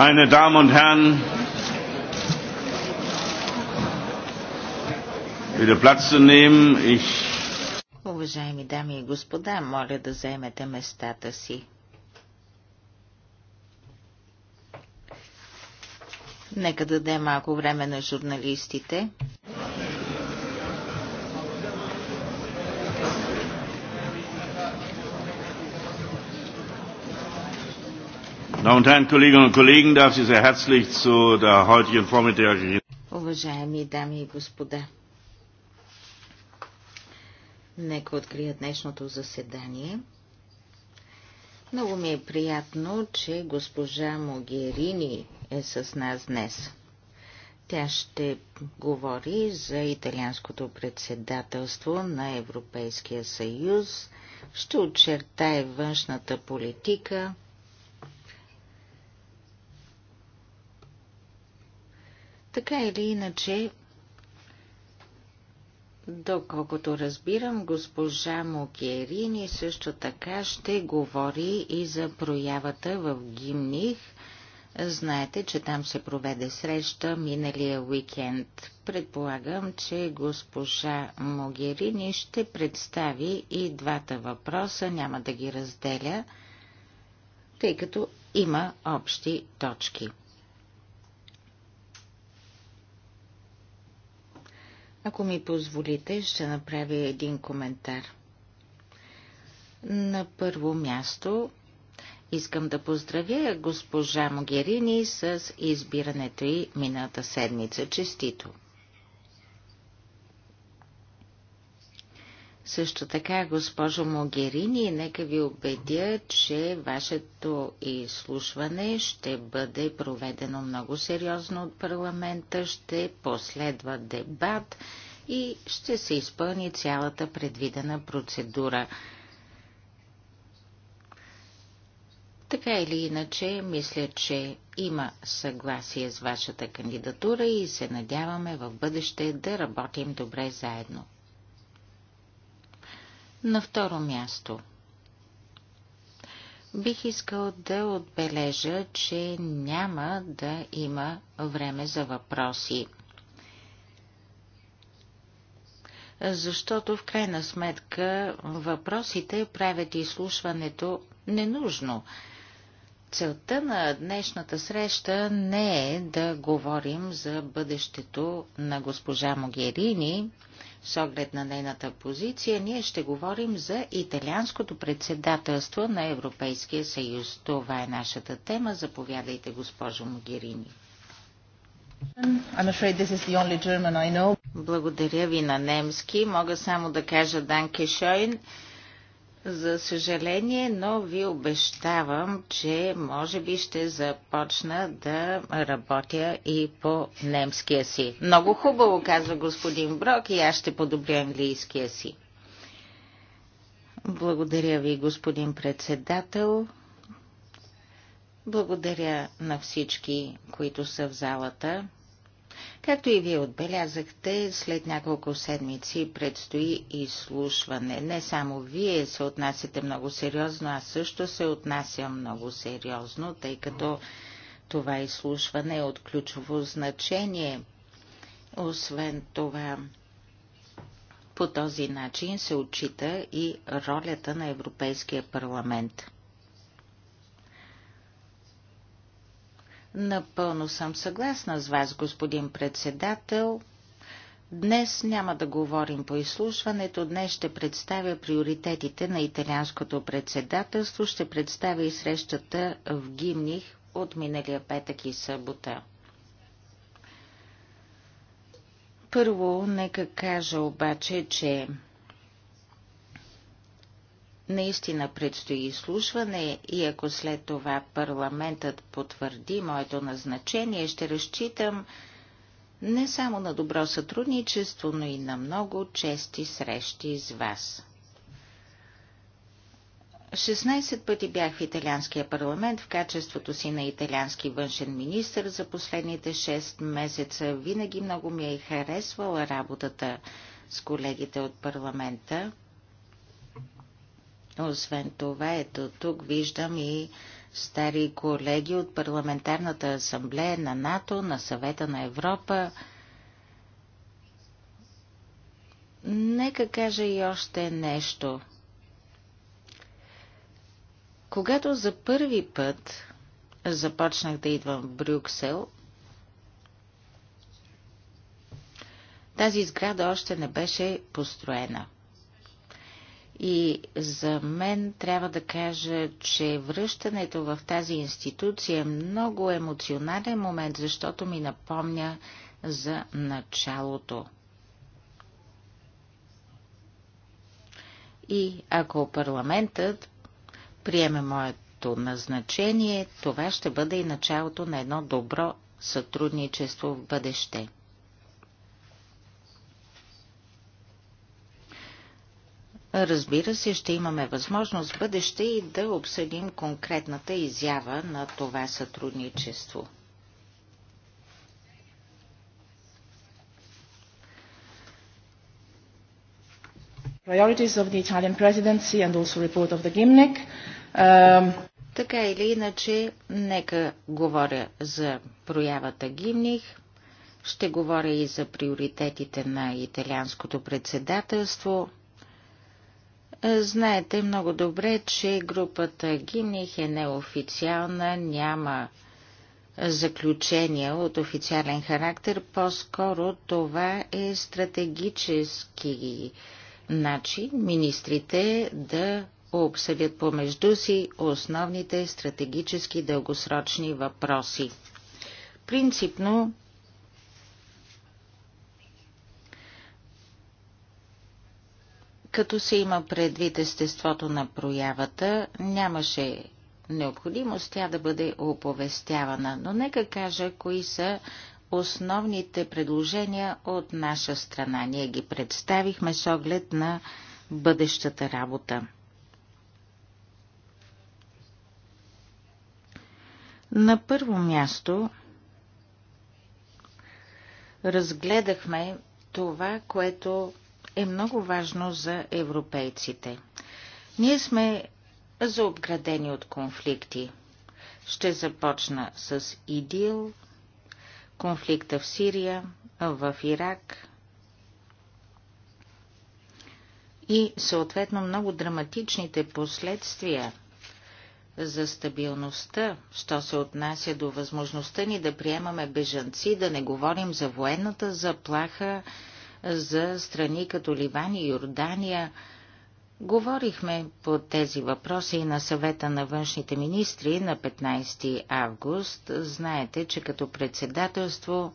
Meine Damen und Herren, bitte Platz zu nehmen. Ich Уважаеми дами и господа, моля да заемете местата си. Нека дадем малко време на журналистите. Damen und Herren, Kolleginnen und Kollegen, darf Sie sehr herzlich zu der heutigen vormittägigen. Уважаеми дами и господа, нека открия днешното заседание. Много ми е приятно, че госпожа Могерини е с нас днес. Тя ще говори за италианското председателство на Европейския съюз, ще очертае външната политика – Така или иначе, доколкото разбирам, госпожа Мокерини също така ще говори и за проявата в Гимних. Знаете, че там се проведе среща миналия уикенд. Предполагам, че госпожа Могерини ще представи и двата въпроса, няма да ги разделя, тъй като има общи точки. Ако ми позволите, ще направя един коментар. На първо място искам да поздравя госпожа Могерини с избирането и мината седмица. Честито! Също така, госпожо Могерини, нека ви убедя, че вашето изслушване ще бъде проведено много сериозно от парламента, ще последва дебат и ще се изпълни цялата предвидена процедура. Така или иначе, мисля, че има съгласие с вашата кандидатура и се надяваме в бъдеще да работим добре заедно. На второ място. Бих искал да отбележа, че няма да има време за въпроси. Защото в крайна сметка въпросите правят изслушването ненужно. Целта на днешната среща не е да говорим за бъдещето на госпожа Могерини, с оглед на нейната позиция, ние ще говорим за италианското председателство на Европейския съюз. Това е нашата тема. Заповядайте, госпожо Могерини. Благодаря ви на немски. Мога само да кажа Данке Шойн. За съжаление, но ви обещавам, че може би ще започна да работя и по немския си. Много хубаво, казва господин Брок, и аз ще подобря английския си. Благодаря ви, господин председател. Благодаря на всички, които са в залата. Както и вие отбелязахте, след няколко седмици предстои изслушване. Не само вие се отнасяте много сериозно, а също се отнася много сериозно, тъй като това изслушване е от ключово значение. Освен това, по този начин се отчита и ролята на Европейския парламент. Напълно съм съгласна с вас, господин председател. Днес няма да говорим по изслушването, днес ще представя приоритетите на италианското председателство, ще представя и срещата в Гимних от миналия петък и събота. Първо, нека кажа обаче, че Наистина предстои изслушване и ако след това парламентът потвърди моето назначение, ще разчитам не само на добро сътрудничество, но и на много чести срещи с вас. 16 пъти бях в италианския парламент в качеството си на италиански външен министр за последните 6 месеца. Винаги много ми е харесвала работата с колегите от парламента. Освен това, ето тук виждам и стари колеги от Парламентарната асамблея на НАТО, на съвета на Европа. Нека кажа и още нещо. Когато за първи път започнах да идвам в Брюксел, тази сграда още не беше построена – и за мен трябва да кажа, че връщането в тази институция е много емоционален момент, защото ми напомня за началото. И ако парламентът приеме моето назначение, това ще бъде и началото на едно добро сътрудничество в бъдеще. Разбира се, ще имаме възможност в бъдеще и да обсъдим конкретната изява на това сътрудничество. Priorities of the Italian presidency and also report of the GIMNIC. Um... Така или иначе, нека говоря за проявата Гимних, ще говоря и за приоритетите на италианското председателство, Знаете много добре, че групата ГИНИх е неофициална, няма заключения от официален характер. По-скоро това е стратегически начин министрите да обсъдят помежду си основните стратегически дългосрочни въпроси. Принципно Като се има предвид естеството на проявата, нямаше необходимост тя да бъде оповестявана, но нека кажа кои са основните предложения от наша страна. Ние ги представихме с оглед на бъдещата работа. На първо място разгледахме това, което е много важно за европейците. Ние сме заобградени от конфликти. Ще започна с ИДИЛ, конфликта в Сирия, в Ирак и съответно много драматичните последствия за стабилността, що се отнася до възможността ни да приемаме бежанци, да не говорим за военната заплаха, за страни като Ливан и Йордания. Говорихме по тези въпроси и на съвета на външните министри на 15 август. Знаете, че като председателство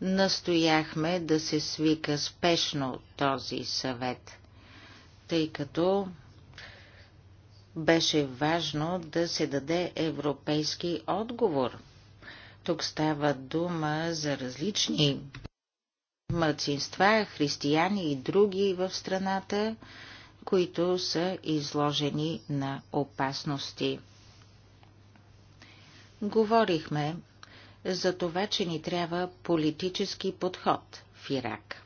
настояхме да се свика спешно този съвет, тъй като беше важно да се даде европейски отговор. Тук става дума за различни мълцинства, християни и други в страната, които са изложени на опасности. Говорихме за това, че ни трябва политически подход в Ирак.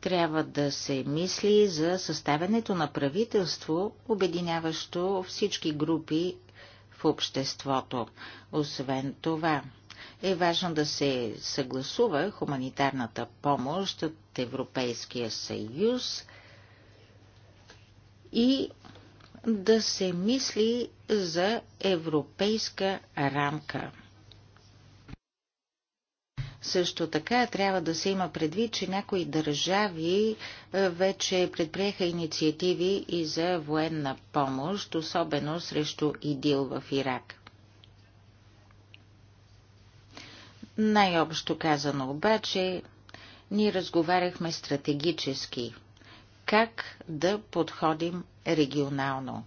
Трябва да се мисли за съставянето на правителство, обединяващо всички групи в обществото. Освен това, е важно да се съгласува хуманитарната помощ от Европейския съюз и да се мисли за европейска рамка. Също така трябва да се има предвид, че някои държави е, вече предприеха инициативи и за военна помощ, особено срещу ИДИЛ в Ирак. Най-общо казано обаче, ние разговаряхме стратегически. Как да подходим регионално?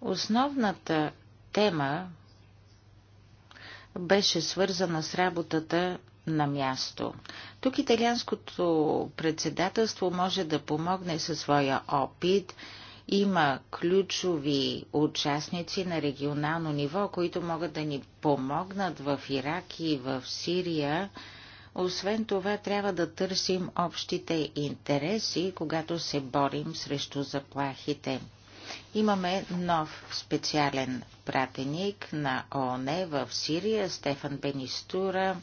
Основната тема беше свързана с работата на място. Тук италианското председателство може да помогне със своя опит има ключови участници на регионално ниво, които могат да ни помогнат в Ирак и в Сирия. Освен това, трябва да търсим общите интереси, когато се борим срещу заплахите. Имаме нов специален пратеник на ООН в Сирия, Стефан Бенистура,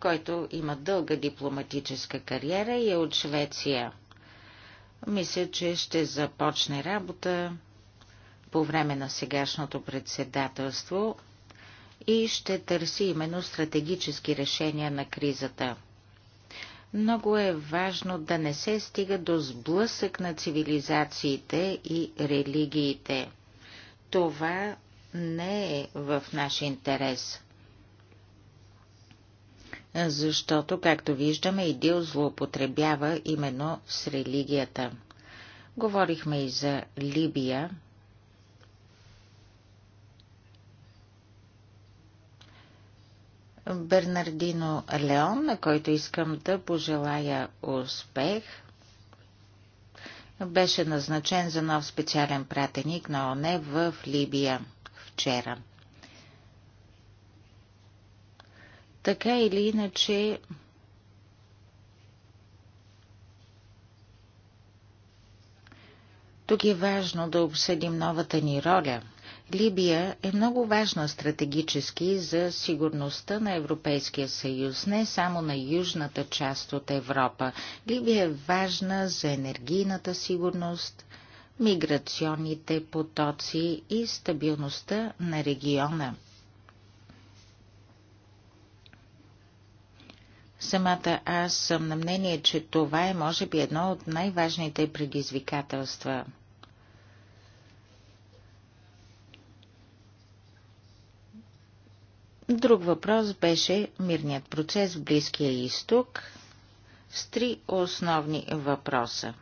който има дълга дипломатическа кариера и е от Швеция мисля, че ще започне работа по време на сегашното председателство и ще търси именно стратегически решения на кризата. Много е важно да не се стига до сблъсък на цивилизациите и религиите. Това не е в наш интерес защото, както виждаме, Идил злоупотребява именно с религията. Говорихме и за Либия. Бернардино Леон, на който искам да пожелая успех, беше назначен за нов специален пратеник на ОНЕ в Либия вчера. Така или иначе, тук е важно да обсъдим новата ни роля. Либия е много важна стратегически за сигурността на Европейския съюз, не само на южната част от Европа. Либия е важна за енергийната сигурност, миграционните потоци и стабилността на региона. Самата аз съм на мнение, че това е може би едно от най-важните предизвикателства. Друг въпрос беше мирният процес в Близкия изток с три основни въпроса.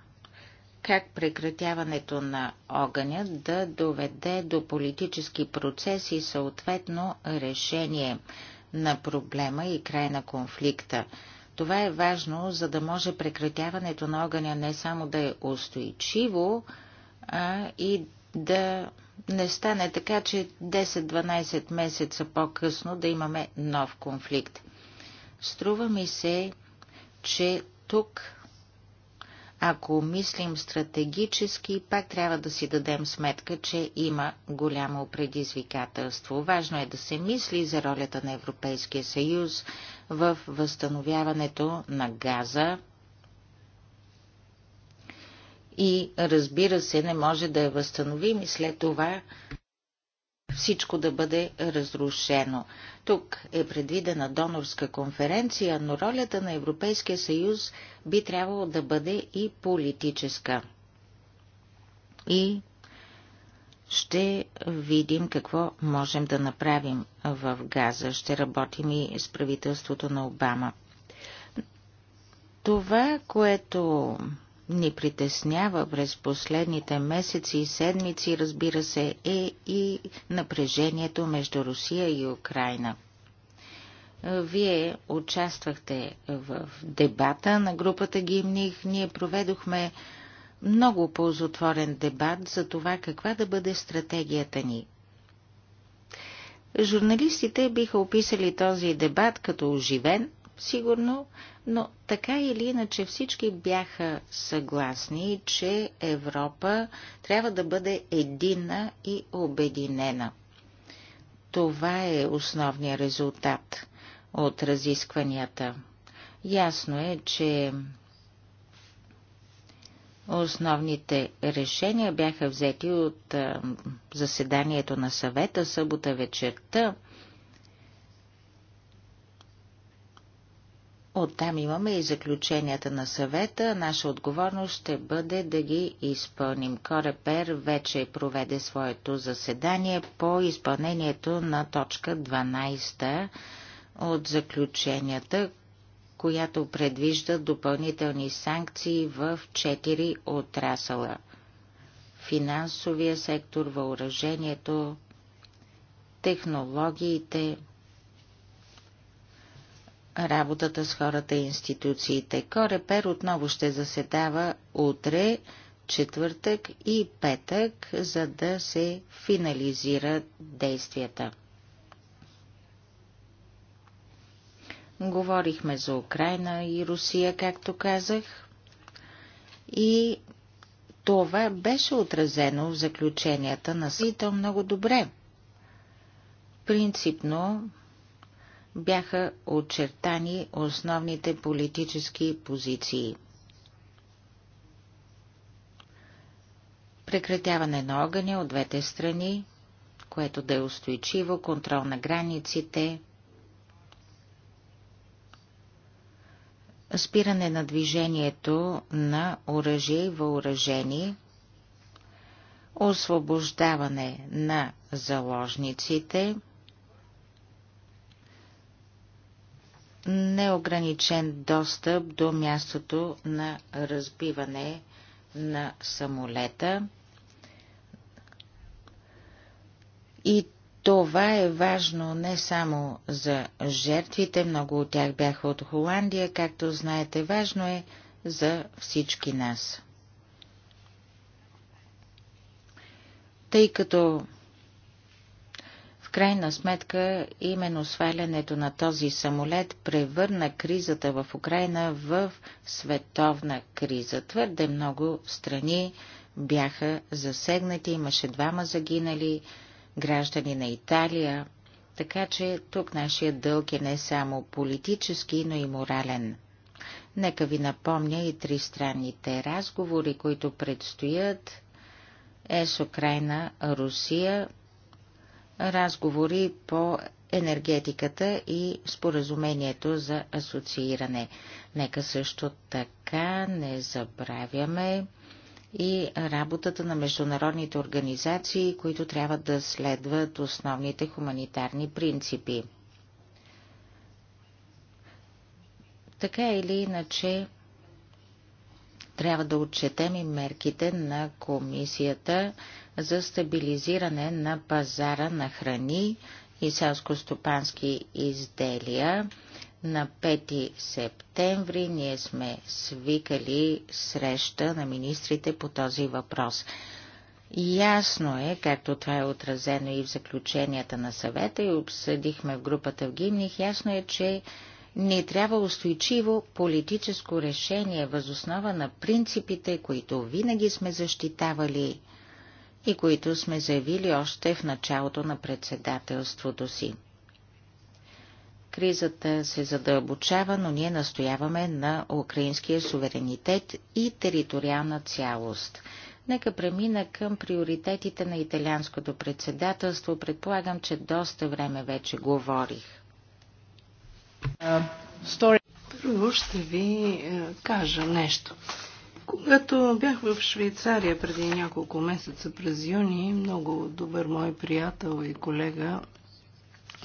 Как прекратяването на огъня да доведе до политически процес и съответно решение – на проблема и край на конфликта. Това е важно, за да може прекратяването на огъня не само да е устойчиво, а и да не стане така, че 10-12 месеца по-късно да имаме нов конфликт. Струва ми се, че тук ако мислим стратегически, пак трябва да си дадем сметка, че има голямо предизвикателство. Важно е да се мисли за ролята на Европейския съюз в възстановяването на газа и разбира се, не може да я възстановим и след това всичко да бъде разрушено. Тук е предвидена донорска конференция, но ролята на Европейския съюз би трябвало да бъде и политическа. И ще видим какво можем да направим в Газа. Ще работим и с правителството на Обама. Това, което ни притеснява през последните месеци и седмици, разбира се, е и напрежението между Русия и Украина. Вие участвахте в дебата на групата Гимних. Ние проведохме много ползотворен дебат за това каква да бъде стратегията ни. Журналистите биха описали този дебат като оживен, сигурно, но така или иначе всички бяха съгласни, че Европа трябва да бъде едина и обединена. Това е основният резултат от разискванията. Ясно е, че Основните решения бяха взети от заседанието на съвета събота вечерта Оттам имаме и заключенията на съвета. Наша отговорност ще бъде да ги изпълним. Корепер вече проведе своето заседание по изпълнението на точка 12 от заключенията, която предвижда допълнителни санкции в 4 отрасъла. Финансовия сектор, въоръжението, технологиите, работата с хората и институциите. Корепер отново ще заседава утре, четвъртък и петък, за да се финализират действията. Говорихме за Украина и Русия, както казах, и това беше отразено в заключенията на Сител много добре. Принципно бяха очертани основните политически позиции. Прекратяване на огъня от двете страни, което да е устойчиво, контрол на границите, спиране на движението на оръжие и въоръжени, освобождаване на заложниците – неограничен достъп до мястото на разбиване на самолета. И това е важно не само за жертвите, много от тях бяха от Холандия, както знаете, важно е за всички нас. Тъй като крайна сметка именно свалянето на този самолет превърна кризата в Украина в световна криза. Твърде много страни бяха засегнати, имаше двама загинали граждани на Италия, така че тук нашия дълг е не само политически, но и морален. Нека ви напомня и тристранните разговори, които предстоят е с Украина, Русия разговори по енергетиката и споразумението за асоцииране. Нека също така не забравяме и работата на международните организации, които трябва да следват основните хуманитарни принципи. Така или иначе, трябва да отчетем и мерките на комисията за стабилизиране на пазара на храни и селско-стопански изделия. На 5 септември ние сме свикали среща на министрите по този въпрос. Ясно е, както това е отразено и в заключенията на съвета и обсъдихме в групата в Гимних, ясно е, че ни трябва устойчиво политическо решение възоснова на принципите, които винаги сме защитавали – и които сме заявили още в началото на председателството си. Кризата се задълбочава, но ние настояваме на украинския суверенитет и териториална цялост. Нека премина към приоритетите на италианското председателство. Предполагам, че доста време вече говорих. Първо ще ви е, кажа нещо. Когато бях в Швейцария преди няколко месеца през юни, много добър мой приятел и колега,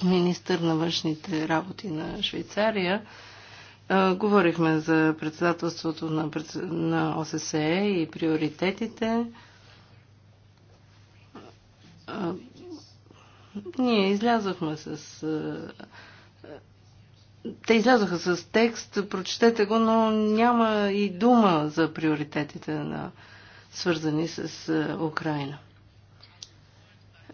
министър на външните работи на Швейцария, говорихме за председателството на, на ОССЕ и приоритетите. Ние излязохме с те излязоха с текст, прочетете го, но няма и дума за приоритетите на свързани с е, Украина.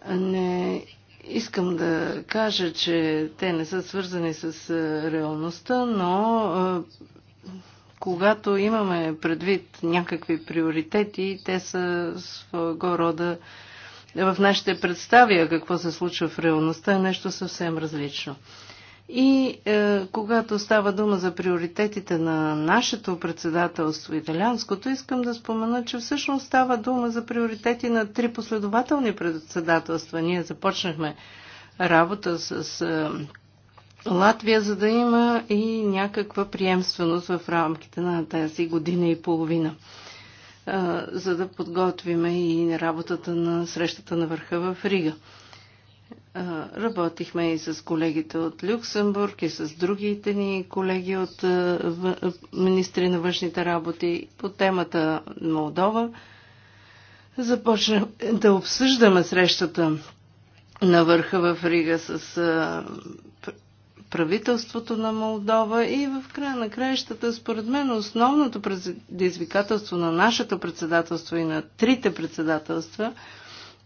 Не искам да кажа, че те не са свързани с е, реалността, но е, когато имаме предвид някакви приоритети, те са своего рода в нашите представи, какво се случва в реалността е нещо съвсем различно. И е, когато става дума за приоритетите на нашето председателство, италианското, искам да спомена, че всъщност става дума за приоритети на три последователни председателства. Ние започнахме работа с е, Латвия, за да има и някаква приемственост в рамките на тази година и половина, е, за да подготвиме и работата на срещата на върха в Рига. Е, Работихме и с колегите от Люксембург и с другите ни колеги от министри на външните работи по темата Молдова. Започна да обсъждаме срещата на върха в Рига с правителството на Молдова и в края на краищата, според мен, основното предизвикателство на нашето председателство и на трите председателства –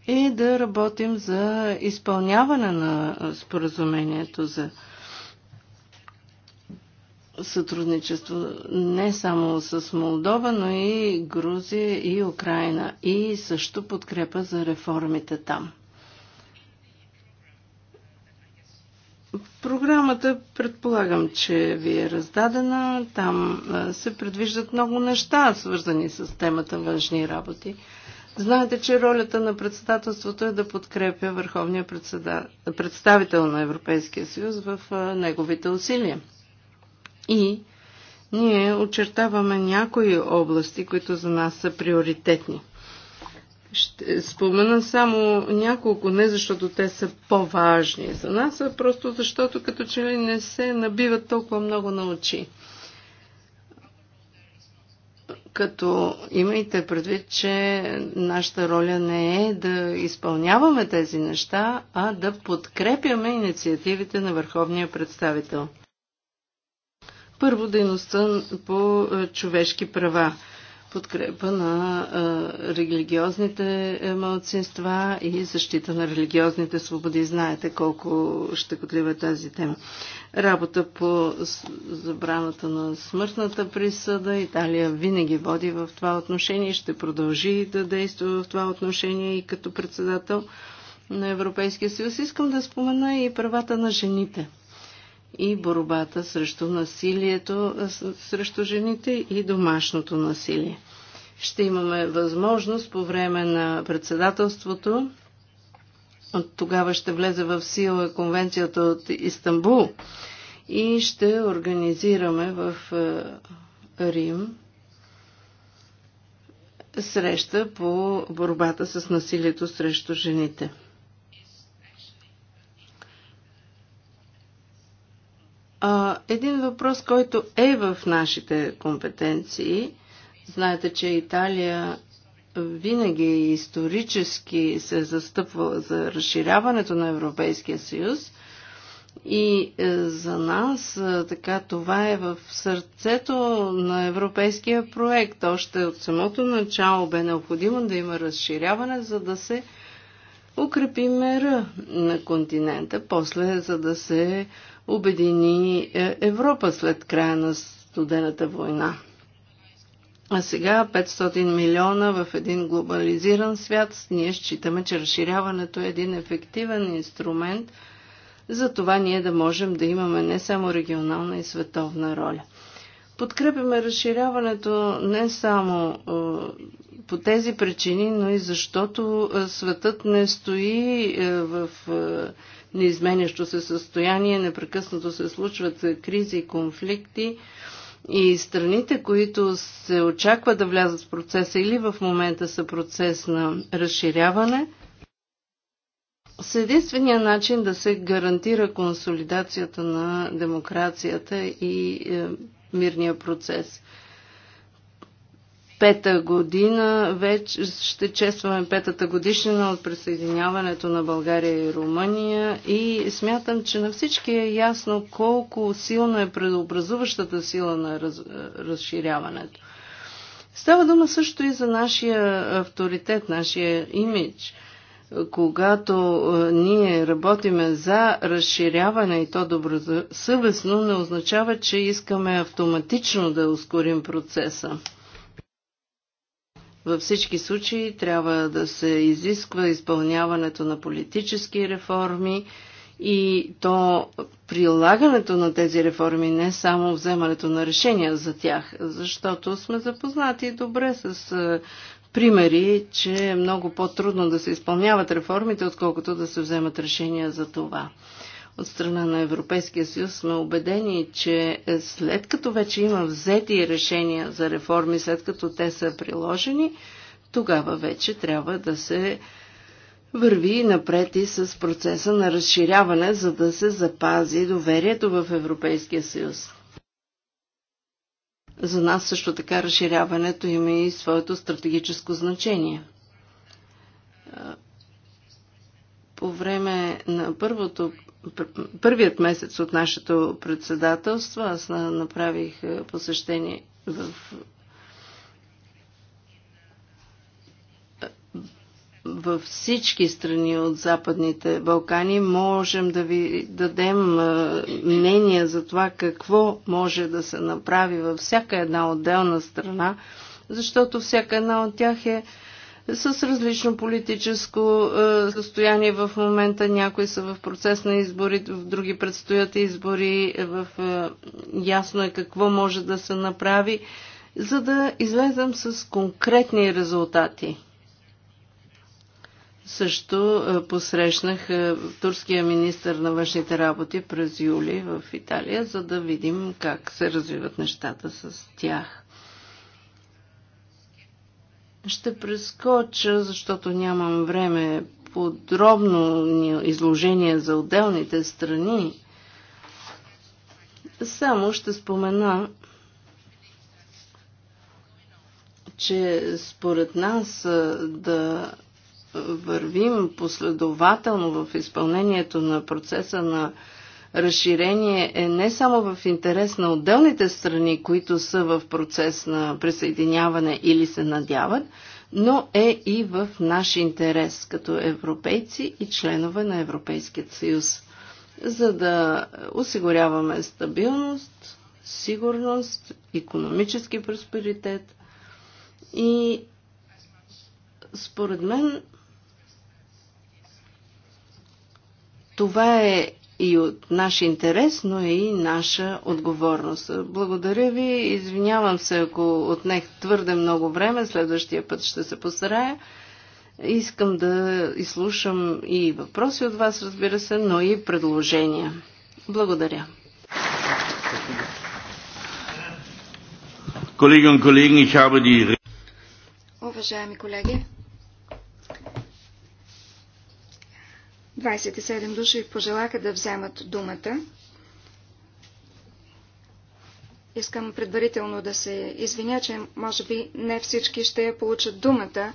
и е да работим за изпълняване на споразумението за сътрудничество не само с Молдова, но и Грузия и Украина и също подкрепа за реформите там. Програмата предполагам, че ви е раздадена. Там се предвиждат много неща, свързани с темата външни работи. Знаете, че ролята на председателството е да подкрепя върховния представител на Европейския съюз в неговите усилия. И ние очертаваме някои области, които за нас са приоритетни. Ще спомена само няколко, не защото те са по-важни за нас, а просто защото като че ли не се набиват толкова много на очи като имайте предвид, че нашата роля не е да изпълняваме тези неща, а да подкрепяме инициативите на върховния представител. Първо дейността по е, човешки права подкрепа на религиозните е, малцинства и защита на религиозните свободи. Знаете колко щекотлива е тази тема. Работа по забраната на смъртната присъда. Италия винаги води в това отношение и ще продължи да действа в това отношение и като председател на Европейския съюз. Искам да спомена и правата на жените – и борбата срещу насилието срещу жените и домашното насилие. Ще имаме възможност по време на председателството, от тогава ще влезе в сила конвенцията от Истанбул и ще организираме в Рим среща по борбата с насилието срещу жените. А, един въпрос, който е в нашите компетенции. Знаете, че Италия винаги исторически се застъпва за разширяването на Европейския съюз. И е, за нас е, така това е в сърцето на европейския проект. Още от самото начало бе необходимо да има разширяване, за да се укрепи мера на континента, после за да се обедини е, Европа след края на студената война. А сега 500 милиона в един глобализиран свят, ние считаме, че разширяването е един ефективен инструмент за това ние да можем да имаме не само регионална и световна роля. Подкрепяме разширяването не само е, по тези причини, но и защото е, светът не стои в неизменящо се състояние, непрекъснато се случват кризи и конфликти. И страните, които се очаква да влязат в процеса или в момента са процес на разширяване, с единствения начин да се гарантира консолидацията на демокрацията и е, мирния процес пета година, вече ще честваме петата годишнина от присъединяването на България и Румъния и смятам, че на всички е ясно колко силна е предобразуващата сила на раз, разширяването. Става дума също и за нашия авторитет, нашия имидж. Когато е, ние работиме за разширяване и то добросъвестно, не означава, че искаме автоматично да ускорим процеса. Във всички случаи трябва да се изисква изпълняването на политически реформи и то прилагането на тези реформи, не само вземането на решения за тях, защото сме запознати добре с е, примери, че е много по-трудно да се изпълняват реформите, отколкото да се вземат решения за това от страна на Европейския съюз сме убедени, че след като вече има взети решения за реформи, след като те са приложени, тогава вече трябва да се върви напред и с процеса на разширяване, за да се запази доверието в Европейския съюз. За нас също така разширяването има и своето стратегическо значение. По време на първото първият месец от нашето председателство аз направих е, посещение в във всички страни от Западните Балкани можем да ви дадем е, мнение за това какво може да се направи във всяка една отделна страна, защото всяка една от тях е с различно политическо е, състояние в момента. Някои са в процес на избори, в други предстоят избори, е, в е, ясно е какво може да се направи, за да излезем с конкретни резултати. Също посрещнах турския министр на външните работи през юли в Италия, за да видим как се развиват нещата с тях. Ще прескоча, защото нямам време подробно изложение за отделните страни. Само ще спомена, че според нас да вървим последователно в изпълнението на процеса на разширение е не само в интерес на отделните страни, които са в процес на присъединяване или се надяват, но е и в наш интерес като европейци и членове на Европейският съюз, за да осигуряваме стабилност, сигурност, економически просперитет и според мен това е и от наш интерес, но и наша отговорност. Благодаря ви, извинявам се, ако отнех твърде много време, следващия път ще се постарая. Искам да изслушам и въпроси от вас, разбира се, но и предложения. Благодаря. Колеги, колеги, Уважаеми колеги, 27 души пожелаха да вземат думата. Искам предварително да се извиня, че може би не всички ще я получат думата,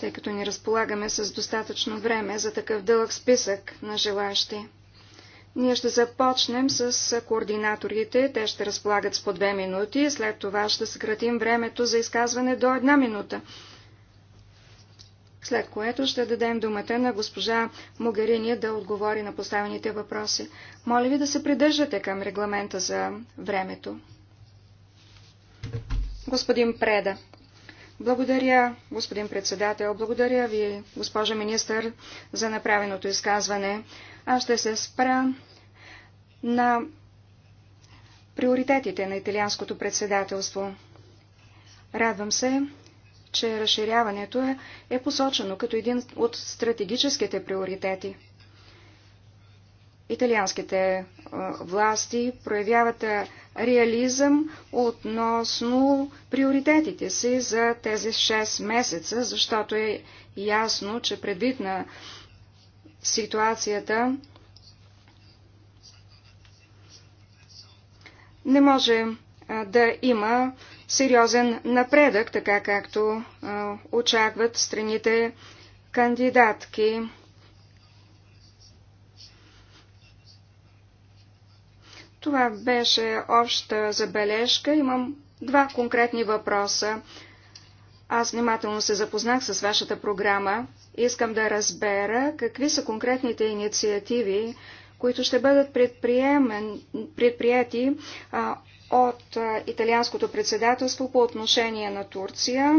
тъй като ни разполагаме с достатъчно време за такъв дълъг списък на желащи. Ние ще започнем с координаторите. Те ще разполагат с по две минути. След това ще съкратим времето за изказване до една минута след което ще дадем думата на госпожа Могарини да отговори на поставените въпроси. Моля ви да се придържате към регламента за времето. Господин Преда. Благодаря, господин председател. Благодаря ви, госпожа министър, за направеното изказване. Аз ще се спра на приоритетите на италианското председателство. Радвам се, че разширяването е, е посочено като един от стратегическите приоритети. Италианските е, власти проявяват е, реализъм относно приоритетите си за тези 6 месеца, защото е ясно, че предвид на ситуацията не може е, да има сериозен напредък, така както очакват страните кандидатки. Това беше обща забележка. Имам два конкретни въпроса. Аз внимателно се запознах с вашата програма. Искам да разбера какви са конкретните инициативи, които ще бъдат предприяти от италианското председателство по отношение на Турция.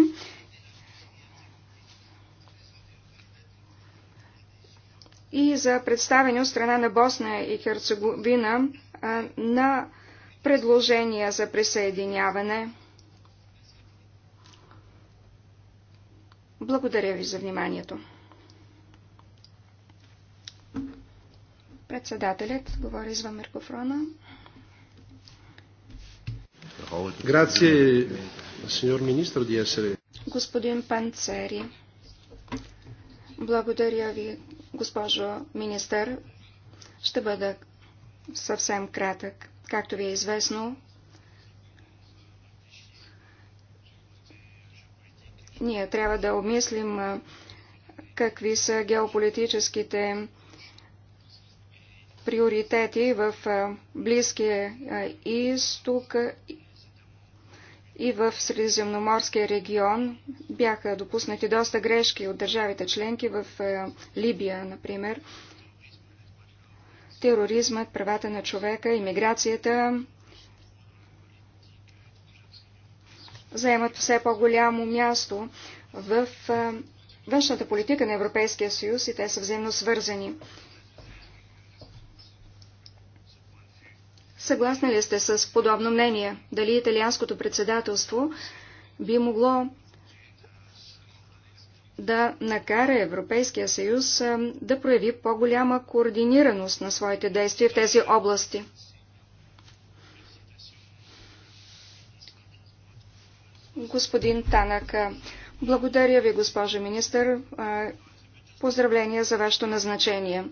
и за представени от страна на Босна и Херцеговина на предложения за присъединяване. Благодаря ви за вниманието. Председателят говори извън микрофона. Grazie, signor Ministro, di essere. Господин Панцери, благодаря ви, госпожо министър. Ще бъда съвсем кратък. Както ви е известно, ние трябва да обмислим какви са геополитическите приоритети в Близкия изток и в Средиземноморския регион бяха допуснати доста грешки от държавите членки в е, Либия, например. Тероризмът, правата на човека, иммиграцията заемат все по-голямо място в е, външната политика на Европейския съюз и те са взаимно свързани. Съгласни ли сте с подобно мнение? Дали италианското председателство би могло да накара Европейския съюз да прояви по-голяма координираност на своите действия в тези области? Господин Танък, благодаря ви, госпожо министър. Поздравления за вашето назначение.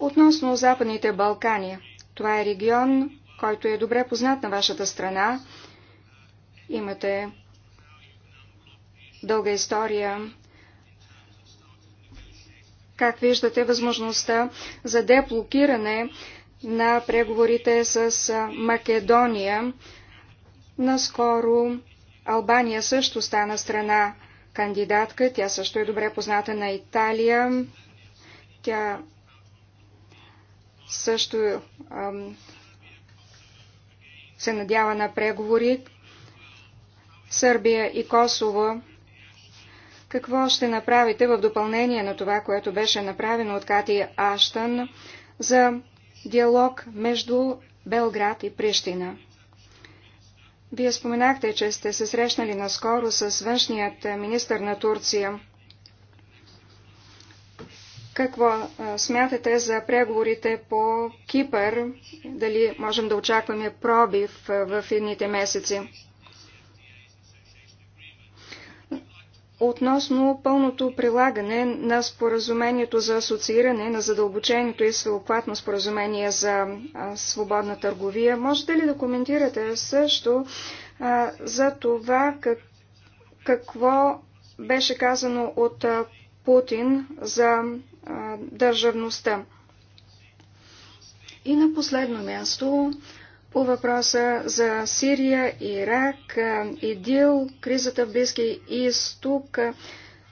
Относно Западните Балкани, това е регион, който е добре познат на вашата страна. Имате дълга история. Как виждате възможността за деблокиране на преговорите с Македония? Наскоро Албания също стана страна кандидатка. Тя също е добре позната на Италия. Тя също се надява на преговори. Сърбия и Косово. Какво ще направите в допълнение на това, което беше направено от Кати Аштън за диалог между Белград и Прищина? Вие споменахте, че сте се срещнали наскоро с външният министр на Турция. Какво смятате за преговорите по Кипър? Дали можем да очакваме пробив в едните месеци? Относно пълното прилагане на споразумението за асоцииране на задълбоченото и всеобхватно споразумение за свободна търговия, можете ли да коментирате също а, за това как, какво беше казано от Путин за държавността. И на последно място, по въпроса за Сирия, Ирак, ИДИЛ, кризата в Близки изток,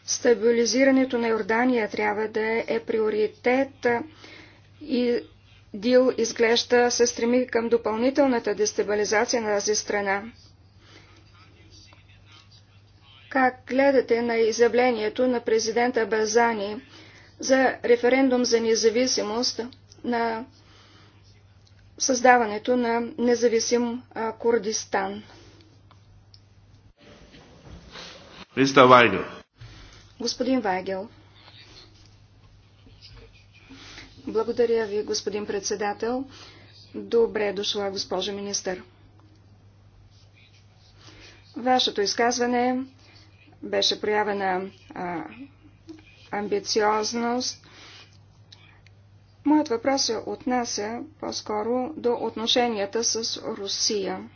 стабилизирането на Йордания трябва да е приоритет и ДИЛ изглежда се стреми към допълнителната дестабилизация на тази страна. Как гледате на изявлението на президента Базани? за референдум за независимост на създаването на независим Курдистан. Вайгел. Господин Вайгел. Благодаря ви, господин председател. Добре дошла, госпожа министър. Вашето изказване беше проява на а, амбициозност. Моят въпрос се отнася по-скоро до отношенията с Русия.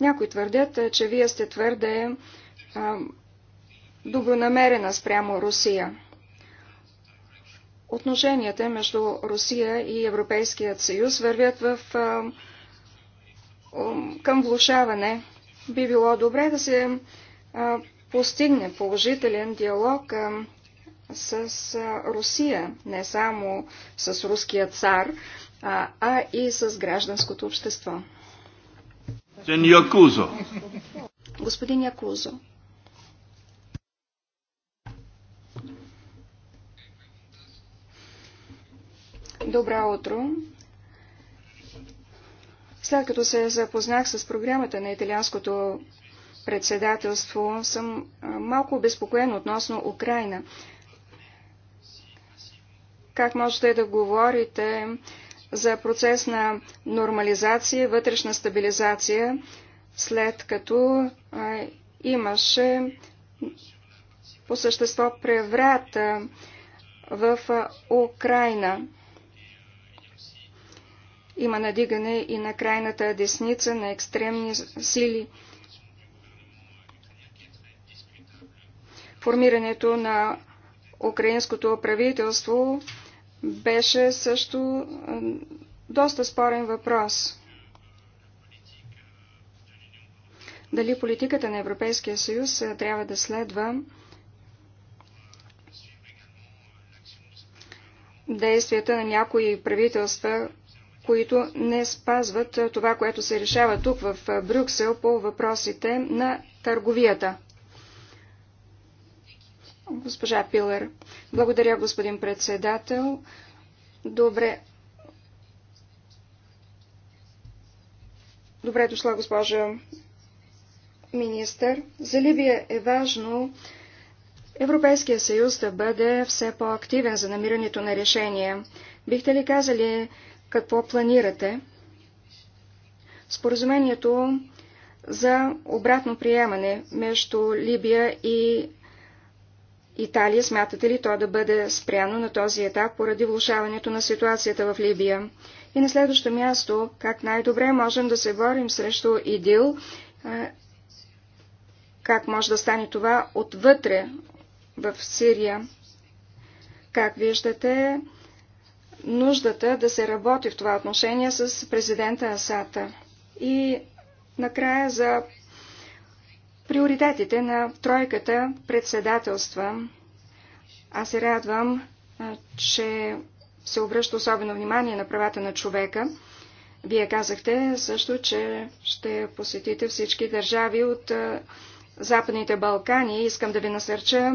Някои твърдят, е, че вие сте твърде а, е, добронамерена спрямо Русия. Отношенията между Русия и Европейският съюз вървят в, а, е, към влушаване. Би било добре да се а, постигне положителен диалог с Русия, не само с руския цар, а, а и с гражданското общество. Якузо. Господин Якузо. Добро утро! След като се запознах с програмата на италианското председателство съм малко обезпокоен относно Украина. Как можете да говорите за процес на нормализация, вътрешна стабилизация, след като имаше по същество преврат в Украина. Има надигане и на крайната десница на екстремни сили. Формирането на украинското правителство беше също доста спорен въпрос. Дали политиката на Европейския съюз трябва да следва действията на някои правителства, които не спазват това, което се решава тук в Брюксел по въпросите на търговията. Госпожа Пилер. Благодаря, господин председател. Добре. Добре дошла, госпожа министър. За Либия е важно Европейския съюз да бъде все по-активен за намирането на решения. Бихте ли казали какво планирате? Споразумението за обратно приемане между Либия и Италия, смятате ли то да бъде спряно на този етап поради влушаването на ситуацията в Либия? И на следващо място, как най-добре можем да се борим срещу ИДИЛ, как може да стане това отвътре в Сирия? Как виждате нуждата да се работи в това отношение с президента Асата? И накрая за Приоритетите на тройката председателства. Аз се радвам, че се обръща особено внимание на правата на човека. Вие казахте също, че ще посетите всички държави от Западните Балкани. Искам да ви насърча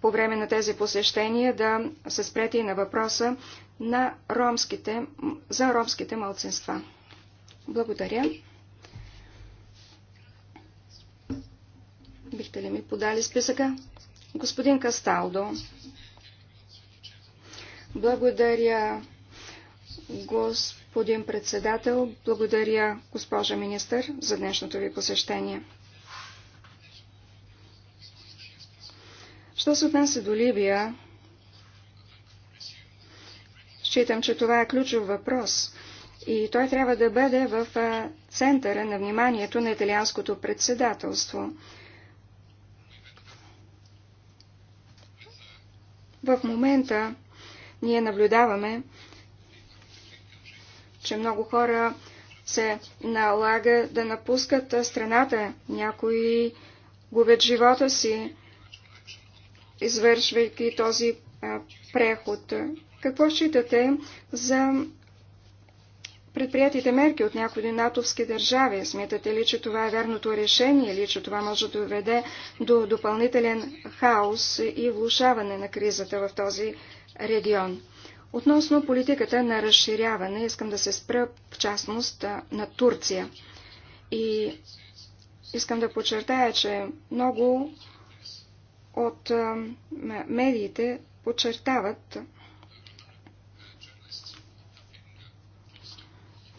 по време на тези посещения да се спрете и на въпроса на ромските, за ромските малцинства. Благодаря. Бихте ли ми подали списъка? Господин Касталдо. Благодаря, господин председател. Благодаря, госпожа министър, за днешното ви посещение. Що се отнася до Ливия, считам, че това е ключов въпрос и той трябва да бъде в центъра на вниманието на италианското председателство – В момента ние наблюдаваме, че много хора се налага да напускат страната. Някои губят живота си, извършвайки този преход. Какво считате за предприятите мерки от някои натовски държави. Смятате ли, че това е вярното решение или че това може да доведе до допълнителен хаос и влушаване на кризата в този регион? Относно политиката на разширяване, искам да се спра в частност на Турция. И искам да подчертая, че много от медиите подчертават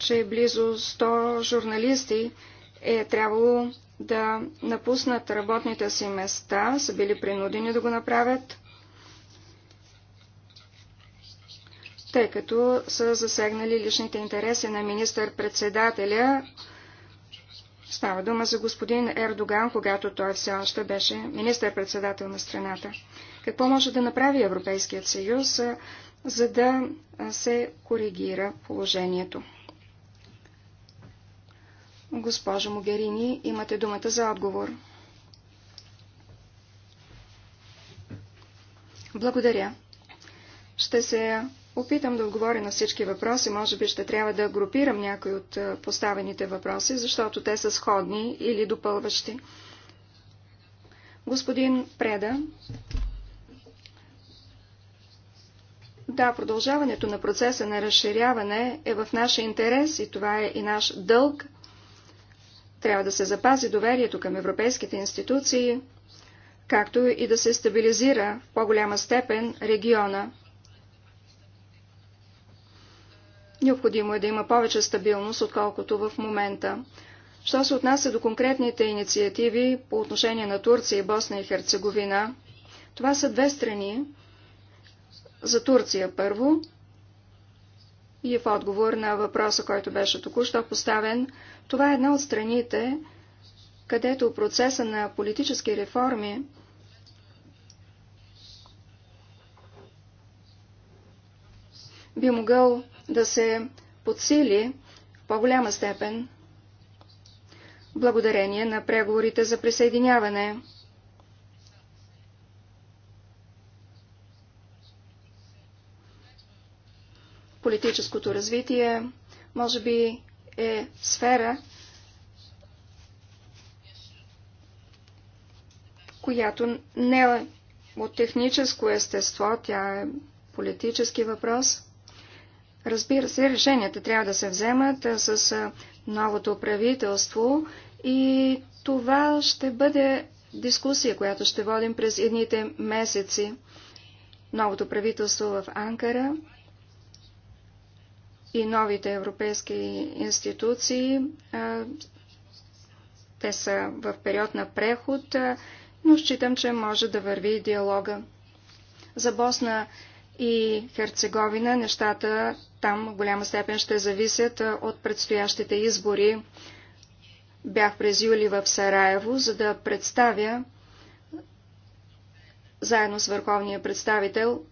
че близо 100 журналисти е трябвало да напуснат работните си места, са били принудени да го направят, тъй като са засегнали личните интереси на министър-председателя. Става дума за господин Ердоган, когато той все още беше министър-председател на страната. Какво може да направи Европейският съюз, за да се коригира положението? Госпожо Могерини, имате думата за отговор. Благодаря. Ще се опитам да отговоря на всички въпроси. Може би ще трябва да групирам някои от поставените въпроси, защото те са сходни или допълващи. Господин Преда. Да, продължаването на процеса на разширяване е в наш интерес и това е и наш дълг трябва да се запази доверието към европейските институции, както и да се стабилизира в по-голяма степен региона. Необходимо е да има повече стабилност, отколкото в момента. Що се отнася до конкретните инициативи по отношение на Турция и Босна и Херцеговина, това са две страни. За Турция първо и в отговор на въпроса, който беше току-що поставен това е една от страните, където процеса на политически реформи би могъл да се подсили в по-голяма степен благодарение на преговорите за присъединяване. Политическото развитие може би е сфера, която не е от техническо естество, тя е политически въпрос. Разбира се, решенията трябва да се вземат с новото правителство и това ще бъде дискусия, която ще водим през едните месеци. Новото правителство в Анкара и новите европейски институции. Те са в период на преход, но считам, че може да върви диалога. За Босна и Херцеговина нещата там в голяма степен ще зависят от предстоящите избори. Бях през юли в Сараево, за да представя заедно с върховния представител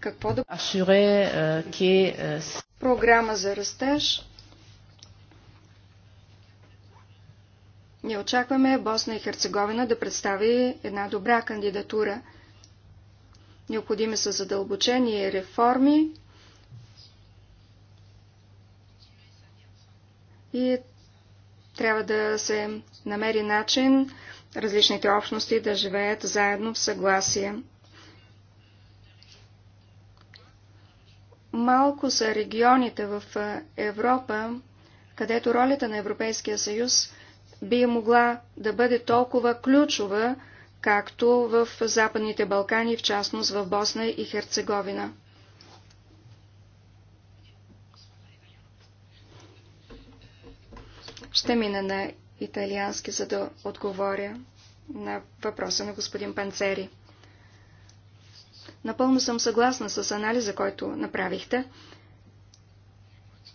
Какво да... Ашуре, ке... Euh, euh, Програма за растеж. Ние очакваме Босна и Херцеговина да представи една добра кандидатура. Необходими са задълбочени реформи и трябва да се намери начин различните общности да живеят заедно в съгласие. Малко са регионите в Европа, където ролята на Европейския съюз би могла да бъде толкова ключова, както в Западните Балкани, в частност в Босна и Херцеговина. Ще мина на италиански, за да отговоря на въпроса на господин Панцери. Напълно съм съгласна с анализа, който направихте.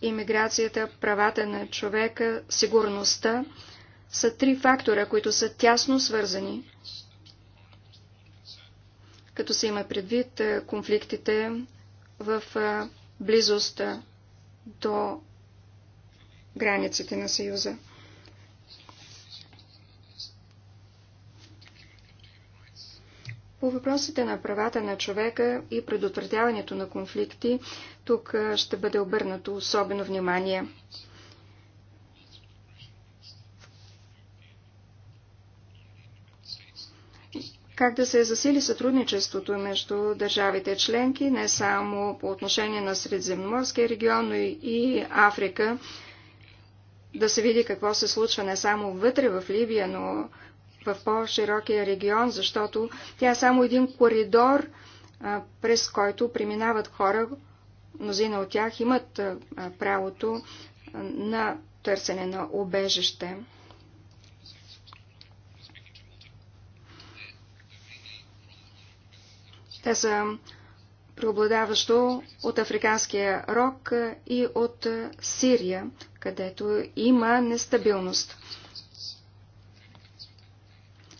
Имиграцията, правата на човека, сигурността са три фактора, които са тясно свързани, като се има предвид е, конфликтите в е, близост е, до границите на Съюза. По въпросите на правата на човека и предотвратяването на конфликти, тук ще бъде обърнато особено внимание. Как да се засили сътрудничеството между държавите членки, не само по отношение на Средиземноморския регион, но и Африка, да се види какво се случва не само вътре в Либия, но в по-широкия регион, защото тя е само един коридор, през който преминават хора. Мнозина от тях имат правото на търсене на обежище. Те са преобладаващо от Африканския рок и от Сирия, където има нестабилност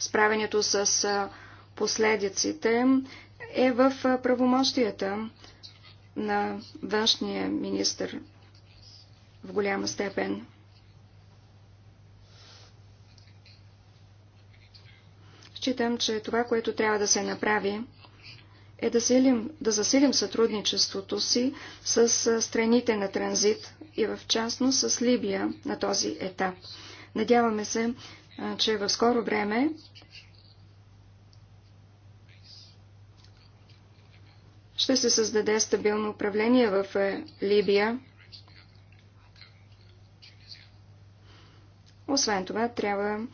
справянето с последиците е в правомощията на външния министр в голяма степен. Считам, че това, което трябва да се направи, е да, силим, да засилим сътрудничеството си с страните на транзит и в частност с Либия на този етап. Надяваме се, че в скоро време ще се създаде стабилно управление в е, Либия. Освен това, трябва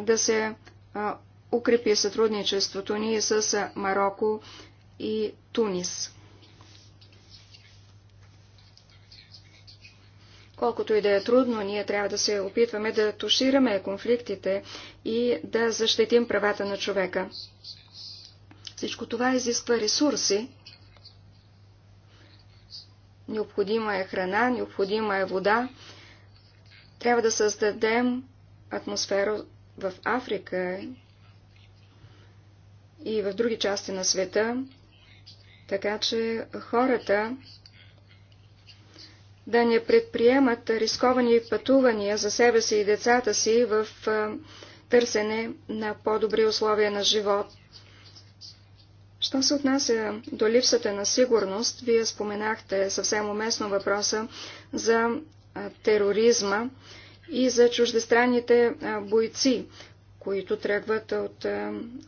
да се укрепи сътрудничеството ни с Марокко и Тунис. Колкото и да е трудно, ние трябва да се опитваме да тушираме конфликтите и да защитим правата на човека. Всичко това изисква ресурси. Необходима е храна, необходима е вода. Трябва да създадем атмосфера в Африка и в други части на света, така че хората да не предприемат рисковани пътувания за себе си и децата си в търсене на по-добри условия на живот. Що се отнася до липсата на сигурност, вие споменахте съвсем уместно въпроса за тероризма и за чуждестранните бойци, които тръгват от,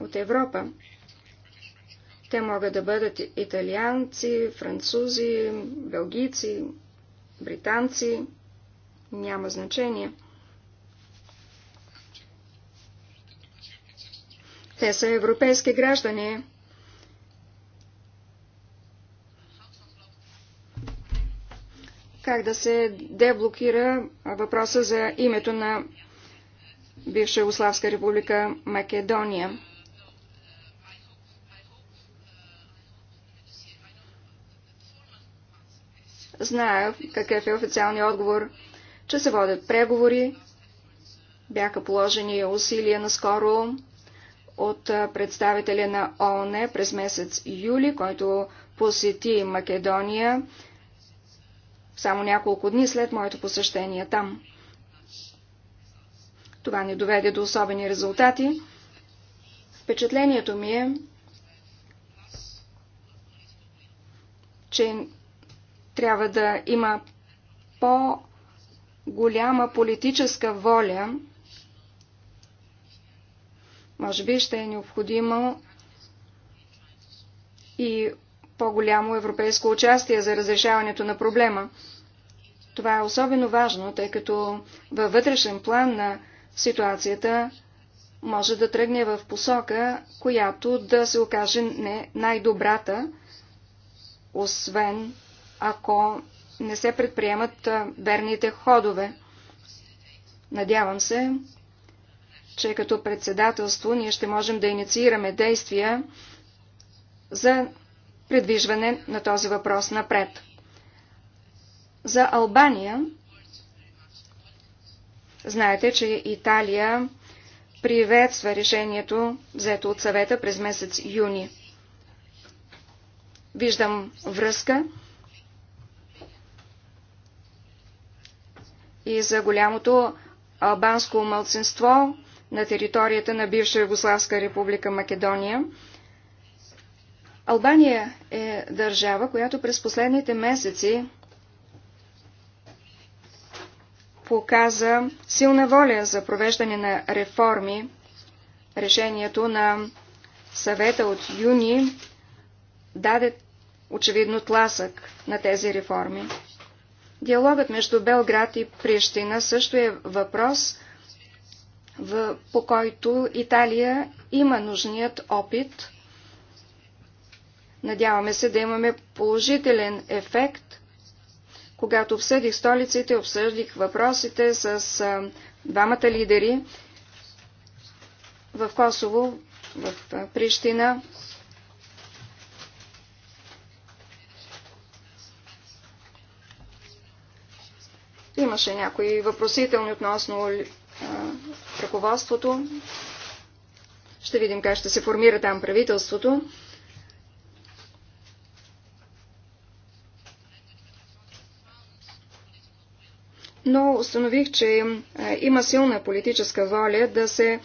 от Европа. Те могат да бъдат италианци, французи, белгийци, британци, няма значение. Те са европейски граждани. Как да се деблокира въпроса за името на бивша Югославска република Македония? Зная какъв е официалният отговор, че се водят преговори, бяха положени усилия наскоро от представителя на ООН през месец юли, който посети Македония само няколко дни след моето посещение там. Това не доведе до особени резултати. Впечатлението ми е, че трябва да има по-голяма политическа воля. Може би ще е необходимо и по-голямо европейско участие за разрешаването на проблема. Това е особено важно, тъй като във вътрешен план на ситуацията може да тръгне в посока, която да се окаже не най-добрата, освен ако не се предприемат верните ходове. Надявам се, че като председателство ние ще можем да инициираме действия за предвижване на този въпрос напред. За Албания знаете, че Италия приветства решението, взето от съвета през месец юни. Виждам връзка и за голямото албанско мълцинство на територията на бивша Югославска република Македония. Албания е държава, която през последните месеци показа силна воля за провеждане на реформи. Решението на съвета от юни даде очевидно тласък на тези реформи. Диалогът между Белград и Прищина също е въпрос, в, по който Италия има нужният опит. Надяваме се да имаме положителен ефект. Когато обсъдих столиците, обсъдих въпросите с а, двамата лидери в Косово, в Прищина. Имаше някои въпросителни относно а, ръководството. Ще видим как ще се формира там правителството. Но установих, че а, има силна политическа воля да се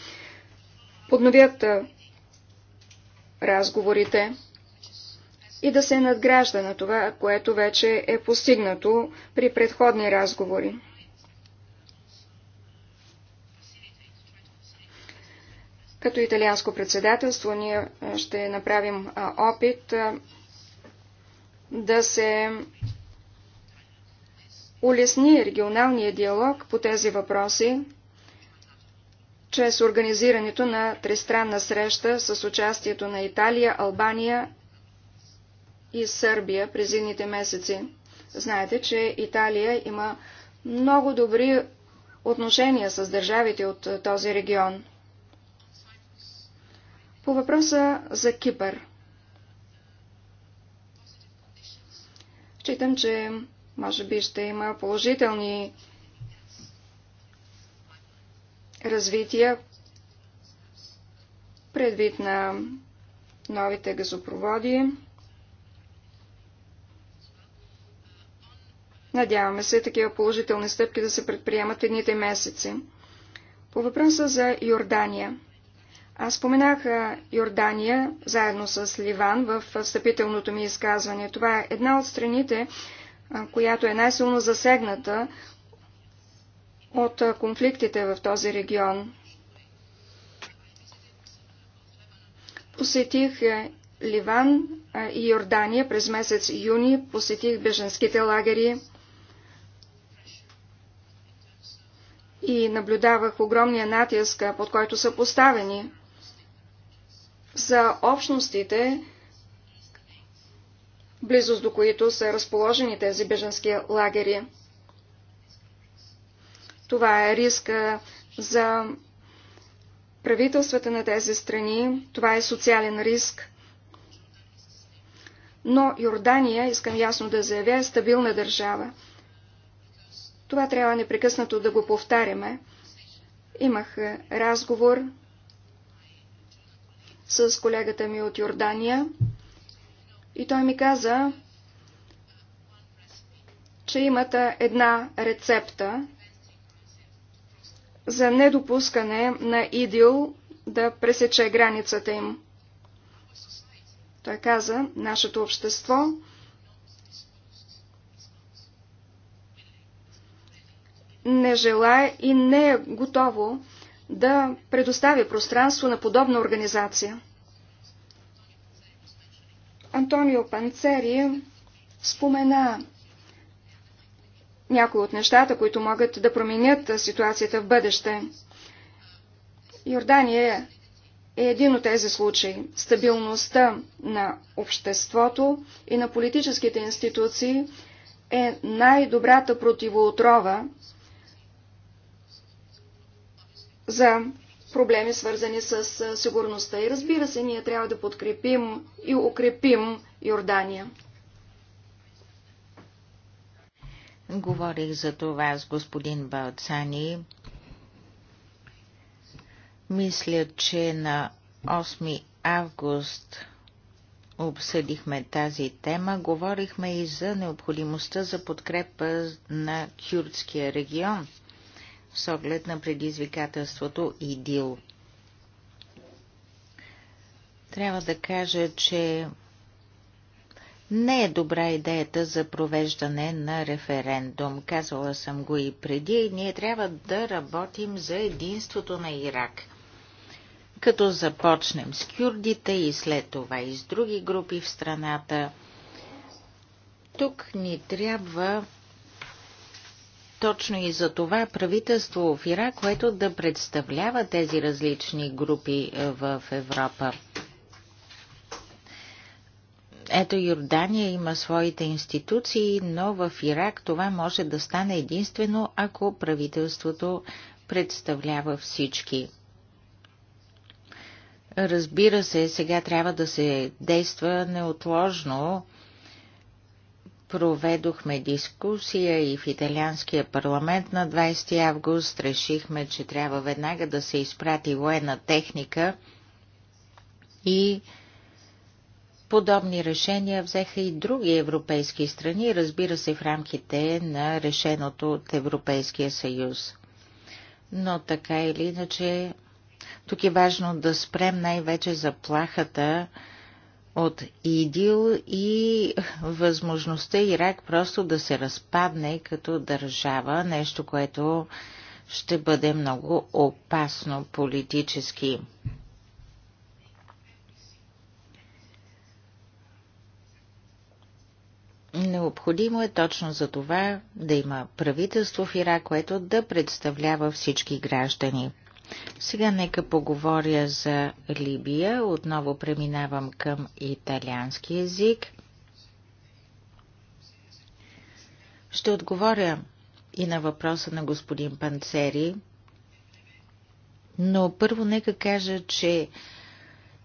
подновят а, разговорите и да се надгражда на това, което вече е постигнато при предходни разговори. Като италианско председателство ние ще направим опит да се улесни регионалния диалог по тези въпроси чрез организирането на тристранна среща с участието на Италия, Албания и Сърбия през едните месеци. Знаете, че Италия има много добри отношения с държавите от е, този регион. По въпроса за Кипър. Считам, че може би ще има положителни развития предвид на новите газопроводи. Надяваме се такива положителни стъпки да се предприемат едните месеци. По въпроса за Йордания. Аз споменах Йордания заедно с Ливан в встъпителното ми изказване. Това е една от страните, която е най-силно засегната от конфликтите в този регион. Посетих Ливан и Йордания през месец юни, посетих беженските лагери. и наблюдавах огромния натиск, под който са поставени. За общностите, близост до които са разположени тези беженски лагери. Това е риска за правителствата на тези страни, това е социален риск. Но Йордания, искам ясно да заявя, е стабилна държава. Това трябва непрекъснато да го повтаряме. Имах е, разговор с колегата ми от Йордания и той ми каза, че имат е, една рецепта за недопускане на идил да пресече границата им. Той каза, нашето общество не желая и не е готово да предостави пространство на подобна организация. Антонио Панцери спомена някои от нещата, които могат да променят ситуацията в бъдеще. Йордания е един от тези случаи. Стабилността на обществото и на политическите институции е най-добрата противоотрова за проблеми, свързани с сигурността. И разбира се, ние трябва да подкрепим и укрепим Йордания. Говорих за това с господин Балцани. Мисля, че на 8 август обсъдихме тази тема. Говорихме и за необходимостта за подкрепа на кюрдския регион – с оглед на предизвикателството и Дил. Трябва да кажа, че не е добра идеята за провеждане на референдум. Казвала съм го и преди. Ние трябва да работим за единството на Ирак. Като започнем с кюрдите и след това и с други групи в страната, тук ни трябва точно и за това правителство в Ирак, което да представлява тези различни групи е, в Европа. Ето Йордания има своите институции, но в Ирак това може да стане единствено, ако правителството представлява всички. Разбира се, сега трябва да се действа неотложно, проведохме дискусия и в италианския парламент на 20 август. Решихме, че трябва веднага да се изпрати военна техника и подобни решения взеха и други европейски страни, разбира се в рамките на решеното от Европейския съюз. Но така или иначе, тук е важно да спрем най-вече заплахата плахата от ИДИЛ и възможността Ирак просто да се разпадне като държава, нещо, което ще бъде много опасно политически. Необходимо е точно за това да има правителство в Ирак, което да представлява всички граждани – сега нека поговоря за Либия. Отново преминавам към италиански язик. Ще отговоря и на въпроса на господин Панцери, но първо нека кажа, че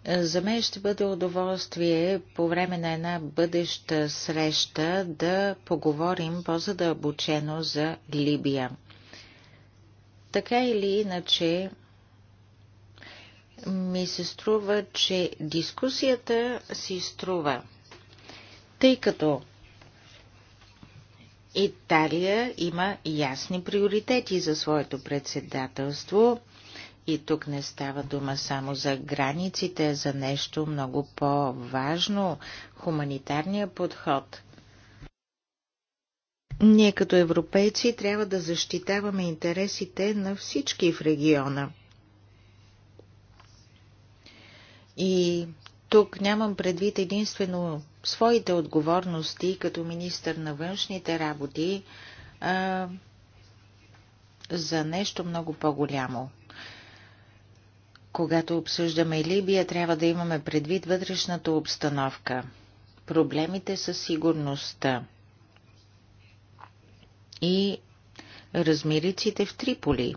е, за мен ще бъде удоволствие по време на една бъдеща среща да поговорим по-задълбочено за Либия – така или иначе, ми се струва, че дискусията си струва, тъй като Италия има ясни приоритети за своето председателство и тук не става дума само за границите, за нещо много по-важно – хуманитарния подход. Ние като европейци трябва да защитаваме интересите на всички в региона. И тук нямам предвид единствено своите отговорности като министър на външните работи а, за нещо много по-голямо. Когато обсъждаме Либия, трябва да имаме предвид вътрешната обстановка, проблемите със сигурността, и размириците в Триполи.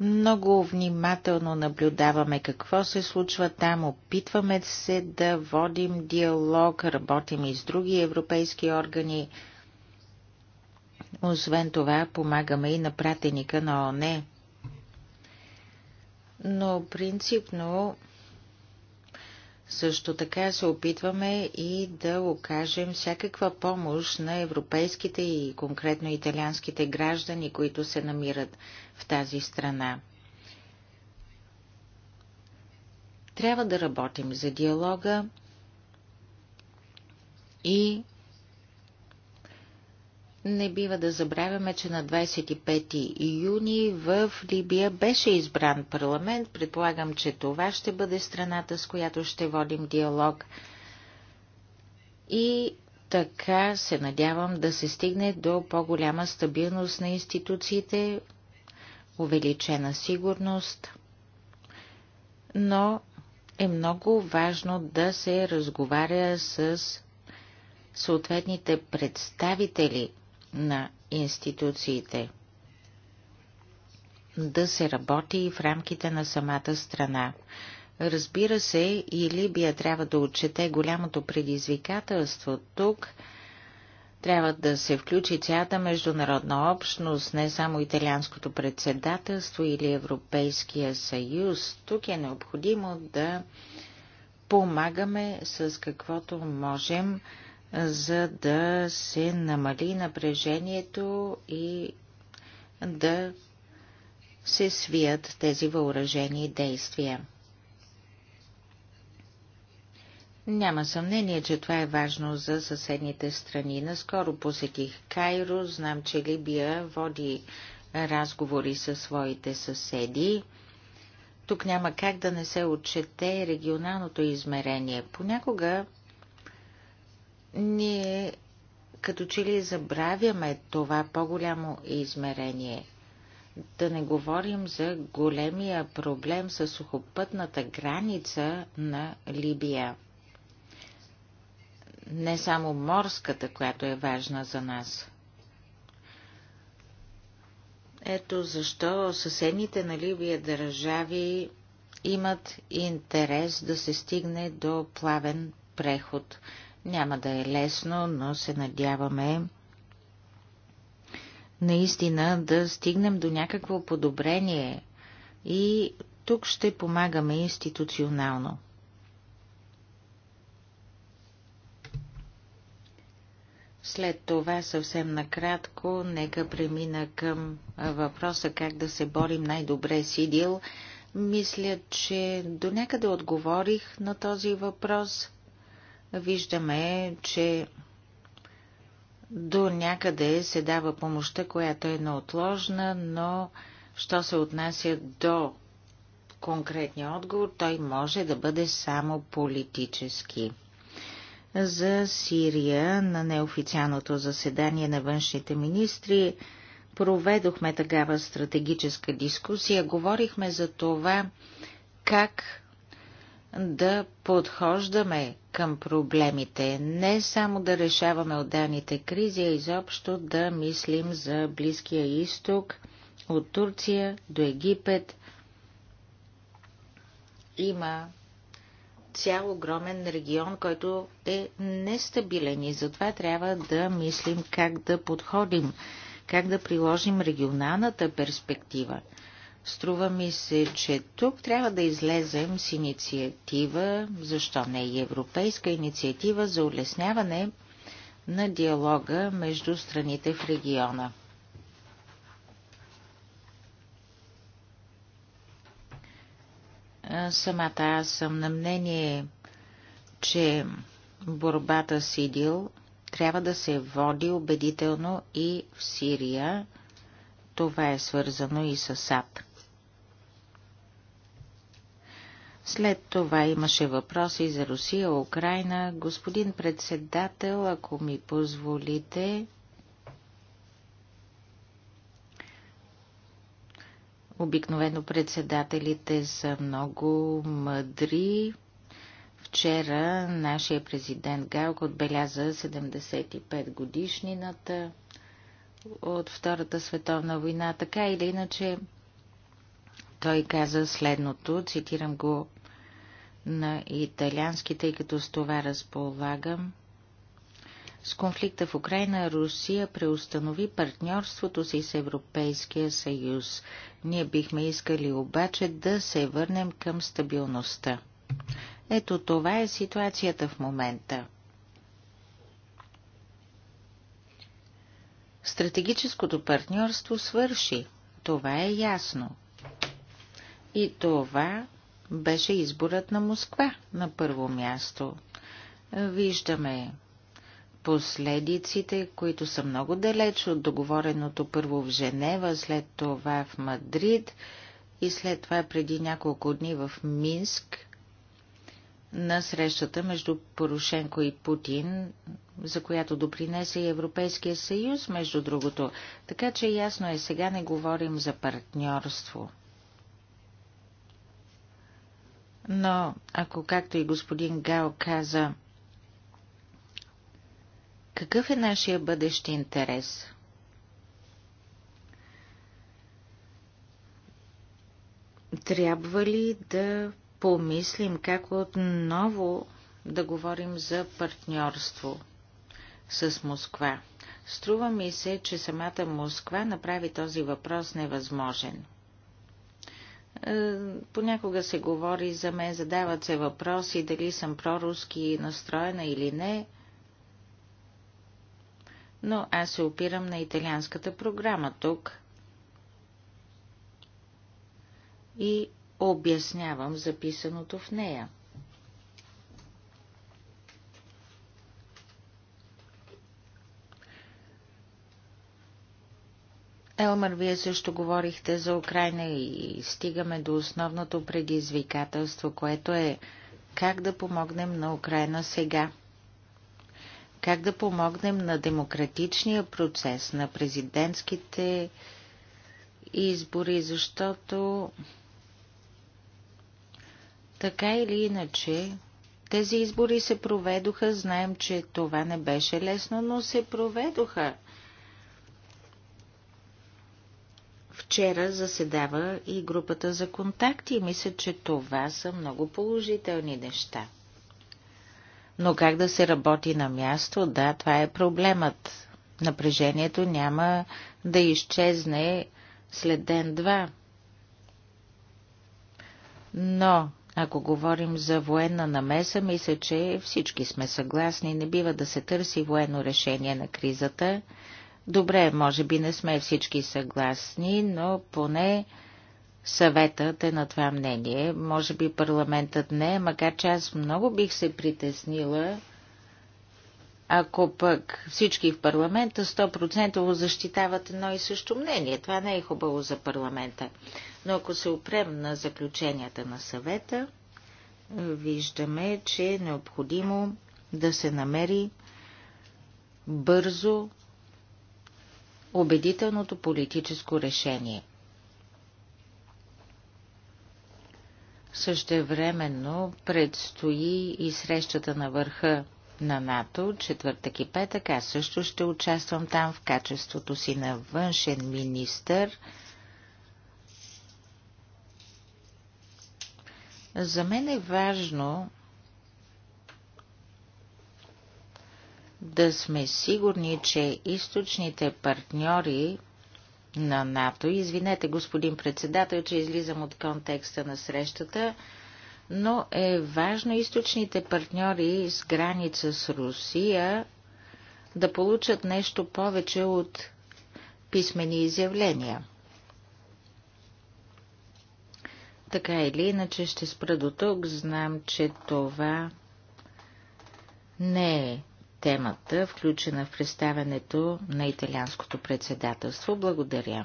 Много внимателно наблюдаваме какво се случва там, опитваме се да водим диалог, работим и с други европейски органи. Освен това, помагаме и на пратеника на ОНЕ. Но принципно също така се опитваме и да окажем всякаква помощ на европейските и конкретно италианските граждани, които се намират в тази страна. Трябва да работим за диалога и не бива да забравяме, че на 25 юни в Либия беше избран парламент. Предполагам, че това ще бъде страната, с която ще водим диалог. И така се надявам да се стигне до по-голяма стабилност на институциите, увеличена сигурност. Но е много важно да се разговаря с съответните представители на институциите. Да се работи и в рамките на самата страна. Разбира се, и Либия трябва да отчете голямото предизвикателство тук. Трябва да се включи цялата международна общност, не само италианското председателство или Европейския съюз. Тук е необходимо да помагаме с каквото можем за да се намали напрежението и да се свият тези въоръжени действия. Няма съмнение, че това е важно за съседните страни. Наскоро посетих Кайро, знам, че Либия води разговори със своите съседи. Тук няма как да не се отчете регионалното измерение. Понякога ние като че ли забравяме това по-голямо измерение. Да не говорим за големия проблем с сухопътната граница на Либия. Не само морската, която е важна за нас. Ето защо съседните на Либия държави имат интерес да се стигне до плавен преход – няма да е лесно, но се надяваме наистина да стигнем до някакво подобрение и тук ще помагаме институционално. След това съвсем накратко, нека премина към въпроса как да се борим най-добре с ИДИЛ. Мисля, че до някъде отговорих на този въпрос виждаме, че до някъде се дава помощта, която е неотложна, но що се отнася до конкретния отговор, той може да бъде само политически. За Сирия на неофициалното заседание на външните министри проведохме такава стратегическа дискусия. Говорихме за това как да подхождаме към проблемите, не само да решаваме отделните кризи, а изобщо да мислим за Близкия изток, от Турция до Египет. Има цял огромен регион, който е нестабилен и затова трябва да мислим как да подходим, как да приложим регионалната перспектива – Струва ми се, че тук трябва да излезем с инициатива, защо не и европейска инициатива за улесняване на диалога между страните в региона. Самата аз съм на мнение, че борбата с ИДИЛ трябва да се води убедително и в Сирия. Това е свързано и с САД. След това имаше въпроси за Русия, Украина. Господин председател, ако ми позволите, Обикновено председателите са много мъдри. Вчера нашия президент Галк отбеляза 75 годишнината от Втората световна война. Така или иначе, той каза следното, цитирам го на италиански, тъй като с това разполагам. С конфликта в Украина Русия преустанови партньорството си с Европейския съюз. Ние бихме искали обаче да се върнем към стабилността. Ето това е ситуацията в момента. Стратегическото партньорство свърши. Това е ясно. И това беше изборът на Москва на първо място. Виждаме последиците, които са много далеч от договореното първо в Женева, след това в Мадрид и след това преди няколко дни в Минск на срещата между Порошенко и Путин, за която допринесе и Европейския съюз, между другото. Така че ясно е, сега не говорим за партньорство. Но ако, както и господин Гао каза, какъв е нашия бъдещ интерес? Трябва ли да помислим как отново да говорим за партньорство с Москва? Струва ми се, че самата Москва направи този въпрос невъзможен – е, понякога се говори за мен, задават се въпроси дали съм проруски настроена или не, но аз се опирам на италианската програма тук и обяснявам записаното в нея. Елмар, вие също говорихте за Украина и стигаме до основното предизвикателство, което е как да помогнем на Украина сега. Как да помогнем на демократичния процес, на президентските избори, защото така или иначе тези избори се проведоха. Знаем, че това не беше лесно, но се проведоха. Вчера заседава и групата за контакти и мисля, че това са много положителни неща. Но как да се работи на място, да, това е проблемът. Напрежението няма да изчезне след ден-два. Но, ако говорим за военна намеса, мисля, че всички сме съгласни, не бива да се търси военно решение на кризата, Добре, може би не сме всички съгласни, но поне съветът е на това мнение. Може би парламентът не, макар че аз много бих се притеснила, ако пък всички в парламента 100% защитават едно и също мнение. Това не е хубаво за парламента. Но ако се опрем на заключенията на съвета, виждаме, че е необходимо да се намери бързо убедителното политическо решение. Същевременно предстои и срещата на върха на НАТО, четвъртък и петък. Аз също ще участвам там в качеството си на външен министър. За мен е важно да сме сигурни, че източните партньори на НАТО, извинете господин председател, че излизам от контекста на срещата, но е важно източните партньори с граница с Русия да получат нещо повече от писмени изявления. Така или иначе ще спра до тук. Знам, че това не е темата, включена в представянето на италианското председателство. Благодаря.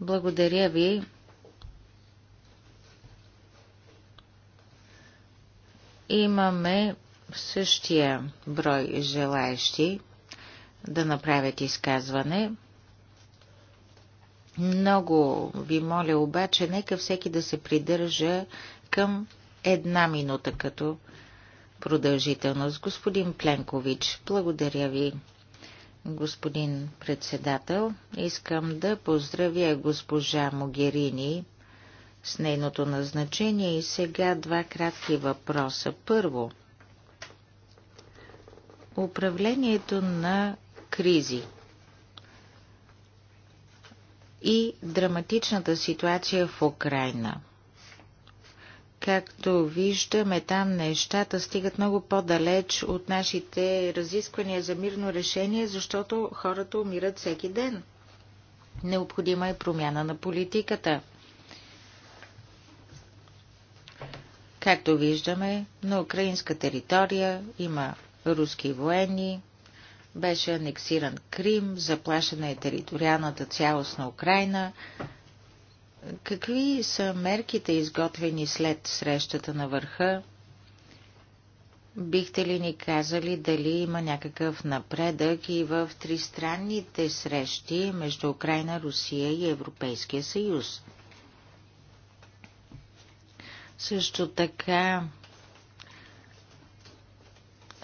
Благодаря ви. Имаме същия брой желаещи да направят изказване. Много ви моля обаче, нека всеки да се придържа към една минута като продължителност. Господин Пленкович, благодаря ви. Господин председател, искам да поздравя госпожа Могерини с нейното назначение и сега два кратки въпроса. Първо, управлението на кризи и драматичната ситуация в Украина – Както виждаме, там нещата стигат много по-далеч от нашите разисквания за мирно решение, защото хората умират всеки ден. Необходима е промяна на политиката. Както виждаме, на украинска територия има руски военни, беше анексиран Крим, заплашена е териториалната цялост на Украина, Какви са мерките изготвени след срещата на върха? Бихте ли ни казали дали има някакъв напредък и в тристранните срещи между Украина, Русия и Европейския съюз? Също така,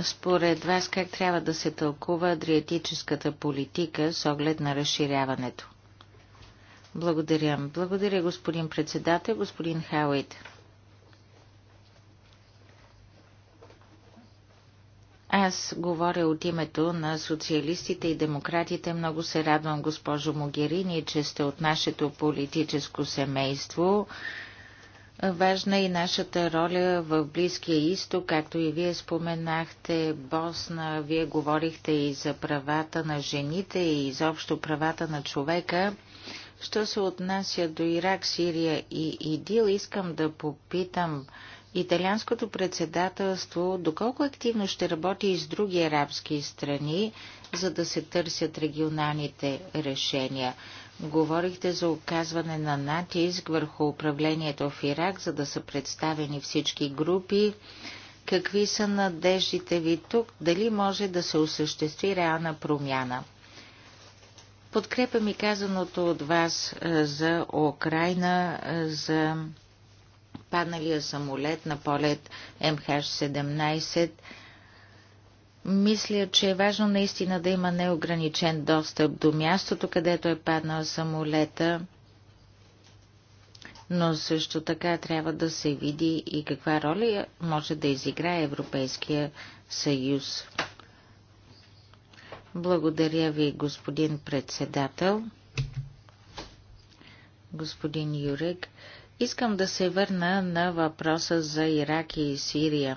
според вас как трябва да се тълкува адриатическата политика с оглед на разширяването? Благодаря. Благодаря, господин председател, господин Хауит. Аз говоря от името на социалистите и демократите. Много се радвам, госпожо Могерини, че сте от нашето политическо семейство. Важна е и нашата роля в Близкия изток, както и вие споменахте, Босна, вие говорихте и за правата на жените и изобщо правата на човека – Що се отнася до Ирак, Сирия и ИДИЛ, искам да попитам италианското председателство доколко активно ще работи и с други арабски страни, за да се търсят регионалните решения. Говорихте за оказване на натиск върху управлението в Ирак, за да са представени всички групи. Какви са надеждите ви тук? Дали може да се осъществи реална промяна? Подкрепям и казаното от вас е, за Украина, е, за падналия самолет на полет МХ-17. Мисля, че е важно наистина да има неограничен достъп до мястото, където е паднал самолета, но също така трябва да се види и каква роля може да изиграе Европейския съюз. Благодаря ви, господин председател. Господин Юрик, искам да се върна на въпроса за Ирак и Сирия.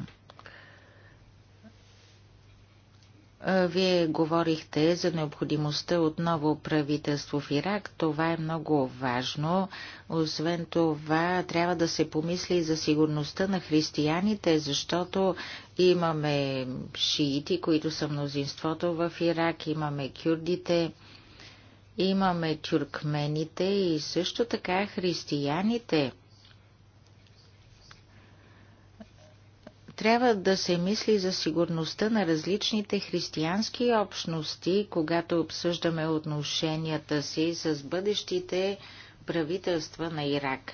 Вие говорихте за необходимостта от ново правителство в Ирак. Това е много важно. Освен това, трябва да се помисли и за сигурността на християните, защото имаме шиити, които са мнозинството в Ирак, имаме кюрдите, имаме тюркмените и също така християните. Трябва да се мисли за сигурността на различните християнски общности, когато обсъждаме отношенията си с бъдещите правителства на Ирак.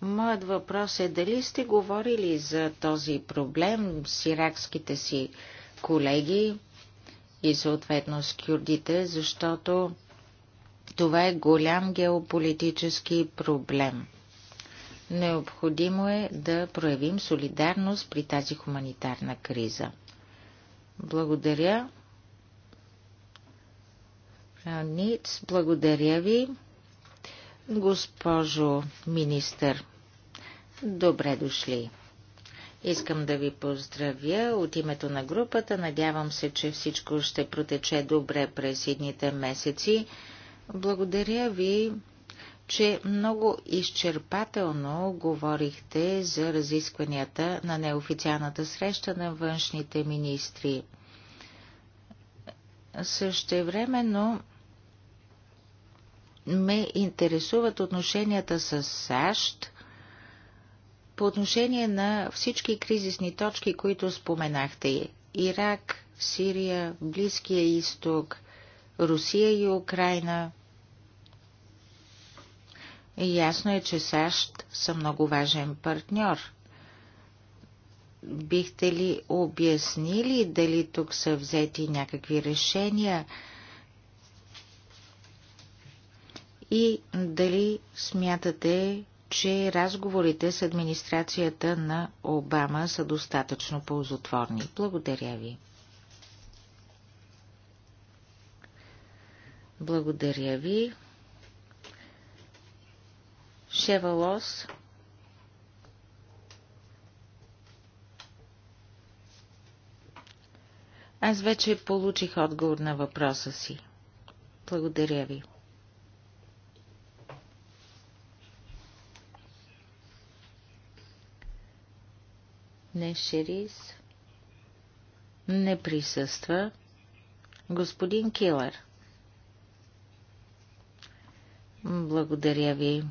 Моят въпрос е дали сте говорили за този проблем с иракските си колеги и съответно с кюрдите, защото това е голям геополитически проблем. Необходимо е да проявим солидарност при тази хуманитарна криза. Благодаря. Ниц, благодаря ви, госпожо министър. Добре дошли. Искам да ви поздравя от името на групата. Надявам се, че всичко ще протече добре през едните месеци. Благодаря ви че много изчерпателно говорихте за разискванията на неофициалната среща на външните министри. Същевременно ме интересуват отношенията с САЩ по отношение на всички кризисни точки, които споменахте. Ирак, Сирия, Близкия изток, Русия и Украина – Ясно е, че САЩ са много важен партньор. Бихте ли обяснили дали тук са взети някакви решения и дали смятате, че разговорите с администрацията на Обама са достатъчно ползотворни? Благодаря ви. Благодаря ви. Шевалос. Аз вече получих отговор на въпроса си. Благодаря ви. Не Шерис не присъства. Господин Килър. Благодаря ви.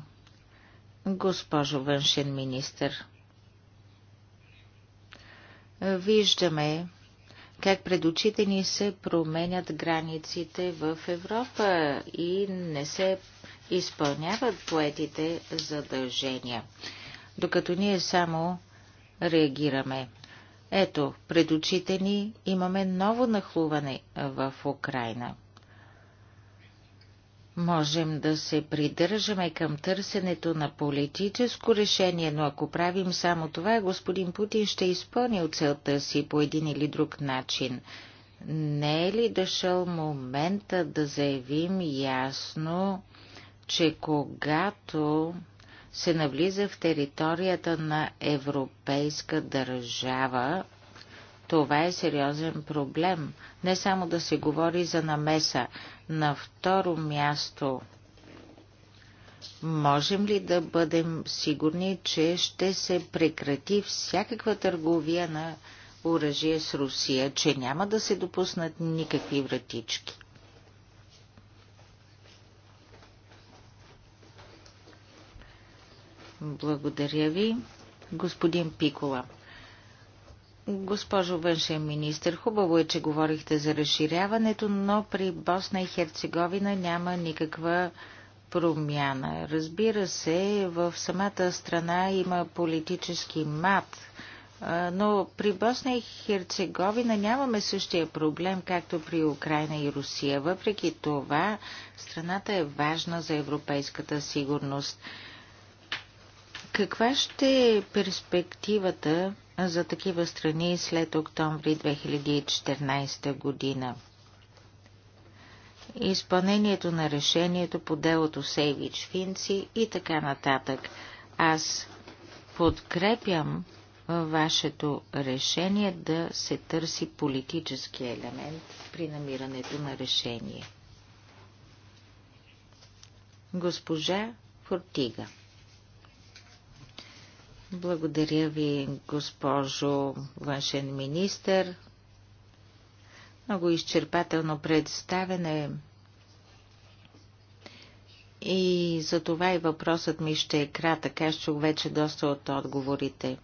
Госпожо външен министр, виждаме как пред очите ни се променят границите в Европа и не се изпълняват поетите задължения, докато ние само реагираме. Ето, пред очите ни имаме ново нахлуване в Украина – Можем да се придържаме към търсенето на политическо решение, но ако правим само това, господин Путин ще изпълни целта си по един или друг начин. Не е ли дошъл момента да заявим ясно, че когато се навлиза в територията на европейска държава, това е сериозен проблем. Не само да се говори за намеса. На второ място, можем ли да бъдем сигурни, че ще се прекрати всякаква търговия на оръжие с Русия, че няма да се допуснат никакви вратички? Благодаря ви, господин Пикола. Госпожо външен министр, хубаво е, че говорихте за разширяването, но при Босна и Херцеговина няма никаква промяна. Разбира се, в самата страна има политически мат, но при Босна и Херцеговина нямаме същия проблем, както при Украина и Русия. Въпреки това, страната е важна за европейската сигурност. Каква ще е перспективата за такива страни след октомври 2014 година. Изпълнението на решението по делото Сейвич Финци и така нататък. Аз подкрепям вашето решение да се търси политически елемент при намирането на решение. Госпожа Фортига благодаря ви, госпожо външен министр. Много изчерпателно представене. И за това и въпросът ми ще е кратък. Аз чух вече доста от отговорите.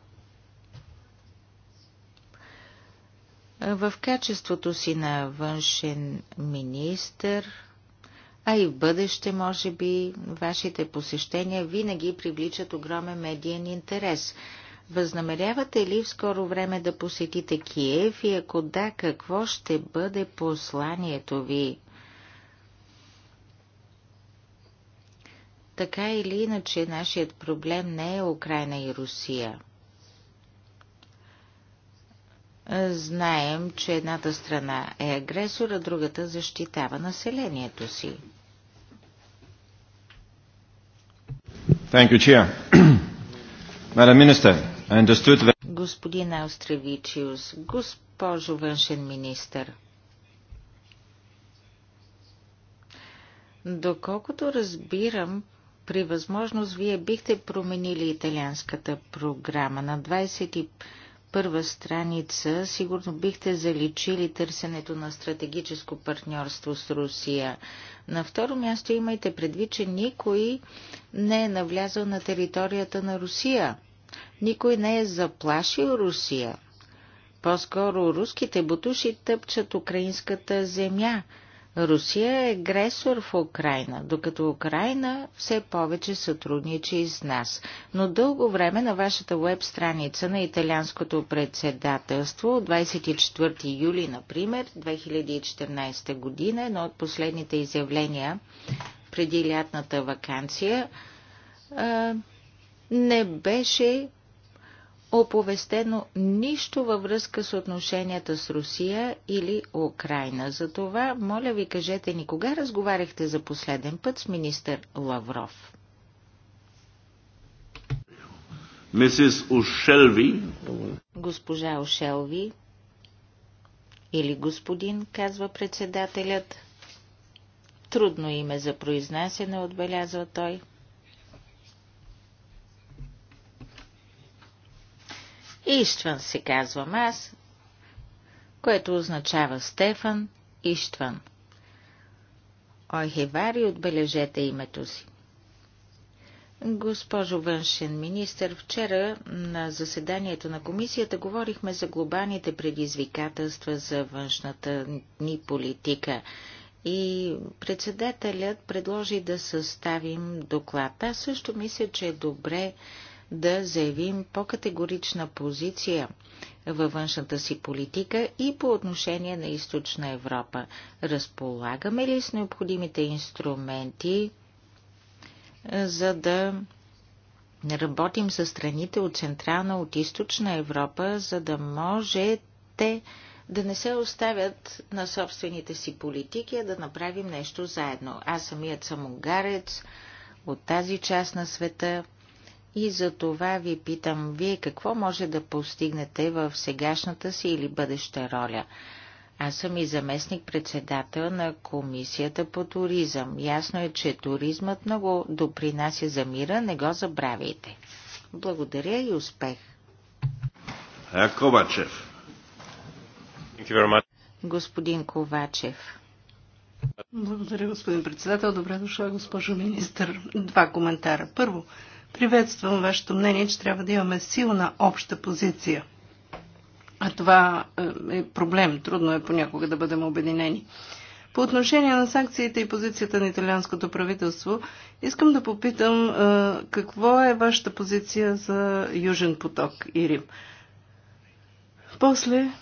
В качеството си на външен министр а и в бъдеще, може би, вашите посещения винаги привличат огромен медиен интерес. Възнамерявате ли в скоро време да посетите Киев и ако да, какво ще бъде посланието ви? Така или иначе, нашият проблем не е Украина и Русия. Знаем, че едната страна е агресор, а другата защитава населението си. Thank you, Chair. Madam Minister, I understood that... Господин Аустревичиус, госпожо външен министър, Доколкото разбирам, при възможност вие бихте променили италианската програма. На 25 първа страница сигурно бихте заличили търсенето на стратегическо партньорство с Русия. На второ място имайте предвид, че никой не е навлязъл на територията на Русия. Никой не е заплашил Русия. По-скоро руските бутуши тъпчат украинската земя. Русия е агресор в Украина, докато Украина все повече сътрудничи с нас. Но дълго време на вашата веб страница на италианското председателство 24 юли, например, 2014 година, едно от последните изявления преди лятната вакансия, не беше оповестено нищо във връзка с отношенията с Русия или Украина. Затова, моля ви, кажете ни, кога разговаряхте за последен път с министър Лавров? Мисис Ошелви. Госпожа Ошелви. Или господин, казва председателят. Трудно име за произнасяне, отбелязва той. Иштван се казвам аз, което означава Стефан Иштван. Ойхевари, отбележете името си. Госпожо външен министр, вчера на заседанието на комисията говорихме за глобалните предизвикателства за външната ни политика и председателят предложи да съставим доклад. Аз също мисля, че е добре да заявим по-категорична позиция във външната си политика и по отношение на Източна Европа. Разполагаме ли с необходимите инструменти, за да работим с страните от Централна, от Източна Европа, за да може те да не се оставят на собствените си политики, а да направим нещо заедно. Аз самият съм унгарец от тази част на света, и за това ви питам, вие какво може да постигнете в сегашната си или бъдеща роля? Аз съм и заместник-председател на Комисията по туризъм. Ясно е, че туризмът много допринася за мира, не го забравяйте. Благодаря и успех! Ковачев. Господин Ковачев. Благодаря, господин председател. Добре дошла, госпожо министър. Два коментара. Първо, Приветствам вашето мнение, че трябва да имаме силна обща позиция. А това е, е проблем. Трудно е понякога да бъдем обединени. По отношение на санкциите и позицията на италианското правителство, искам да попитам е, какво е вашата позиция за Южен поток и Рим. После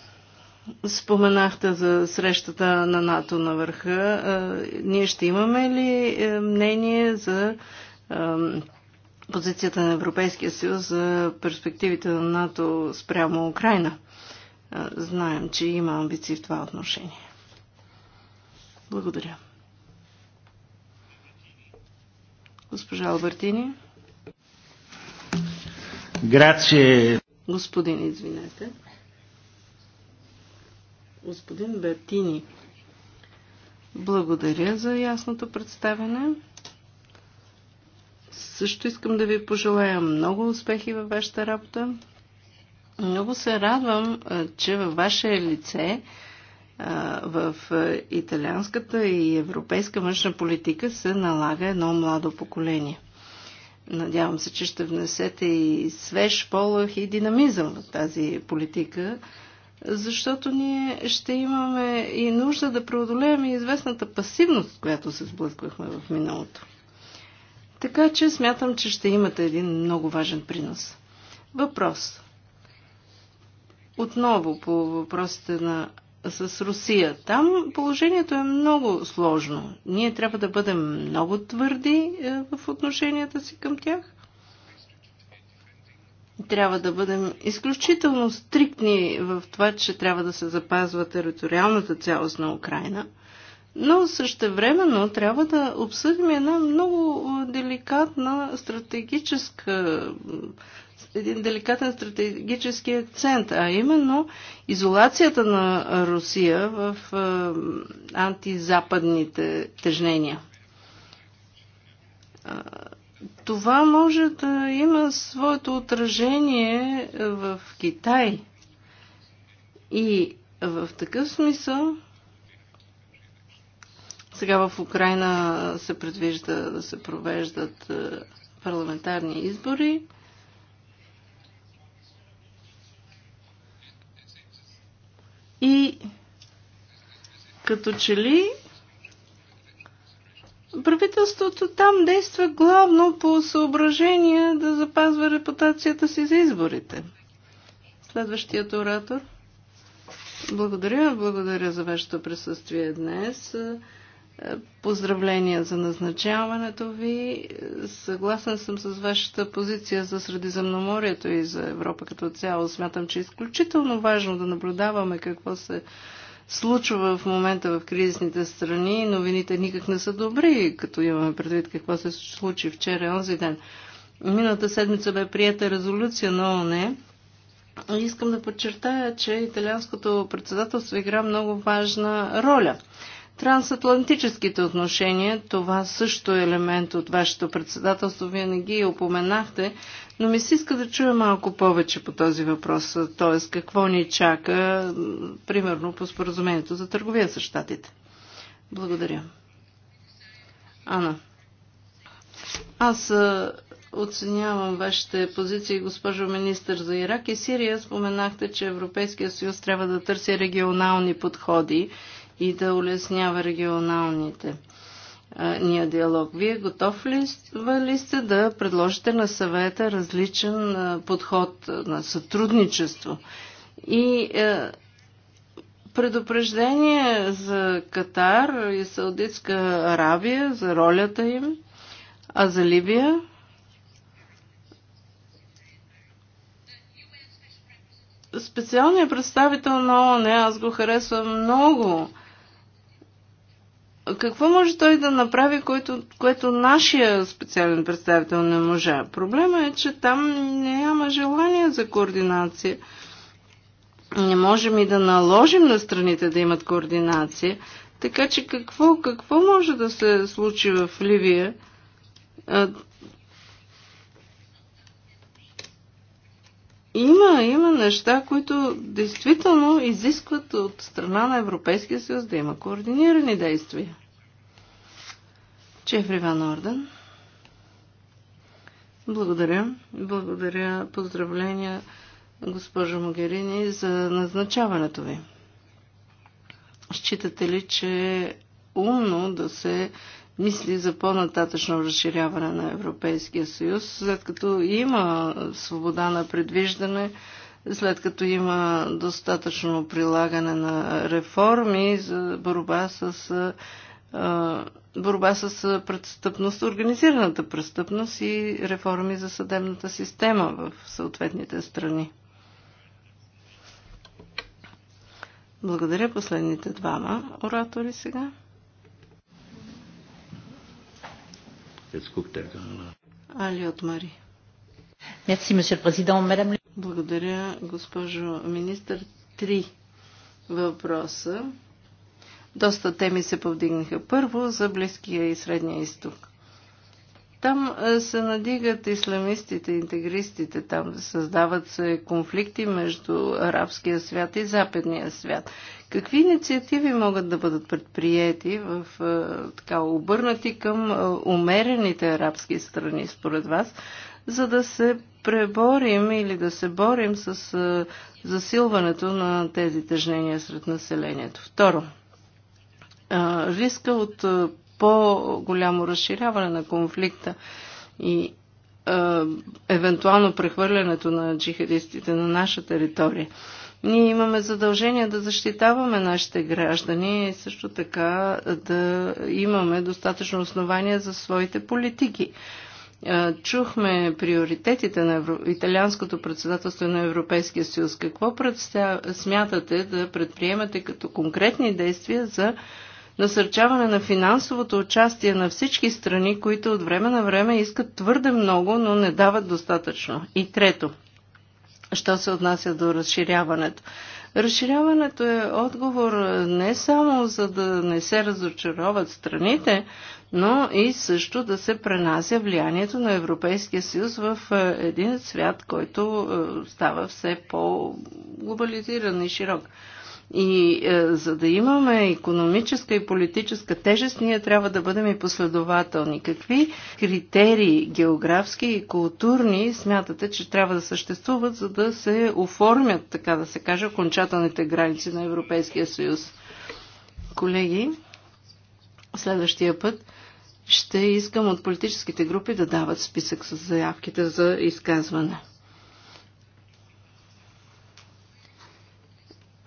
споменахте за срещата на НАТО на върха. Е, ние ще имаме ли мнение за позицията на Европейския съюз за перспективите на НАТО спрямо Украина. Знаем, че има амбиции в това отношение. Благодаря. Госпожа Албертини. Грация. Господин, извинете. Господин Бертини. Благодаря за ясното представяне. Също искам да ви пожелая много успехи във вашата работа. Много се радвам, че във ваше лице в италианската и европейска външна политика се налага едно младо поколение. Надявам се, че ще внесете и свеж полъх и динамизъм в тази политика, защото ние ще имаме и нужда да преодолеем и известната пасивност, която се сблъсквахме в миналото. Така че смятам, че ще имате един много важен принос. Въпрос. Отново по въпросите на, с Русия. Там положението е много сложно. Ние трябва да бъдем много твърди е, в отношенията си към тях. Трябва да бъдем изключително стриктни в това, че трябва да се запазва териториалната цялост на Украина – но същевременно трябва да обсъдим една много деликатна стратегическа един деликатен стратегически акцент, а именно изолацията на Русия в антизападните тежнения. Това може да има своето отражение в Китай. И в такъв смисъл сега в Украина се предвижда да се провеждат е, парламентарни избори. И като че ли правителството там действа главно по съображение да запазва репутацията си за изборите. Следващият оратор. Благодаря, благодаря за вашето присъствие днес. Е, поздравления за назначаването ви. Съгласен съм с вашата позиция за Средиземноморието и за Европа като цяло. Смятам, че е изключително важно да наблюдаваме какво се случва в момента в кризисните страни. Новините никак не са добри, като имаме предвид какво се случи вчера и онзи ден. Миналата седмица бе прията резолюция на ОНЕ. Искам да подчертая, че италианското председателство игра много важна роля Трансатлантическите отношения, това също е елемент от вашето председателство, вие не ги упоменахте, но ми се иска да чуя малко повече по този въпрос, т.е. какво ни чака, примерно по споразумението за търговия с щатите. Благодаря. Ана. Аз оценявам вашите позиции, госпожо министър за Ирак и Сирия. Споменахте, че Европейския съюз трябва да търси регионални подходи и да улеснява регионалните ния диалог. Вие готов ли, ли сте да предложите на съвета различен подход на сътрудничество? И предупреждение за Катар и Саудитска Арабия, за ролята им, а за Либия? Специалният представител на ООН, аз го харесвам много какво може той да направи, което, което нашия специален представител не можа? Проблема е, че там няма желание за координация. Не можем и да наложим на страните да имат координация. Така че какво, какво може да се случи в Ливия? Има, има неща, които действително изискват от страна на Европейския съюз да има координирани действия. Чефри Ван Орден. Благодаря. Благодаря. Поздравления, госпожо Могерини, за назначаването ви. Считате ли, че е умно да се мисли за по-нататъчно разширяване на Европейския съюз, след като има свобода на предвиждане, след като има достатъчно прилагане на реформи за борба с борба с престъпност, организираната престъпност и реформи за съдебната система в съответните страни. Благодаря последните двама оратори сега. Е, Али от Мари. Благодаря, госпожо министър. Три въпроса. Доста теми се повдигнаха. Първо за Близкия и Средния изток. Там е, се надигат исламистите, интегристите, там създават се конфликти между арабския свят и западния свят. Какви инициативи могат да бъдат предприяти в е, така обърнати към е, умерените арабски страни, според вас, за да се преборим или да се борим с засилването на тези тъжнения сред населението? Второ, риска от по-голямо разширяване на конфликта и евентуално прехвърлянето на джихадистите на наша територия. Ние имаме задължение да защитаваме нашите граждани и също така да имаме достатъчно основания за своите политики. Чухме приоритетите на Евро... италианското председателство на Европейския съюз. Какво предстя... смятате да предприемате като конкретни действия за насърчаване на финансовото участие на всички страни, които от време на време искат твърде много, но не дават достатъчно. И трето, що се отнася до разширяването. Разширяването е отговор не само за да не се разочароват страните, но и също да се пренася влиянието на Европейския съюз в е, един свят, който е, става все по-глобализиран и широк. И е, за да имаме економическа и политическа тежест, ние трябва да бъдем и последователни. Какви критерии географски и културни смятате, че трябва да съществуват, за да се оформят, така да се каже, окончателните граници на Европейския съюз? Колеги, следващия път ще искам от политическите групи да дават списък с заявките за изказване.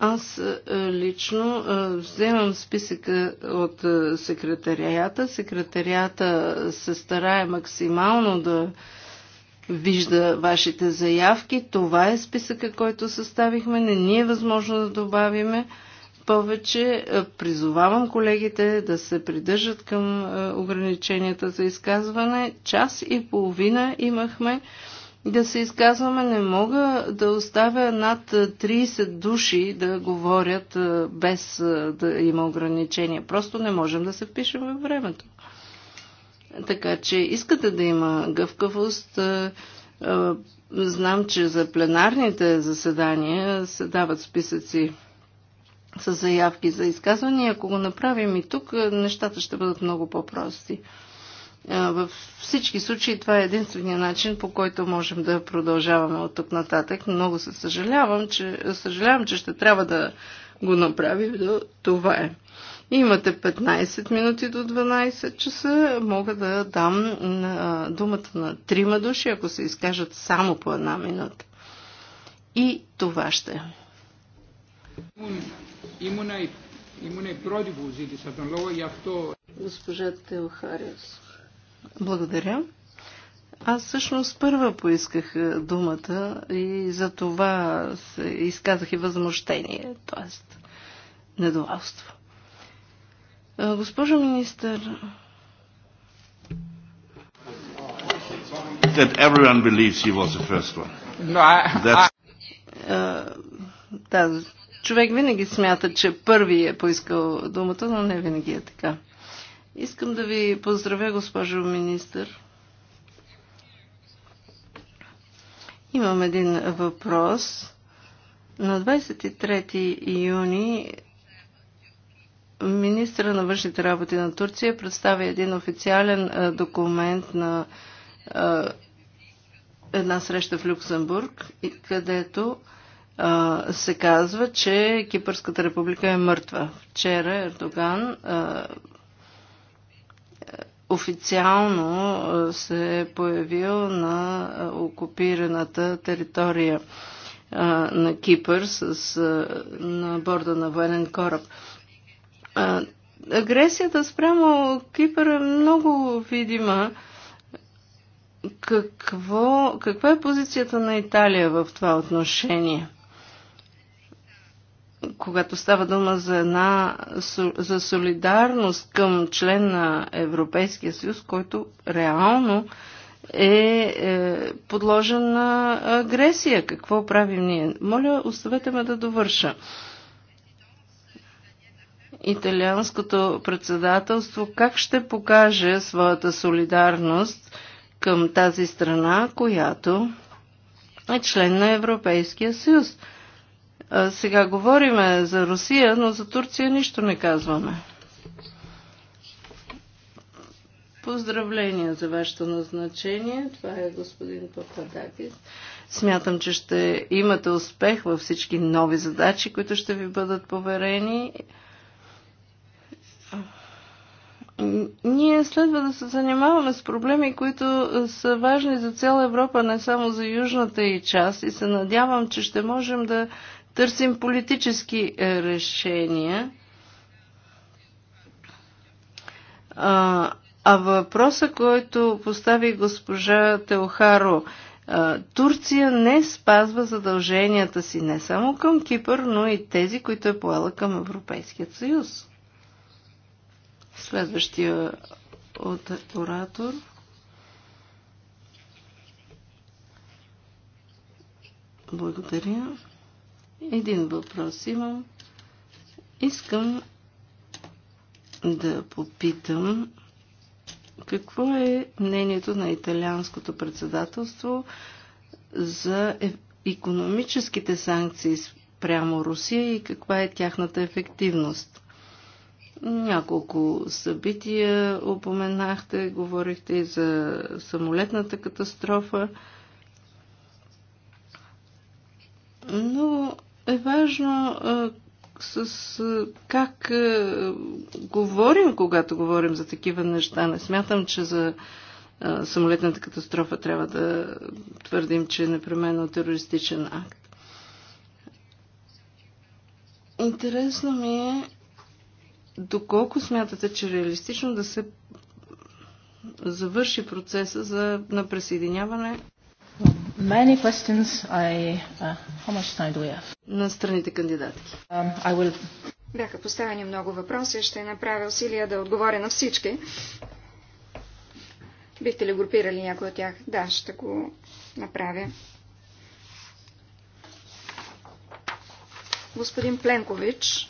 Аз е, е, лично е, вземам списъка от секретарията. Секретарията се старае максимално да вижда вашите заявки. Това е списъка, който съставихме. Не ни е възможно да добавиме повече. Призовавам колегите да се придържат към ограниченията за изказване. Час и половина имахме да се изказваме. Не мога да оставя над 30 души да говорят без да има ограничения. Просто не можем да се впишем във времето. Така че искате да има гъвкавост. Знам, че за пленарните заседания се дават списъци с заявки за изказвания. Ако го направим и тук, нещата ще бъдат много по-прости. Във всички случаи това е единствения начин, по който можем да продължаваме от тук нататък. Много се съжалявам, че, съжалявам, че ще трябва да го направим, но това е. Имате 15 минути до 12 часа. Мога да дам думата на трима души, ако се изкажат само по една минута. И това ще е. Госпожа Теохариус. Благодаря. Аз всъщност първа поисках е, думата и за това се изказах и възмущение, т.е. недоволство. Е, госпожо министър, that everyone believes he was the first one. No, I, That's... Uh, да, човек винаги смята, че първи е поискал думата, но не винаги е така. Искам да ви поздравя, госпожо министър. Имам един въпрос. На 23 юни министра на външните работи на Турция представи един официален документ на една среща в Люксембург, където се казва, че Кипърската република е мъртва. Вчера Ердоган официално се е появил на окупираната територия на Кипър с, на борда на военен кораб. Агресията спрямо Кипър е много видима. Какво, каква е позицията на Италия в това отношение? когато става дума за една за солидарност към член на Европейския съюз, който реално е, е подложен на агресия. Какво правим ние? Моля, оставете ме да довърша. Италианското председателство как ще покаже своята солидарност към тази страна, която е член на Европейския съюз? Сега говориме за Русия, но за Турция нищо не казваме. Поздравления за вашето назначение. Това е господин Пападакис. Смятам, че ще имате успех във всички нови задачи, които ще ви бъдат поверени. Ние следва да се занимаваме с проблеми, които са важни за цяла Европа, не само за южната и част и се надявам, че ще можем да търсим политически е, решения. А, а въпроса, който постави госпожа Теохаро, е, Турция не спазва задълженията си не само към Кипър, но и тези, които е поела към Европейският съюз. Следващия от оратор. Благодаря. Един въпрос имам. Искам да попитам какво е мнението на италианското председателство за економическите санкции прямо Русия и каква е тяхната ефективност? Няколко събития упоменахте, говорихте и за самолетната катастрофа. Но е важно с как говорим, когато говорим за такива неща. Не смятам, че за самолетната катастрофа трябва да твърдим, че е непременно терористичен акт. Интересно ми е доколко смятате, че е реалистично да се завърши процеса за, на присъединяване Many questions. I, uh, how much time do we have? На страните кандидатки. Um, I will... Бяха поставени много въпроси. Ще направя усилия да отговоря на всички. Бихте ли групирали някой от тях? Да, ще го направя. Господин Пленкович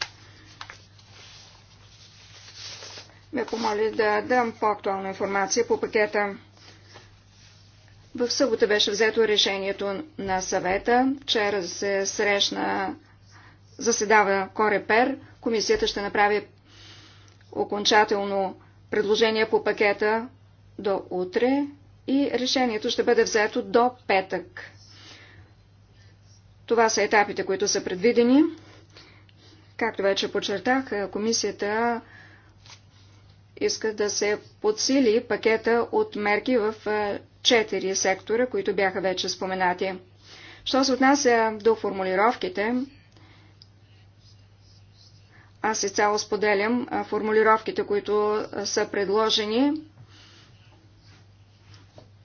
ме помоли да дам по-актуална информация по пакета в събота беше взето решението на съвета. Вчера се срещна, заседава Корепер. Комисията ще направи окончателно предложение по пакета до утре и решението ще бъде взето до петък. Това са етапите, които са предвидени. Както вече подчертах, комисията иска да се подсили пакета от мерки в четири сектора, които бяха вече споменати. Що се отнася до формулировките, аз изцяло споделям формулировките, които са предложени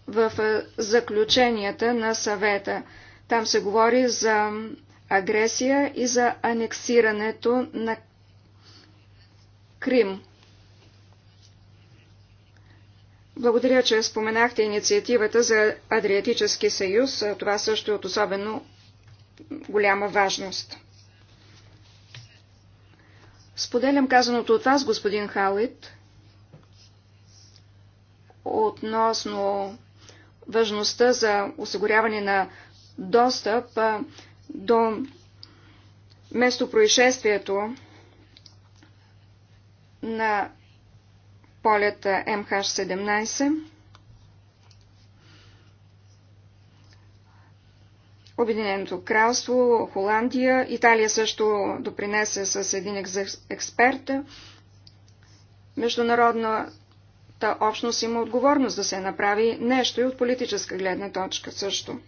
в заключенията на съвета. Там се говори за агресия и за анексирането на Крим. Благодаря, че споменахте инициативата за Адриатически съюз. Това също е от особено голяма важност. Споделям казаното от вас, господин Халит, относно важността за осигуряване на достъп до местопроисшествието на полет МХ-17. Обединеното кралство, Холандия, Италия също допринесе с един експерт. Международната общност има отговорност да се направи нещо и от политическа гледна точка също.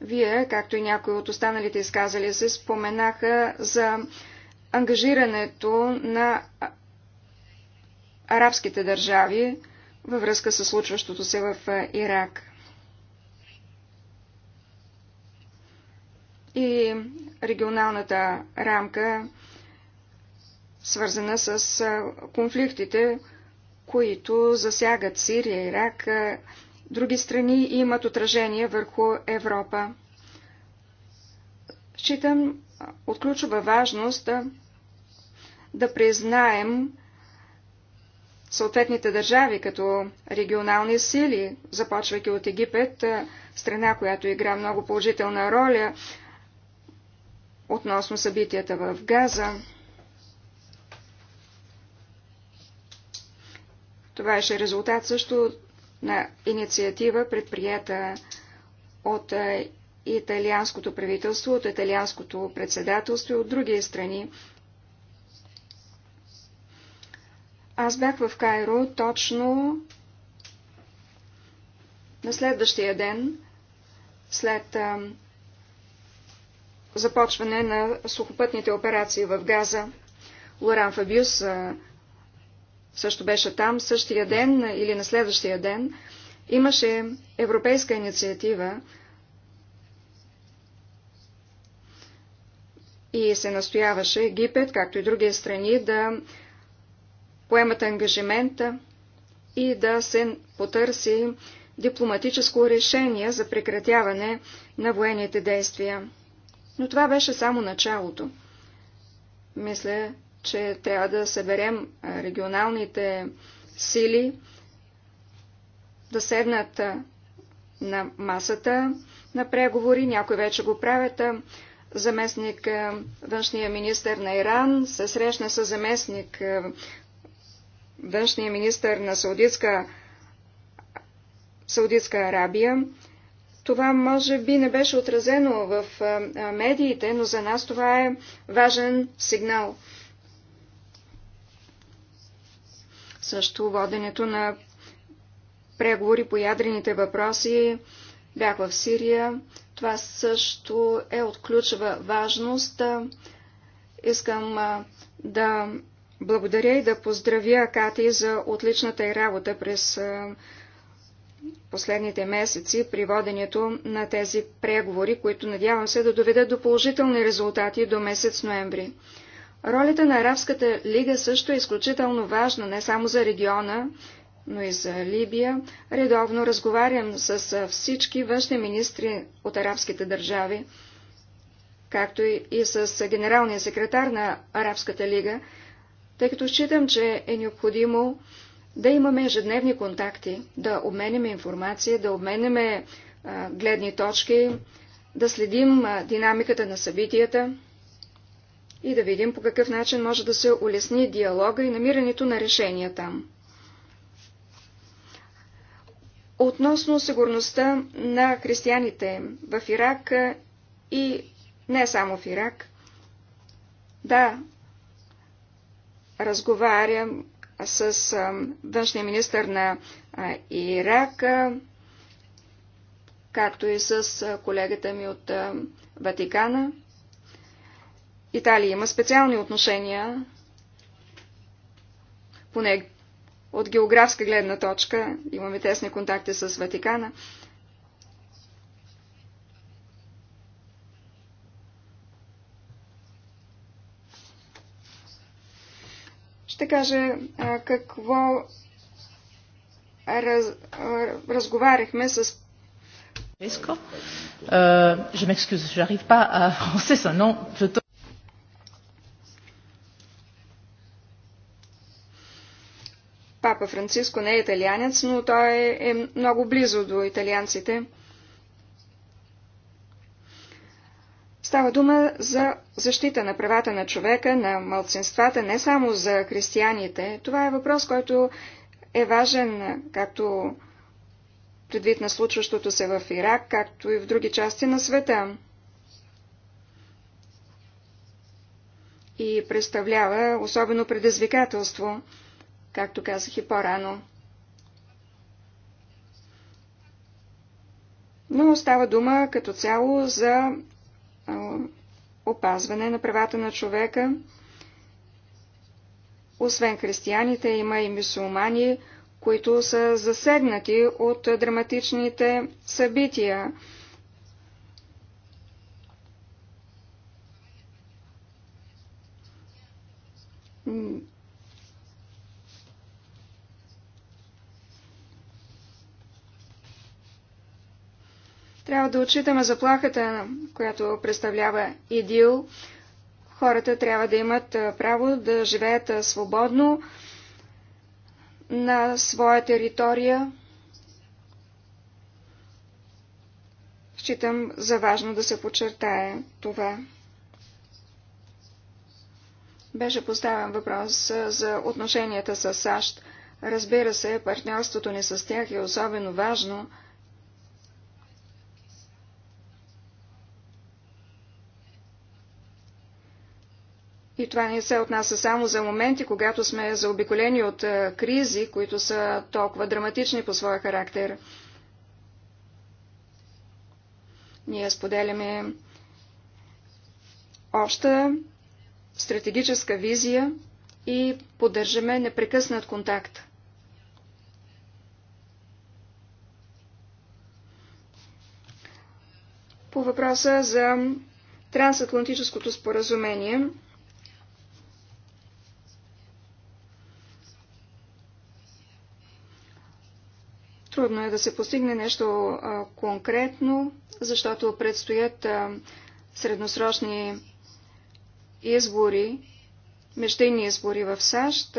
Вие, както и някои от останалите изказали се, споменаха за ангажирането на арабските държави във връзка с случващото се в Ирак. И регионалната рамка, свързана с конфликтите, които засягат Сирия, Ирак, други страни имат отражение върху Европа. Считам, от ключова важност да, да признаем съответните държави като регионални сили, започвайки от Египет, страна, която игра много положителна роля относно събитията в Газа. Това беше резултат също на инициатива, предприята от италианското правителство, от италианското председателство и от други страни. Аз бях в Кайро точно на следващия ден, след а, започване на сухопътните операции в Газа. Лоран Фабиус а, също беше там същия ден или на следващия ден. Имаше европейска инициатива, и се настояваше Египет, както и други страни, да поемат ангажимента и да се потърси дипломатическо решение за прекратяване на военните действия. Но това беше само началото. Мисля, че трябва да съберем регионалните сили, да седнат на масата на преговори, някои вече го правят, заместник е, външния министр на Иран, се срещна с заместник е, външния министр на Саудитска, Саудитска Арабия. Това може би не беше отразено в е, медиите, но за нас това е важен сигнал. Също воденето на преговори по ядрените въпроси бях в Сирия, това също е от ключова важност. Искам да благодаря и да поздравя Кати за отличната й работа през последните месеци при воденето на тези преговори, които надявам се да доведат до положителни резултати до месец ноември. Ролята на Арабската лига също е изключително важна не само за региона, но и за Либия. Редовно разговарям с всички външни министри от арабските държави, както и с генералния секретар на Арабската лига, тъй като считам, че е необходимо да имаме ежедневни контакти, да обменяме информация, да обменяме гледни точки, да следим динамиката на събитията и да видим по какъв начин може да се улесни диалога и намирането на решения там относно сигурността на християните в Ирак и не само в Ирак. Да, разговарям с външния министр на Ирак, както и с колегата ми от Ватикана. Италия има специални отношения, поне от географска гледна точка. Имаме тесни контакти с Ватикана. Ще кажа какво раз, разговаряхме с Uh, je m'excuse, je n'arrive pas à prononcer son nom. Je Папа Франциско не е италианец, но той е, е много близо до италианците. Става дума за защита на правата на човека, на мълцинствата, не само за християните. Това е въпрос, който е важен както предвид на случващото се в Ирак, както и в други части на света. И представлява особено предизвикателство – както казах и по-рано. Но става дума като цяло за опазване на правата на човека. Освен християните, има и мусулмани, които са засегнати от драматичните събития. Трябва да отчитаме заплахата, която представлява ИДИЛ. Хората трябва да имат право да живеят свободно на своя територия. Считам за важно да се подчертае това. Беше поставен въпрос за отношенията с САЩ. Разбира се, партньорството ни с тях е особено важно – И това не се отнася само за моменти, когато сме заобиколени от е, кризи, които са толкова драматични по своя характер. Ние споделяме обща стратегическа визия и поддържаме непрекъснат контакт. По въпроса за трансатлантическото споразумение – Трудно е да се постигне нещо конкретно, защото предстоят средносрочни избори, междинни избори в САЩ.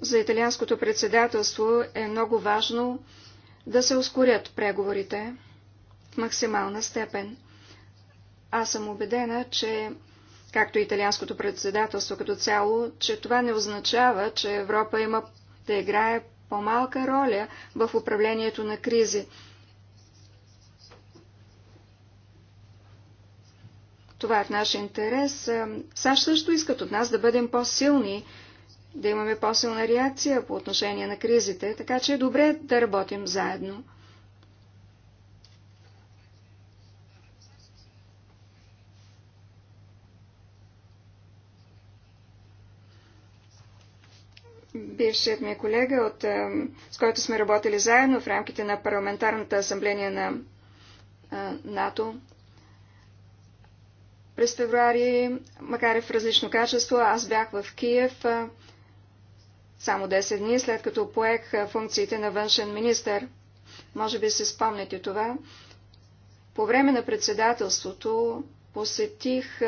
За италианското председателство е много важно да се ускорят преговорите в максимална степен. Аз съм убедена, че както и италианското председателство като цяло, че това не означава, че Европа има да играе по-малка роля в управлението на кризи. Това е в наш интерес. САЩ също искат от нас да бъдем по-силни, да имаме по-силна реакция по отношение на кризите, така че е добре да работим заедно. бившият ми колега, от, с който сме работили заедно в рамките на парламентарната асамблея на НАТО. През февруари, макар и в различно качество, аз бях в Киев само 10 дни след като поех функциите на външен министр. Може би се спомняте това. По време на председателството посетих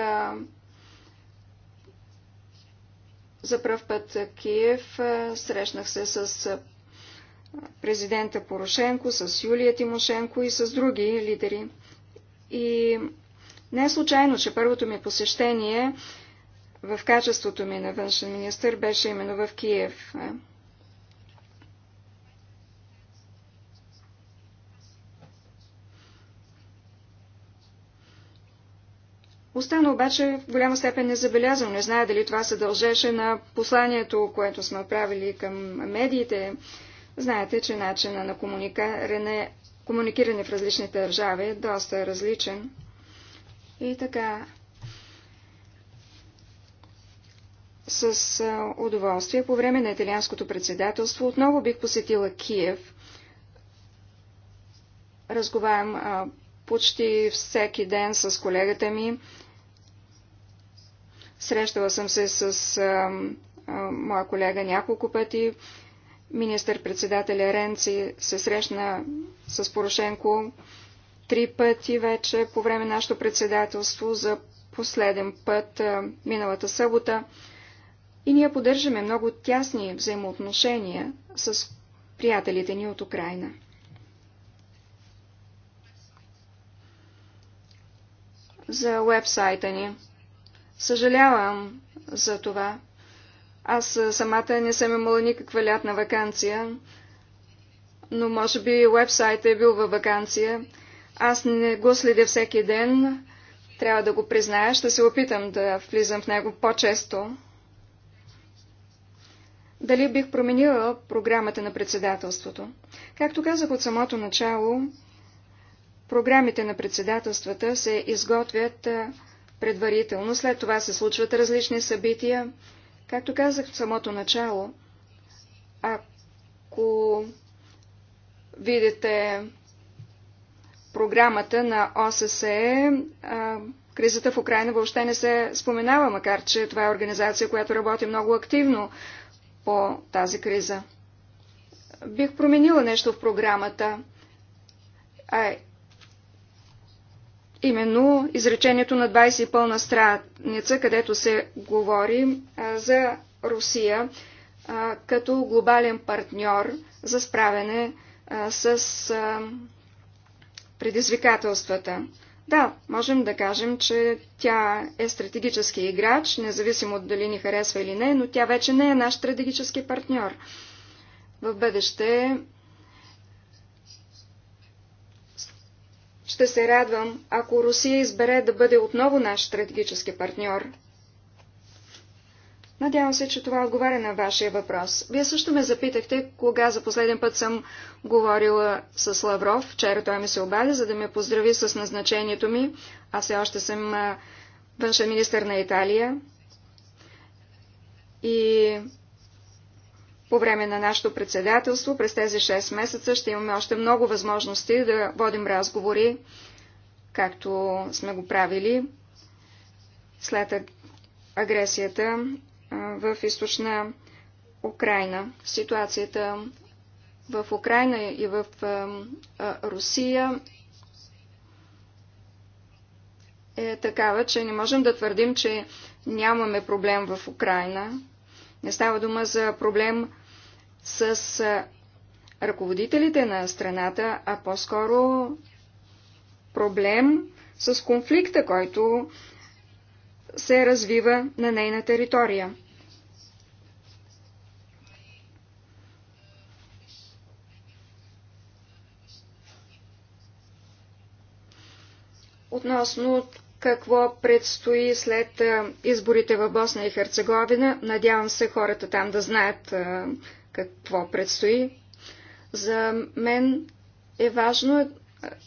за пръв път Киев срещнах се с президента Порошенко, с Юлия Тимошенко и с други лидери. И не е случайно, че първото ми посещение в качеството ми на външен министр беше именно в Киев. Остана обаче в голяма степен незабелязано. Не зная дали това се дължеше на посланието, което сме правили към медиите. Знаете, че начина на комуникиране, комуникиране в различните държави е доста различен. И така, с удоволствие по време на италианското председателство отново бих посетила Киев. Разговарям почти всеки ден с колегата ми Срещала съм се с а, а, моя колега няколко пъти. Министър-председателя Ренци се срещна с Порошенко три пъти вече по време на нашето председателство за последен път а, миналата събота. И ние поддържаме много тясни взаимоотношения с приятелите ни от Украина. За уебсайта ни. Съжалявам за това. Аз самата не съм имала никаква лятна вакансия, но може би уебсайтът е бил във вакансия. Аз не го следя всеки ден, трябва да го призная, ще се опитам да влизам в него по-често. Дали бих променила програмата на председателството? Както казах от самото начало, програмите на председателствата се изготвят предварително. След това се случват различни събития. Както казах в самото начало, ако видите програмата на ОССЕ, кризата в Украина въобще не се споменава, макар че това е организация, която работи много активно по тази криза. Бих променила нещо в програмата, именно изречението на 20 пълна страница, където се говори за Русия като глобален партньор за справяне с предизвикателствата. Да, можем да кажем, че тя е стратегически играч, независимо дали ни харесва или не, но тя вече не е наш стратегически партньор. В бъдеще Ще се радвам, ако Русия избере да бъде отново наш стратегически партньор. Надявам се, че това отговаря на вашия въпрос. Вие също ме запитахте, кога за последен път съм говорила с Лавров. Вчера той ми се обади, за да ме поздрави с назначението ми. Аз все още съм външен министр на Италия. И по време на нашето председателство през тези 6 месеца ще имаме още много възможности да водим разговори, както сме го правили след агресията в източна Украина. Ситуацията в Украина и в Русия е такава, че не можем да твърдим, че нямаме проблем в Украина. Не става дума за проблем с ръководителите на страната, а по-скоро проблем с конфликта, който се развива на нейна територия. Относно какво предстои след изборите в Босна и Херцеговина, надявам се хората там да знаят какво предстои. За мен е важно е,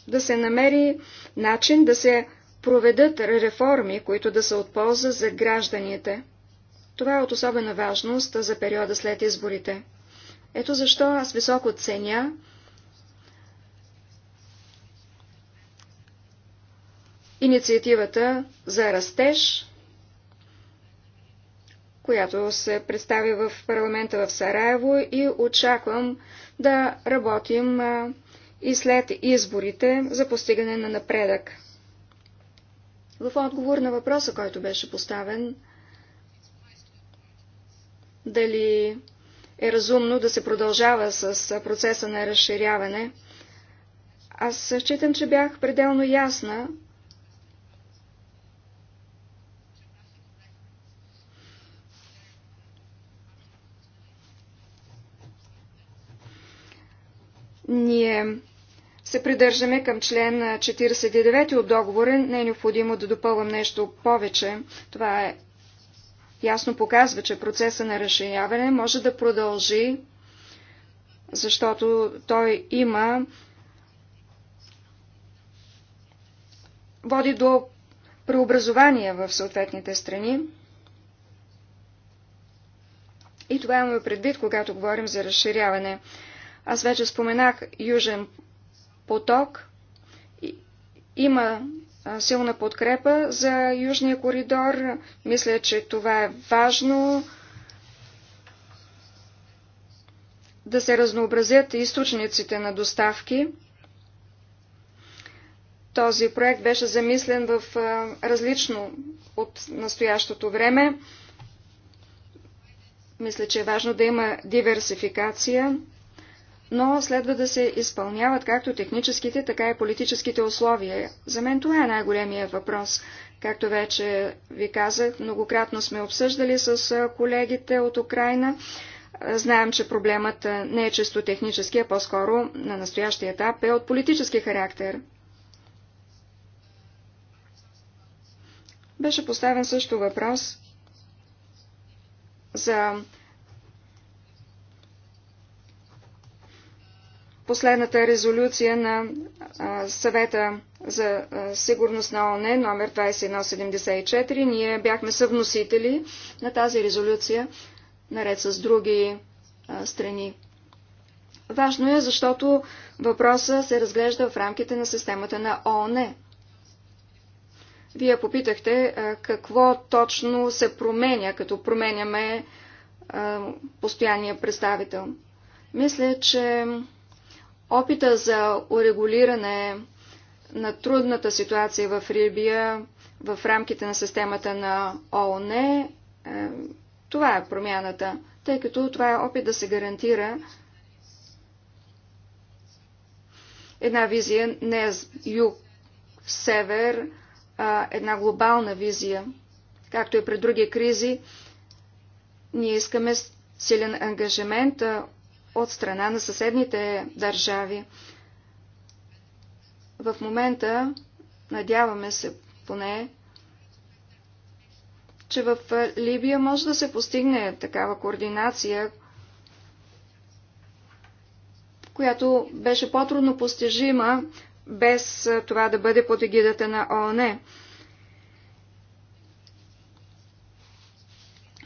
да се намери начин да се проведат реформи, които да са от полза за гражданите. Това е от особена важност за периода след изборите. Ето защо аз високо ценя инициативата за растеж която се представи в парламента в Сараево и очаквам да работим и след изборите за постигане на напредък. В отговор на въпроса, който беше поставен, дали е разумно да се продължава с процеса на разширяване, аз считам, че бях пределно ясна Ние се придържаме към член 49 от договора. Не е необходимо да допълвам нещо повече. Това е ясно показва, че процеса на разширяване може да продължи, защото той има води до преобразование в съответните страни. И това имаме предвид, когато говорим за разширяване. Аз вече споменах Южен поток. Има силна подкрепа за Южния коридор. Мисля, че това е важно да се разнообразят източниците на доставки. Този проект беше замислен в различно от настоящото време. Мисля, че е важно да има диверсификация но следва да се изпълняват както техническите, така и политическите условия. За мен това е най-големия въпрос. Както вече ви казах, многократно сме обсъждали с колегите от Украина. Знаем, че проблемът не е чисто технически, а по-скоро на настоящия етап е от политически характер. Беше поставен също въпрос за последната резолюция на съвета за сигурност на ОНЕ, номер 2174. Ние бяхме съвносители на тази резолюция, наред с други страни. Важно е, защото въпроса се разглежда в рамките на системата на ООН. Вие попитахте какво точно се променя, като променяме постоянния представител. Мисля, че Опита за урегулиране на трудната ситуация в Рибия в рамките на системата на ООН, е, това е промяната, тъй като това е опит да се гарантира една визия не юг-север, а една глобална визия. Както и при други кризи, ние искаме силен ангажимент от страна на съседните държави. В момента, надяваме се поне, че в Либия може да се постигне такава координация, която беше по-трудно постижима без това да бъде под егидата на ООН.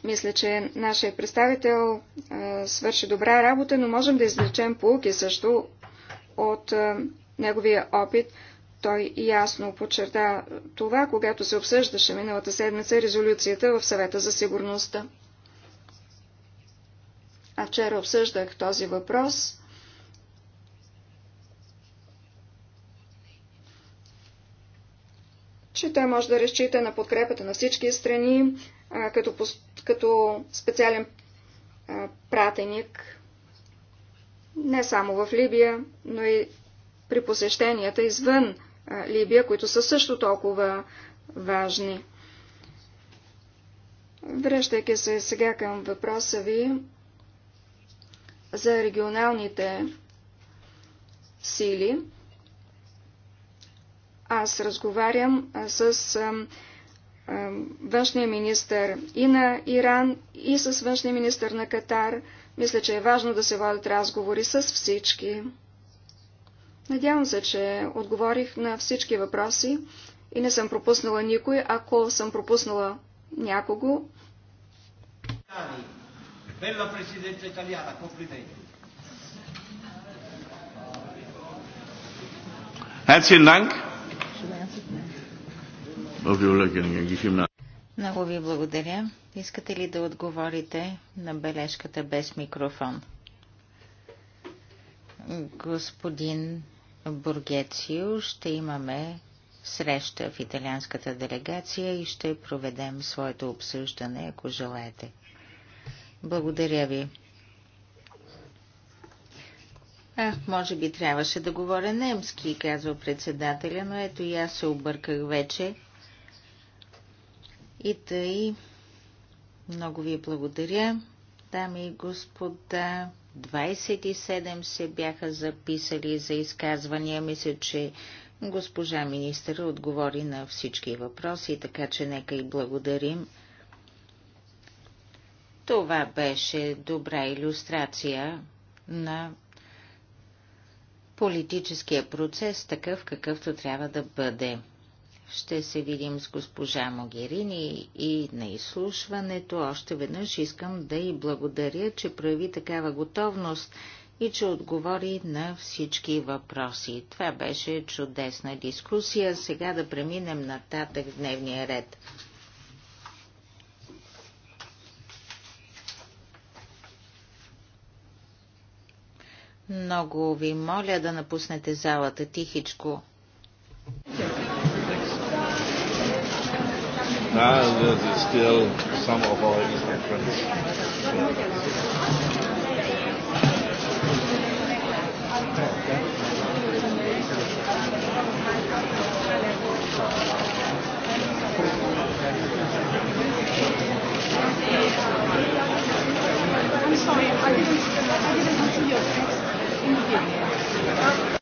Мисля, че нашия представител а, свърши добра работа, но можем да извлечем полки също от а, неговия опит. Той ясно подчерта това, когато се обсъждаше миналата седмица резолюцията в съвета за сигурността. А вчера обсъждах този въпрос че той може да разчита на подкрепата на всички страни а, като, като специален а, пратеник не само в Либия, но и при посещенията извън а, Либия, които са също толкова важни. Връщайки се сега към въпроса ви за регионалните сили, аз разговарям с външния министр и на Иран, и с външния министр на Катар. Мисля, че е важно да се водят разговори с всички. Надявам се, че отговорих на всички въпроси и не съм пропуснала никой. Ако съм пропуснала някого... Bella presidenza italiana, complimenti. Herzlichen Dank. Много ви благодаря. Искате ли да отговорите на бележката без микрофон? Господин Бургецио, ще имаме среща в италианската делегация и ще проведем своето обсъждане, ако желаете. Благодаря ви. Ах, може би трябваше да говоря немски, казва председателя, но ето и аз се обърках вече. И тъй, много ви благодаря, дами и господа. 27 се бяха записали за изказвания. Мисля, че госпожа министър отговори на всички въпроси, така че нека и благодарим. Това беше добра иллюстрация на политическия процес такъв, какъвто трябва да бъде. Ще се видим с госпожа Могерини и на изслушването. Още веднъж искам да й благодаря, че прояви такава готовност и че отговори на всички въпроси. Това беше чудесна дискусия. Сега да преминем нататък в дневния ред. Много ви моля да напуснете залата тихичко now there's still some of our Eastern friends. I'm sorry, I didn't, I didn't see your text in the beginning.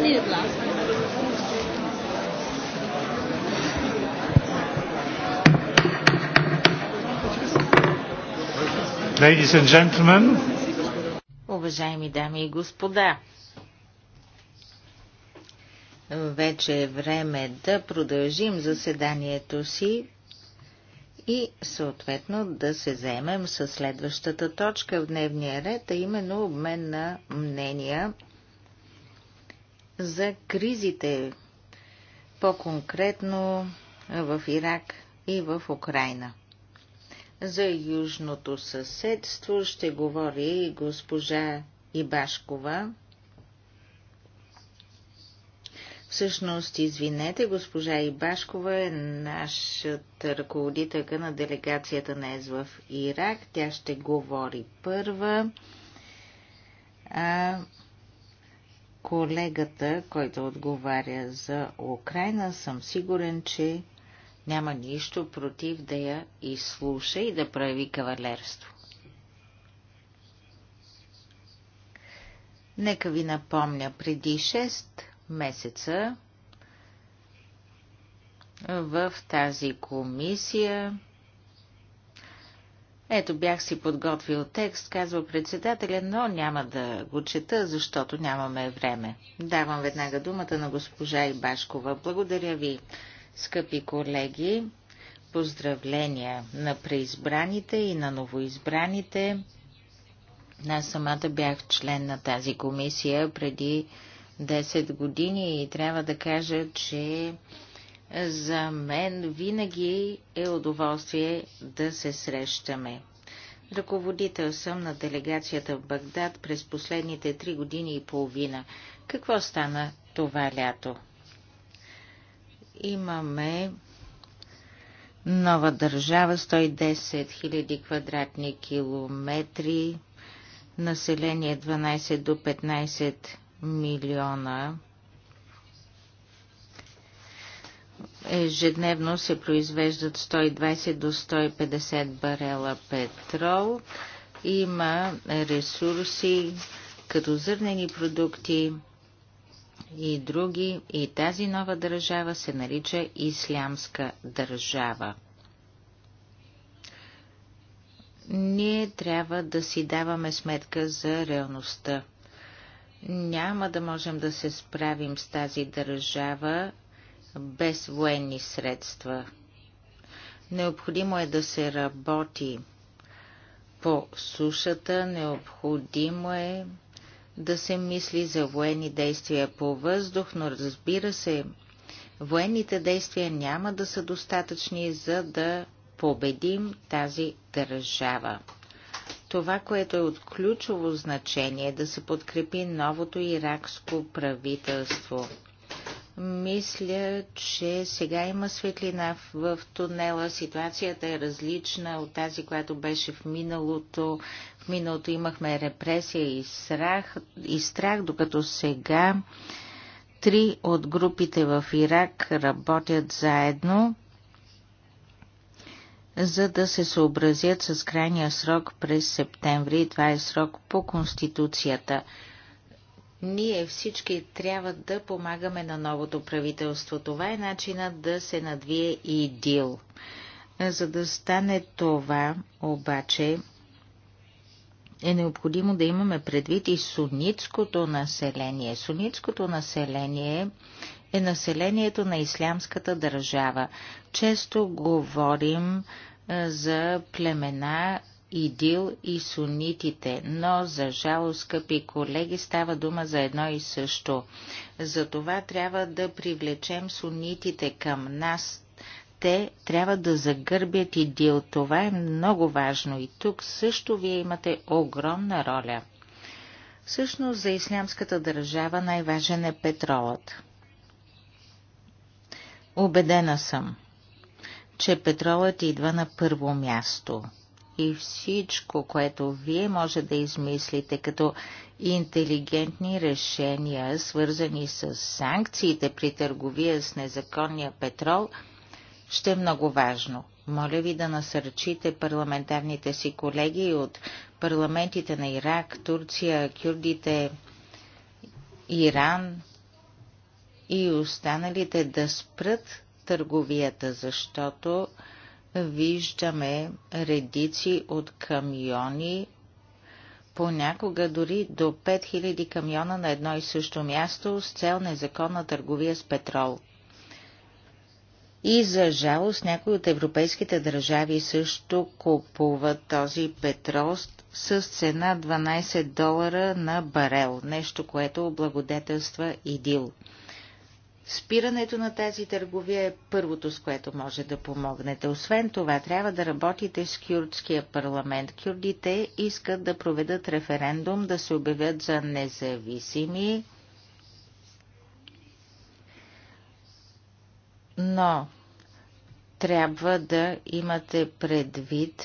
Nederlands. Ladies and gentlemen. Уважаеми дами и господа, вече е време да продължим заседанието си и съответно да се заемем с следващата точка в дневния ред, а именно обмен на мнения за кризите, по-конкретно в Ирак и в Украина. За южното съседство ще говори госпожа Ибашкова. Всъщност, извинете, госпожа Ибашкова е нашата ръководителка на делегацията на ЕС в Ирак. Тя ще говори първа. А колегата, който отговаря за Украина, съм сигурен, че няма нищо против да я изслуша и да прави кавалерство. Нека ви напомня, преди 6 месеца в тази комисия ето бях си подготвил текст, казва председателя, но няма да го чета, защото нямаме време. Давам веднага думата на госпожа Ибашкова. Благодаря ви, скъпи колеги. Поздравления на преизбраните и на новоизбраните. Аз самата бях член на тази комисия преди 10 години и трябва да кажа, че за мен винаги е удоволствие да се срещаме. Ръководител съм на делегацията в Багдад през последните три години и половина. Какво стана това лято? Имаме нова държава, 110 000 квадратни километри, население 12 до 15 милиона Ежедневно се произвеждат 120 до 150 барела петрол. Има ресурси като зърнени продукти и други. И тази нова държава се нарича Ислямска държава. Ние трябва да си даваме сметка за реалността. Няма да можем да се справим с тази държава без военни средства. Необходимо е да се работи по сушата, необходимо е да се мисли за военни действия по въздух, но разбира се, военните действия няма да са достатъчни, за да победим тази държава. Това, което е от ключово значение е да се подкрепи новото иракско правителство – мисля, че сега има светлина в тунела. Ситуацията е различна от тази, която беше в миналото. В миналото имахме репресия и страх, и страх докато сега три от групите в Ирак работят заедно, за да се съобразят с крайния срок през септември. Това е срок по Конституцията. Ние всички трябва да помагаме на новото правителство. Това е начинът да се надвие и дил. За да стане това, обаче, е необходимо да имаме предвид и сунитското население. Сунитското население е населението на ислямската държава. Често говорим за племена, идил и сунитите, но за жало, скъпи колеги, става дума за едно и също. Затова трябва да привлечем сунитите към нас. Те трябва да загърбят идил. Това е много важно и тук също вие имате огромна роля. Всъщност за ислямската държава най-важен е петролът. Обедена съм, че петролът идва на първо място – и всичко, което вие може да измислите като интелигентни решения, свързани с санкциите при търговия с незаконния петрол, ще е много важно. Моля ви да насърчите парламентарните си колеги от парламентите на Ирак, Турция, кюрдите, Иран и останалите да спрат търговията, защото виждаме редици от камиони, понякога дори до 5000 камиона на едно и също място с цел незаконна търговия с петрол. И за жалост някои от европейските държави също купуват този петрол с цена 12 долара на барел, нещо, което облагодетелства ИДИЛ. Спирането на тази търговия е първото, с което може да помогнете. Освен това, трябва да работите с кюрдския парламент. Кюрдите искат да проведат референдум, да се обявят за независими. Но трябва да имате предвид,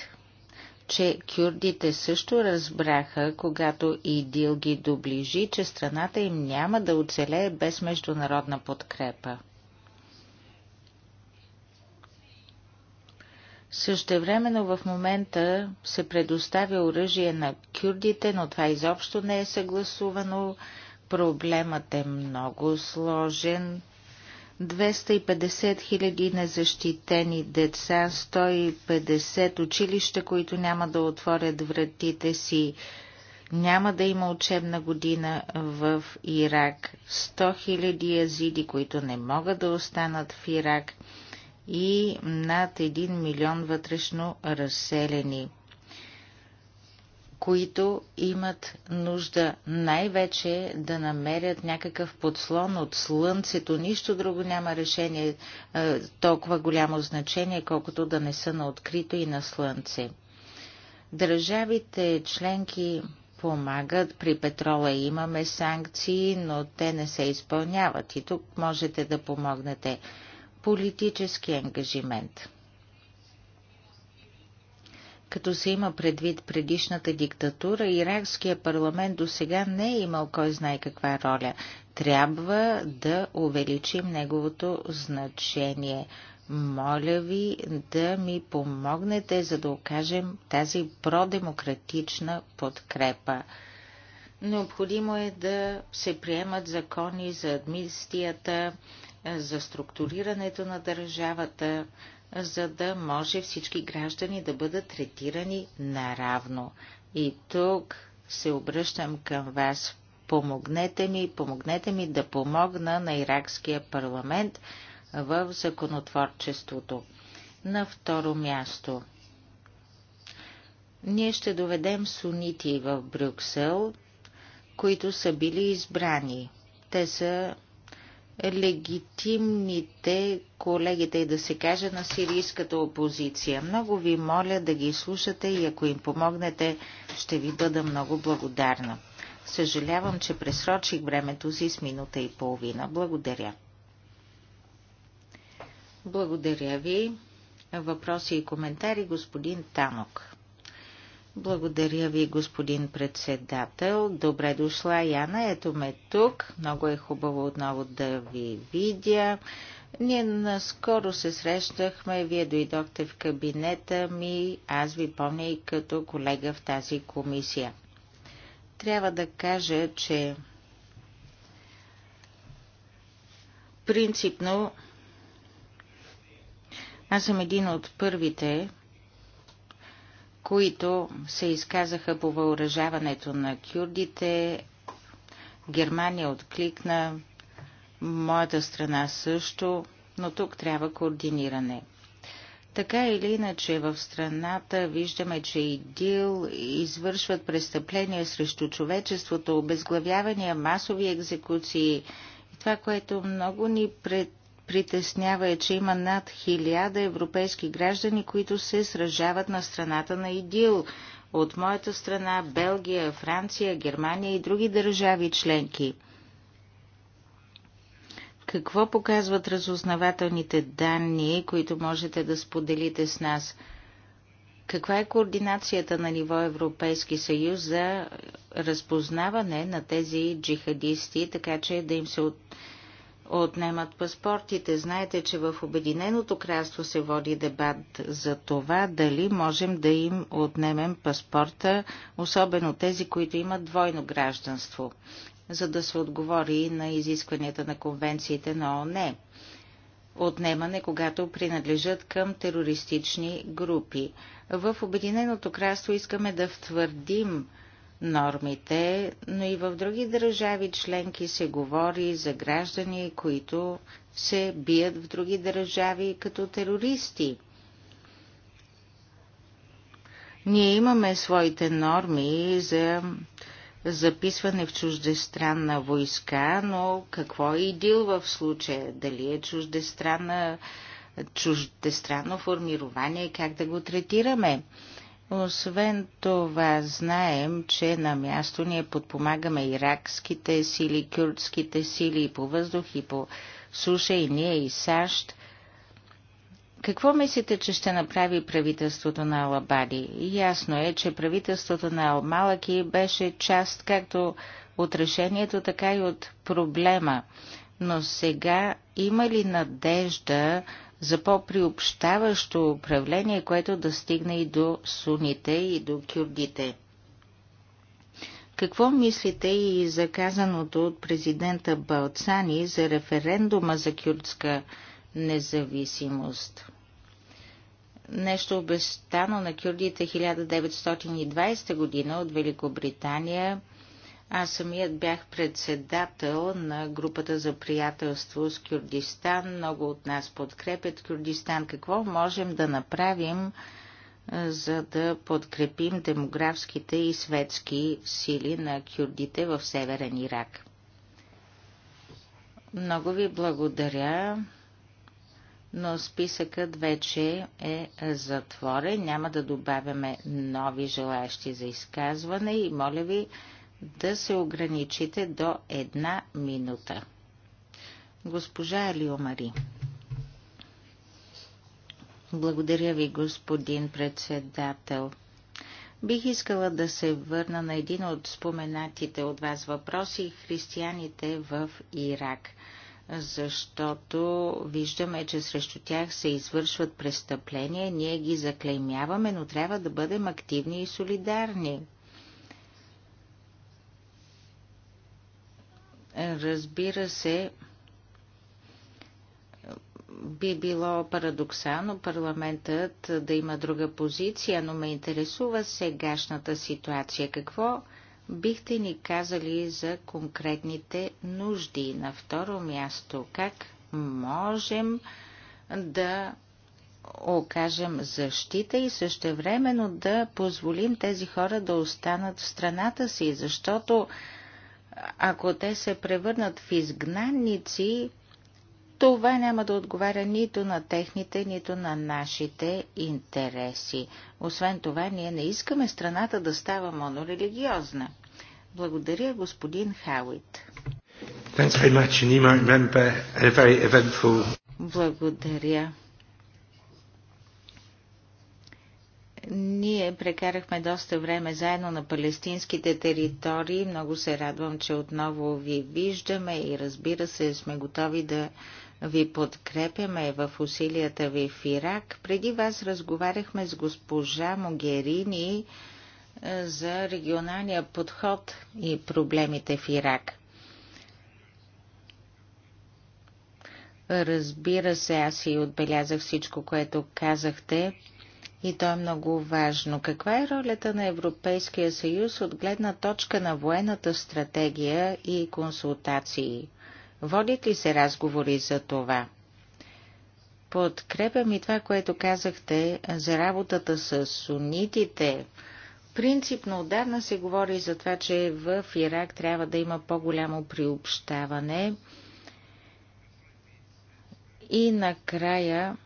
че кюрдите също разбраха, когато ИДИЛ ги доближи, че страната им няма да оцелее без международна подкрепа. Същевременно в момента се предоставя оръжие на кюрдите, но това изобщо не е съгласувано. Проблемът е много сложен. 250 хиляди незащитени деца, 150 училища, които няма да отворят вратите си, няма да има учебна година в Ирак, 100 хиляди язиди, които не могат да останат в Ирак и над 1 милион вътрешно разселени които имат нужда най-вече да намерят някакъв подслон от слънцето. Нищо друго няма решение е, толкова голямо значение, колкото да не са на открито и на слънце. Държавите членки помагат. При петрола имаме санкции, но те не се изпълняват. И тук можете да помогнете. Политически ангажимент – като се има предвид предишната диктатура, иракския парламент до сега не е имал кой знае каква роля. Трябва да увеличим неговото значение. Моля ви да ми помогнете, за да окажем тази продемократична подкрепа. Необходимо е да се приемат закони за администрията, за структурирането на държавата, за да може всички граждани да бъдат третирани наравно. И тук се обръщам към вас. Помогнете ми, помогнете ми да помогна на иракския парламент в законотворчеството. На второ място. Ние ще доведем сунити в Брюксел, които са били избрани. Те са легитимните колегите и да се каже на сирийската опозиция. Много ви моля да ги слушате и ако им помогнете, ще ви бъда много благодарна. Съжалявам, че пресрочих времето си с минута и половина. Благодаря. Благодаря ви. Въпроси и коментари господин Танок. Благодаря ви, господин председател. Добре дошла, Яна. Ето ме тук. Много е хубаво отново да ви видя. Ние наскоро се срещахме, вие дойдохте в кабинета ми, аз ви помня и като колега в тази комисия. Трябва да кажа, че принципно аз съм един от първите, които се изказаха по въоръжаването на кюрдите. Германия откликна, моята страна също, но тук трябва координиране. Така или иначе в страната виждаме, че ИДИЛ извършват престъпления срещу човечеството, обезглавявания, масови екзекуции. И това, което много ни пред притеснява е, че има над хиляда европейски граждани, които се сражават на страната на ИДИЛ. От моята страна Белгия, Франция, Германия и други държави членки. Какво показват разузнавателните данни, които можете да споделите с нас? Каква е координацията на ниво Европейски съюз за разпознаване на тези джихадисти, така че да им се от отнемат паспортите. Знаете, че в Обединеното кралство се води дебат за това дали можем да им отнемем паспорта, особено тези, които имат двойно гражданство, за да се отговори на изискванията на конвенциите на ООН. Отнемане, когато принадлежат към терористични групи. В Обединеното кралство искаме да втвърдим нормите, но и в други държави членки се говори за граждани, които се бият в други държави като терористи. Ние имаме своите норми за записване в чуждестранна войска, но какво е идил в случая? Дали е чуждестранна, чуждестранно формирование, как да го третираме? Освен това, знаем, че на място ние подпомагаме иракските сили, кюрдските сили и по въздух, и по суша, и ние, и САЩ. Какво мислите, че ще направи правителството на Алабади? Ясно е, че правителството на Алмалаки беше част както от решението, така и от проблема. Но сега има ли надежда за по-приобщаващо управление, което да стигне и до суните и до кюрдите. Какво мислите и за казаното от президента Балцани за референдума за кюрдска независимост? Нещо обещано на кюрдите 1920 година от Великобритания – аз самият бях председател на групата за приятелство с Кюрдистан. Много от нас подкрепят Кюрдистан. Какво можем да направим, за да подкрепим демографските и светски сили на кюрдите в Северен Ирак? Много ви благодаря, но списъкът вече е затворен. Няма да добавяме нови желаящи за изказване и моля ви, да се ограничите до една минута. Госпожа Алиомари. Благодаря ви, господин председател. Бих искала да се върна на един от споменатите от вас въпроси – християните в Ирак. Защото виждаме, че срещу тях се извършват престъпления, ние ги заклеймяваме, но трябва да бъдем активни и солидарни. Разбира се, би било парадоксално парламентът да има друга позиция, но ме интересува сегашната ситуация. Какво бихте ни казали за конкретните нужди? На второ място, как можем да окажем защита и същевременно да позволим тези хора да останат в страната си, защото ако те се превърнат в изгнанници, това няма да отговаря нито на техните, нито на нашите интереси. Освен това, ние не искаме страната да става монорелигиозна. Благодаря, господин Хауит. Благодаря. Ние прекарахме доста време заедно на палестинските територии. Много се радвам, че отново ви виждаме и разбира се, сме готови да ви подкрепяме в усилията ви в Ирак. Преди вас разговаряхме с госпожа Могерини е, за регионалния подход и проблемите в Ирак. Разбира се, аз и отбелязах всичко, което казахте и то е много важно. Каква е ролята на Европейския съюз от гледна точка на военната стратегия и консултации? Водят ли се разговори за това? Подкрепям и това, което казахте за работата с сунитите. Принципно отдавна се говори за това, че в Ирак трябва да има по-голямо приобщаване. И накрая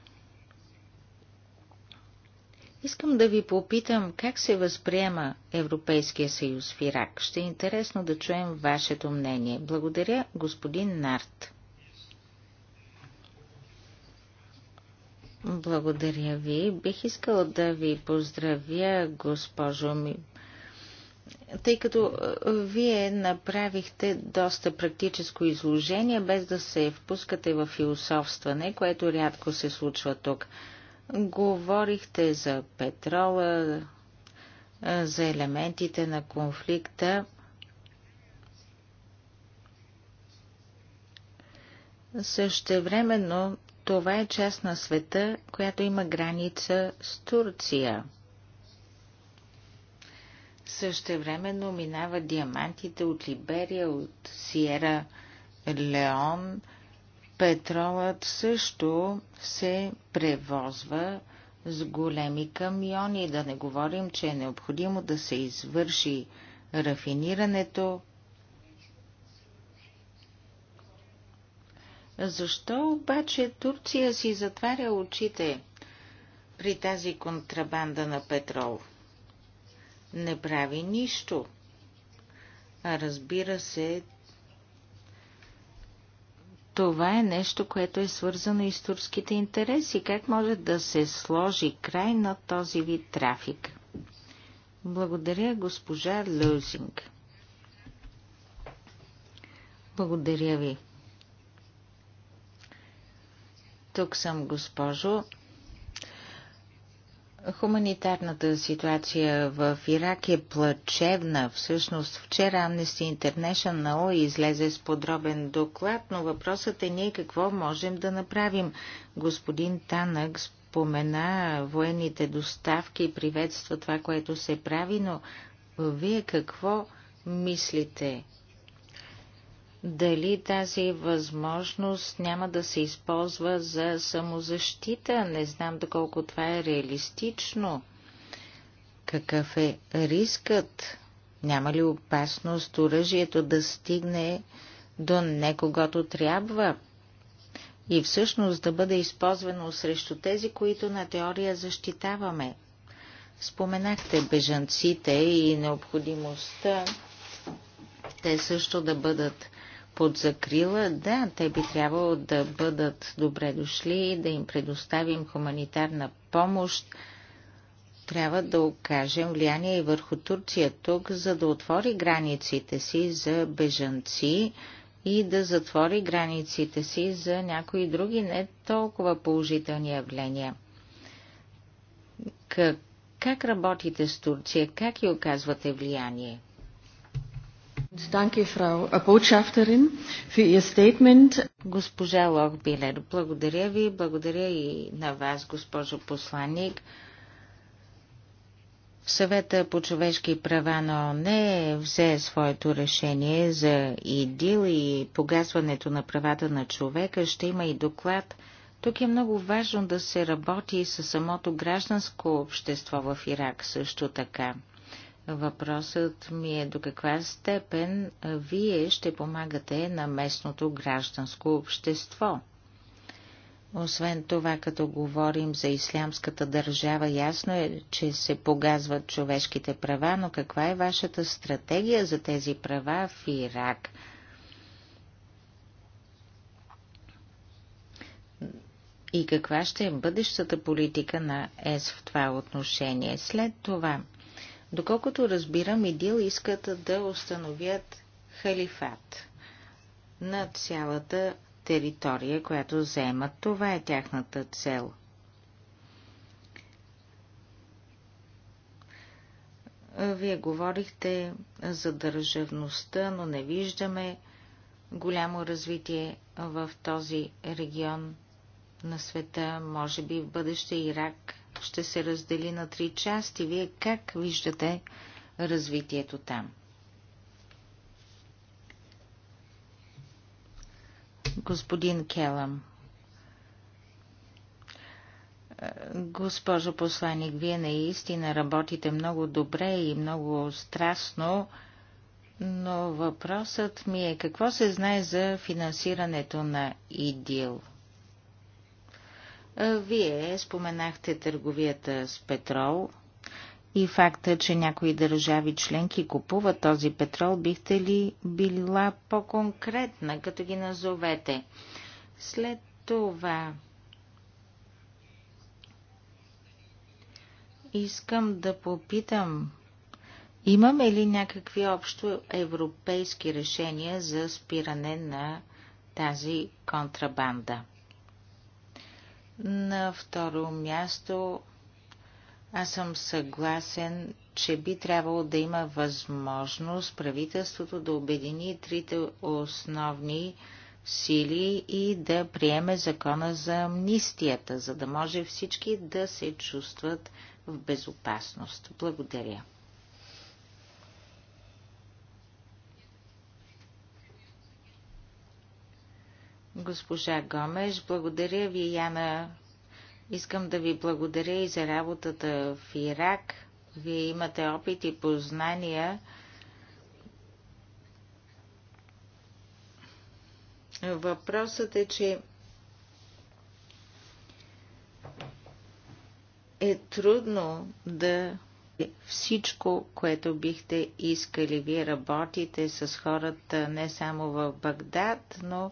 Искам да ви попитам как се възприема Европейския съюз в Ирак. Ще е интересно да чуем вашето мнение. Благодаря, господин Нарт. Благодаря ви. Бих искала да ви поздравя, госпожо ми. Тъй като вие направихте доста практическо изложение, без да се впускате в философстване, което рядко се случва тук. Говорихте за петрола, за елементите на конфликта. Същевременно това е част на света, която има граница с Турция. Същевременно минават диамантите от Либерия, от Сиера Леон – Петролът също се превозва с големи камиони, да не говорим, че е необходимо да се извърши рафинирането. Защо обаче Турция си затваря очите при тази контрабанда на петрол? Не прави нищо. А разбира се, това е нещо, което е свързано и с турските интереси. Как може да се сложи край на този вид трафик? Благодаря, госпожа Лузинг. Благодаря ви. Тук съм, госпожо. Хуманитарната ситуация в Ирак е плачевна. Всъщност вчера Amnesty International излезе с подробен доклад, но въпросът е ние какво можем да направим. Господин Танък спомена военните доставки и приветства това, което се прави, но вие какво мислите? дали тази възможност няма да се използва за самозащита. Не знам доколко това е реалистично. Какъв е рискът? Няма ли опасност оръжието да стигне до некогото трябва? И всъщност да бъде използвано срещу тези, които на теория защитаваме. Споменахте бежанците и необходимостта те също да бъдат под закрила, да, те би трябвало да бъдат добре дошли, да им предоставим хуманитарна помощ. Трябва да окажем влияние и върху Турция тук, за да отвори границите си за бежанци и да затвори границите си за някои други не толкова положителни явления. Как, как работите с Турция? Как и оказвате влияние? Danke, Frau Botschafterin, Госпожа Лохбилер, благодаря ви, благодаря и на вас, госпожо посланник. В съвета по човешки права на ОНЕ взе своето решение за ИДИЛ и погасването на правата на човека. Ще има и доклад. Тук е много важно да се работи и със самото гражданско общество в Ирак също така. Въпросът ми е до каква степен вие ще помагате на местното гражданско общество. Освен това, като говорим за ислямската държава, ясно е, че се погазват човешките права, но каква е вашата стратегия за тези права в Ирак? И каква ще е бъдещата политика на ЕС в това отношение? След това – Доколкото разбирам, ИДИЛ искат да установят халифат на цялата територия, която заемат. Това е тяхната цел. Вие говорихте за държавността, но не виждаме голямо развитие в този регион на света. Може би в бъдеще Ирак ще се раздели на три части. Вие как виждате развитието там? Господин Келам. Госпожо посланик, вие наистина работите много добре и много страстно, но въпросът ми е какво се знае за финансирането на ИДИЛ? Вие споменахте търговията с петрол и факта, че някои държави членки купуват този петрол. Бихте ли била по-конкретна, като ги назовете? След това искам да попитам Имаме ли някакви общо европейски решения за спиране на тази контрабанда? На второ място аз съм съгласен, че би трябвало да има възможност правителството да обедини трите основни сили и да приеме закона за амнистията, за да може всички да се чувстват в безопасност. Благодаря. Госпожа Гомеш, благодаря ви, Яна. Искам да ви благодаря и за работата в Ирак. Вие имате опит и познания. Въпросът е, че е трудно да всичко, което бихте искали. Вие работите с хората не само в Багдад, но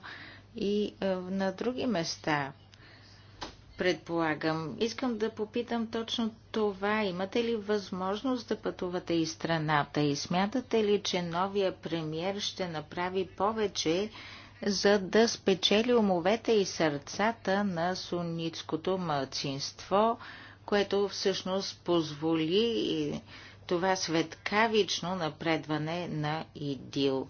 и е, на други места, предполагам. Искам да попитам точно това. Имате ли възможност да пътувате и страната и смятате ли, че новия премьер ще направи повече, за да спечели умовете и сърцата на сунитското мълцинство, което всъщност позволи това светкавично напредване на ИДИЛ.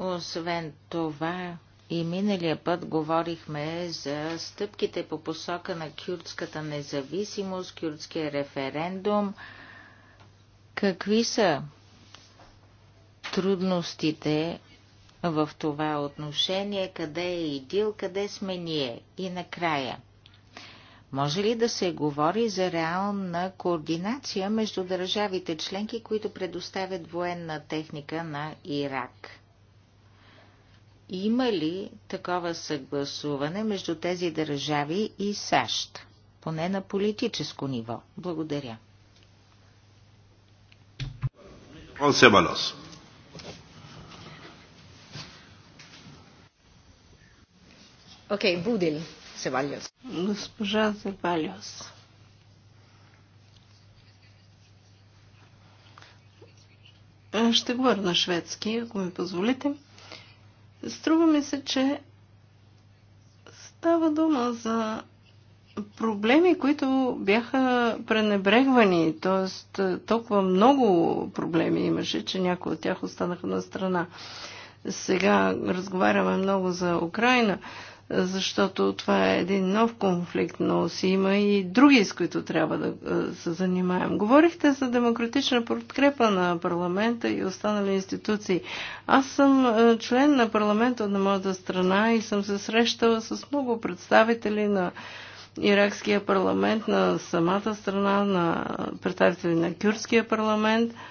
Освен това, и миналия път говорихме за стъпките по посока на кюрдската независимост, кюрдския референдум. Какви са трудностите в това отношение, къде е идил, къде сме ние и накрая. Може ли да се говори за реална координация между държавите членки, които предоставят военна техника на Ирак? Има ли такова съгласуване между тези държави и САЩ? Поне на политическо ниво. Благодаря. Окей, Будил Севалиос. Госпожа Севалиос. Ще говоря на шведски, ако ми позволите. Струва ми се, че става дума за проблеми, които бяха пренебрегвани, т.е. толкова много проблеми имаше, че някои от тях останаха на страна. Сега разговаряме много за Украина, защото това е един нов конфликт, но си има и други, с които трябва да се занимаем. Говорихте за демократична подкрепа на парламента и останали институции. Аз съм член на парламента на моята страна и съм се срещала с много представители на иракския парламент, на самата страна, на представители на кюрския парламент –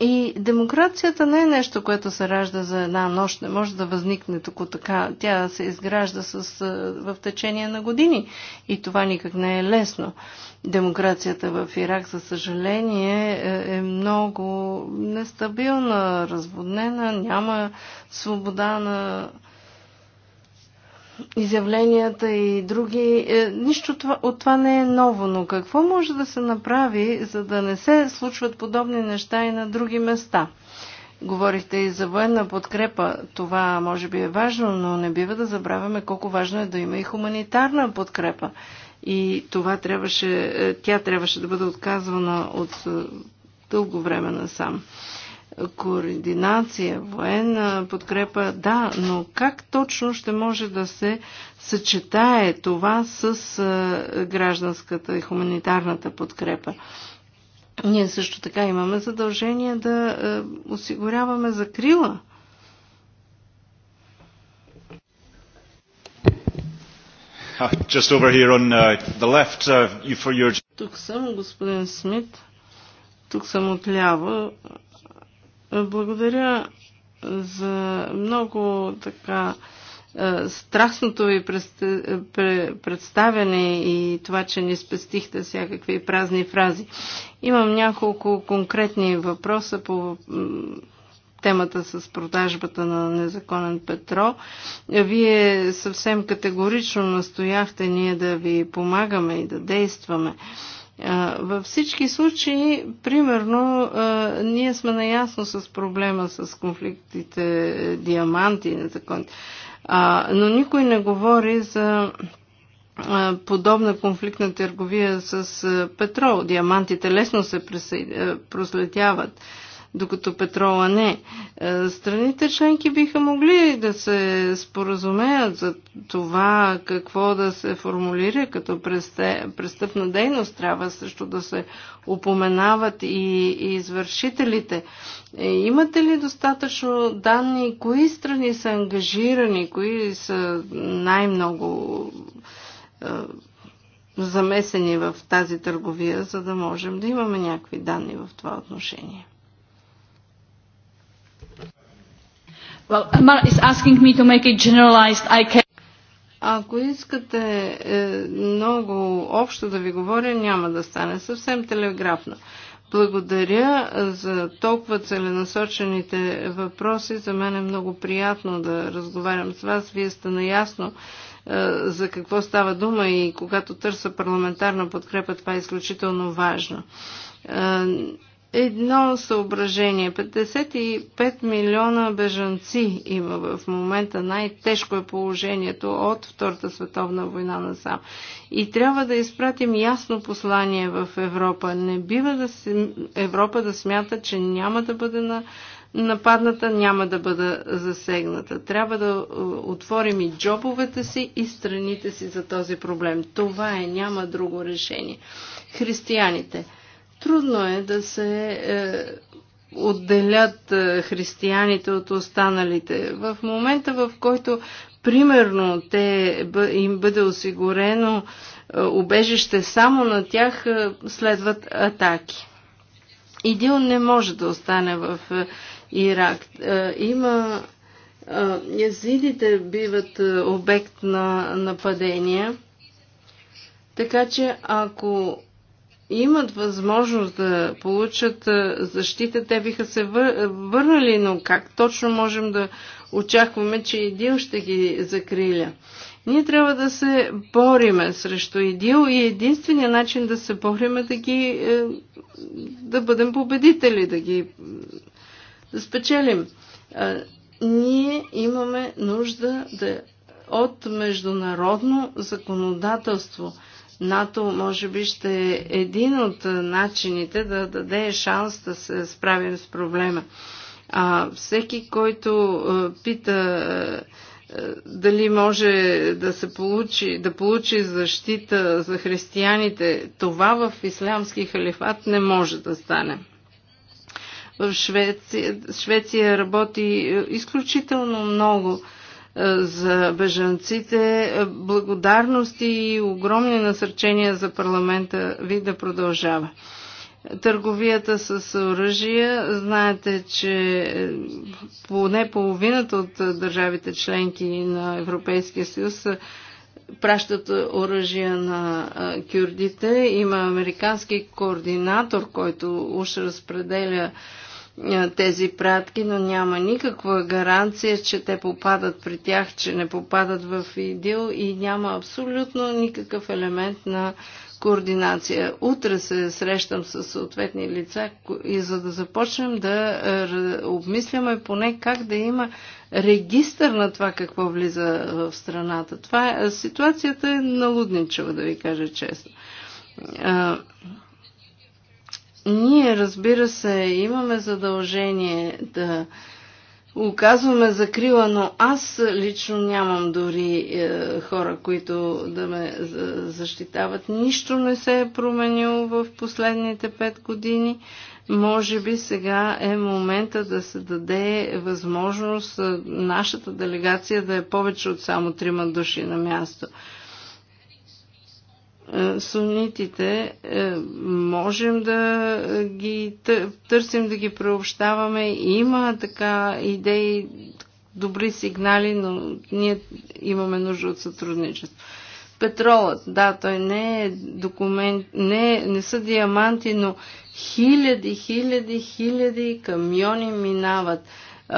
и демокрацията не е нещо, което се ражда за една нощ, не може да възникне тук така. Тя се изгражда с, в течение на години и това никак не е лесно. Демокрацията в Ирак, за съжаление, е, е много нестабилна, разводнена, няма свобода на изявленията и други. Е, нищо от това не е ново, но какво може да се направи, за да не се случват подобни неща и на други места? Говорихте и за военна подкрепа. Това може би е важно, но не бива да забравяме колко важно е да има и хуманитарна подкрепа. И това трябваше, е, тя трябваше да бъде отказвана от е, дълго време насам. сам координация, военна подкрепа, да, но как точно ще може да се съчетае това с гражданската и хуманитарната подкрепа? Ние също така имаме задължение да осигуряваме закрила. Uh, just over here on uh, the left, uh, you for your... Тук съм, господин Смит. Тук съм отляво. Благодаря за много така е, страстното ви представяне и това, че ни спестихте всякакви празни фрази. Имам няколко конкретни въпроса по темата с продажбата на незаконен петро. Вие съвсем категорично настояхте ние да ви помагаме и да действаме. Във всички случаи, примерно, ние сме наясно с проблема с конфликтите е, диаманти и незаконни. Но никой не говори за подобна конфликтна търговия с петрол. Диамантите лесно се е, проследяват докато петрола не. Е, страните членки биха могли да се споразумеят за това какво да се формулира като престъпна дейност. Трябва също да се упоменават и, извършителите. Е, имате ли достатъчно данни, кои страни са ангажирани, кои са най-много е, замесени в тази търговия, за да можем да имаме някакви данни в това отношение. Well, Amar is asking me to make it generalized. I can... Ако искате е, много общо да ви говоря, няма да стане съвсем телеграфно. Благодаря за толкова целенасочените въпроси. За мен е много приятно да разговарям с вас. Вие сте наясно е, за какво става дума и когато търся парламентарна подкрепа, това е изключително важно. Е, едно съображение. 55 милиона бежанци има в момента. Най-тежко е положението от Втората световна война насам. И трябва да изпратим ясно послание в Европа. Не бива да си, Европа да смята, че няма да бъде на нападната, няма да бъде засегната. Трябва да е, отворим и джобовете си и страните си за този проблем. Това е, няма друго решение. Християните – Трудно е да се е, отделят е, християните от останалите. В момента, в който примерно те, им бъде осигурено е, убежище само на тях, е, следват атаки. Идил не може да остане в е, Ирак. Е, има е, Язидите биват е, обект на нападения. Така че ако имат възможност да получат защита, те биха се върнали, но как точно можем да очакваме, че ИДИЛ ще ги закриля? Ние трябва да се бориме срещу ИДИЛ и единствения начин да се бориме да ги е, да бъдем победители, да ги да спечелим. Ние имаме нужда да, от международно законодателство – НАТО може би ще е един от начините да даде шанс да се справим с проблема. А всеки, който пита дали може да се получи, да получи защита за християните, това в ислямски халифат не може да стане. В Швеция, Швеция работи изключително много е, за бежанците. Благодарности и огромни насърчения за парламента ви да продължава. Търговията с оръжия, знаете, че е, поне половината от е, държавите членки на Европейския съюз пращат оръжия на кюрдите. Има американски координатор, който уж разпределя тези пратки, но няма никаква гаранция, че те попадат при тях, че не попадат в идил и няма абсолютно никакъв елемент на координация. Утре се срещам с съответни лица и за да започнем да обмисляме поне как да има регистър на това какво влиза в страната. Това е, ситуацията е налудничава, да ви кажа честно. Ние, разбира се, имаме задължение да оказваме закрила, но аз лично нямам дори е, хора, които да ме защитават. Нищо не се е променило в последните пет години. Може би сега е момента да се даде възможност е, нашата делегация да е повече от само трима души на място. Е, сунитите, е, можем да ги търсим, да ги преобщаваме. Има така идеи, добри сигнали, но ние имаме нужда от сътрудничество. Петролът, да, той не е документ, не, не са диаманти, но хиляди, хиляди, хиляди камиони минават. Е,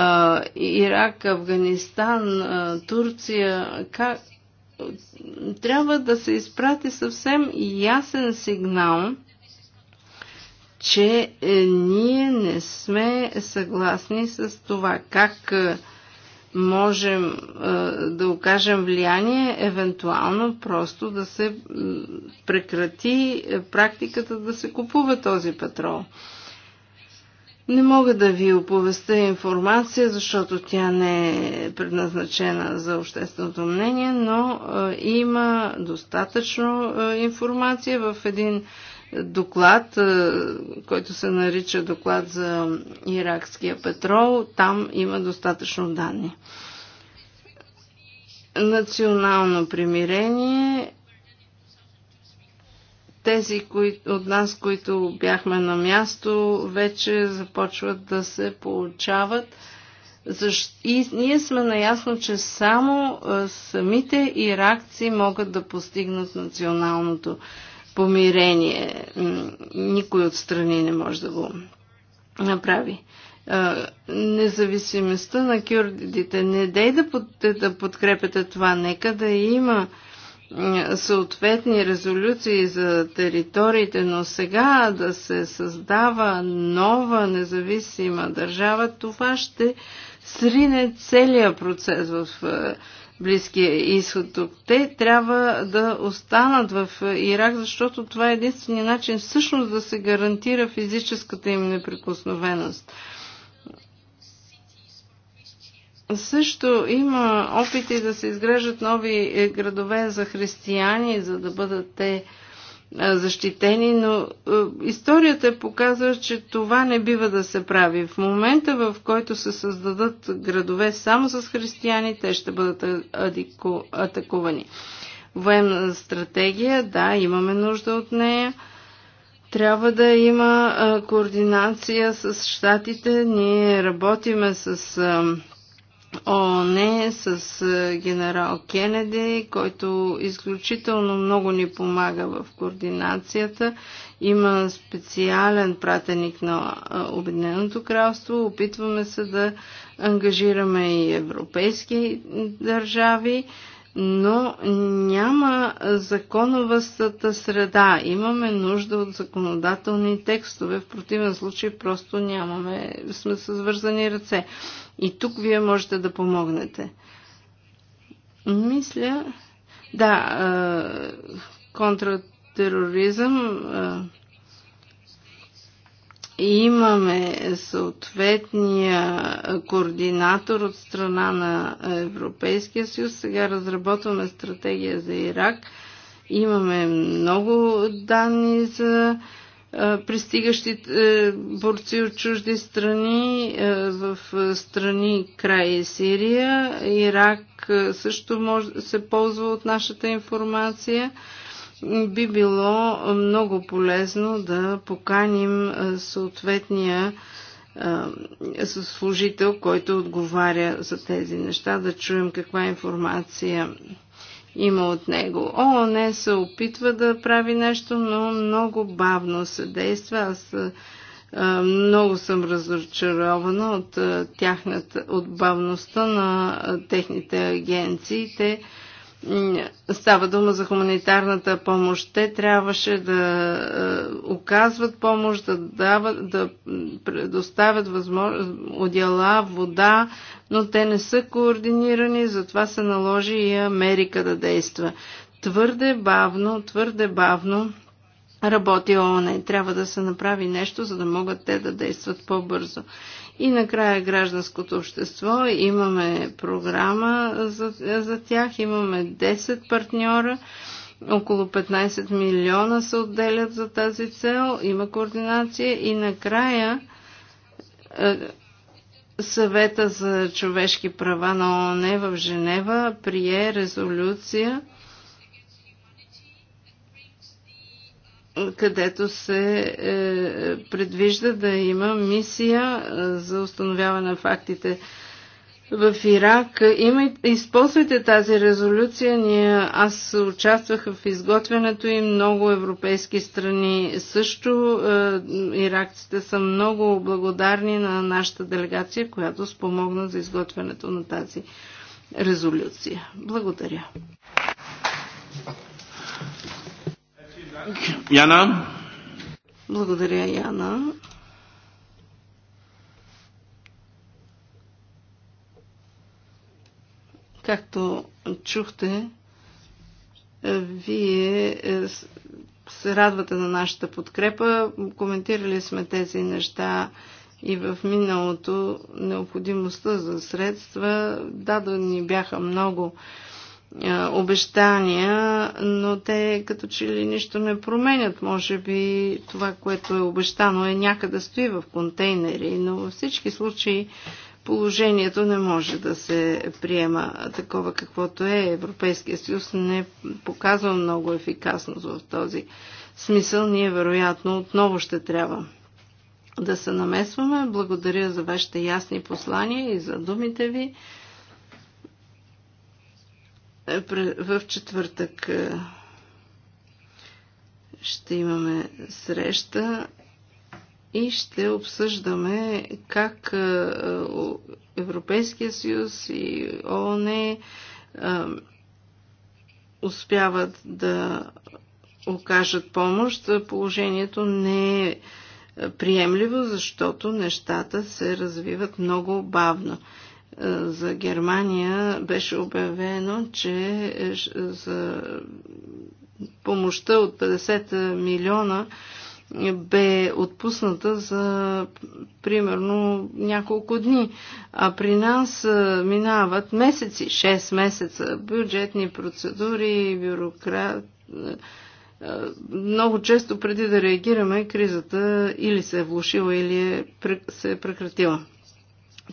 Ирак, Афганистан, Турция, как, трябва да се изпрати съвсем ясен сигнал, че е, ние не сме съгласни с това как е, можем е, да окажем влияние, евентуално просто да се прекрати практиката да се купува този петрол. Не мога да ви оповестя информация, защото тя не е предназначена за общественото мнение, но има достатъчно информация в един доклад, който се нарича доклад за иракския петрол. Там има достатъчно данни. Национално примирение тези кои, от нас, които бяхме на място, вече започват да се получават. Защ... И ние сме наясно, че само самите иракци могат да постигнат националното помирение. Никой от страни не може да го направи. Независимостта на кюрдите. Не дей да, под... да подкрепяте това. Нека да има съответни резолюции за териториите, но сега да се създава нова независима държава, това ще срине целият процес в е, Близкия изход. Те трябва да останат в е, Ирак, защото това е единствения начин всъщност да се гарантира физическата им неприкосновеност. Също има опити да се изграждат нови е, градове за християни, за да бъдат те е, защитени, но е, историята показва, че това не бива да се прави. В момента, в който се създадат градове само с християни, те ще бъдат атакувани. Военна стратегия, да, имаме нужда от нея. Трябва да има координация с щатите. Ние работиме с ООН с генерал Кенеди, който изключително много ни помага в координацията. Има специален пратеник на Обединеното кралство. Опитваме се да ангажираме и европейски държави, но няма законовъстата среда. Имаме нужда от законодателни текстове. В противен случай просто нямаме, сме с вързани ръце. И тук вие можете да помогнете. Мисля, да, контратероризъм имаме съответния координатор от страна на Европейския съюз. Сега разработваме стратегия за Ирак. Имаме много данни за пристигащи е, борци от чужди страни е, в е, страни край Сирия. Ирак също може, се ползва от нашата информация. Би било много полезно да поканим съответния служител, който отговаря за тези неща, да чуем каква информация има от него. ООН се опитва да прави нещо, но много бавно се действа. Аз много съм разочарована от тяхната, от бавността на техните агенции. Те става дума за хуманитарната помощ. Те трябваше да е, оказват помощ, да, дават, да предоставят възможност, отдела, вода, но те не са координирани, затова се наложи и Америка да действа. Твърде бавно, твърде бавно работи ООН трябва да се направи нещо, за да могат те да действат по-бързо. И накрая гражданското общество. Имаме програма за, за тях. Имаме 10 партньора. Около 15 милиона се отделят за тази цел. Има координация. И накрая е, съвета за човешки права на ОНЕ в Женева прие резолюция където се е, предвижда да има мисия е, за установяване на фактите в Ирак. Има, използвайте тази резолюция. Ние, аз участвах в изготвянето и много европейски страни също. Е, иракците са много благодарни на нашата делегация, която спомогна за изготвянето на тази резолюция. Благодаря. Яна. Благодаря, Яна. Както чухте, вие е, се радвате на нашата подкрепа. Коментирали сме тези неща и в миналото необходимостта за средства. Да, да ни бяха много обещания, но те като че ли нищо не променят. Може би това, което е обещано е някъде стои в контейнери, но във всички случаи положението не може да се приема такова каквото е. Европейския съюз не показва много ефикасност в този смисъл. Ние вероятно отново ще трябва да се намесваме. Благодаря за вашите ясни послания и за думите ви. Е, в четвъртък е, ще имаме среща и ще обсъждаме как е, Европейския съюз и ООН успяват да окажат помощ. Положението не е приемливо, защото нещата се развиват много бавно. Е, за Германия беше обявено, че е, за помощта от 50 милиона бе отпусната за примерно няколко дни. А при нас е, минават месеци, 6 месеца, бюджетни процедури, бюрократ. Много често преди да реагираме, кризата или се е влушила, или се е прекратила.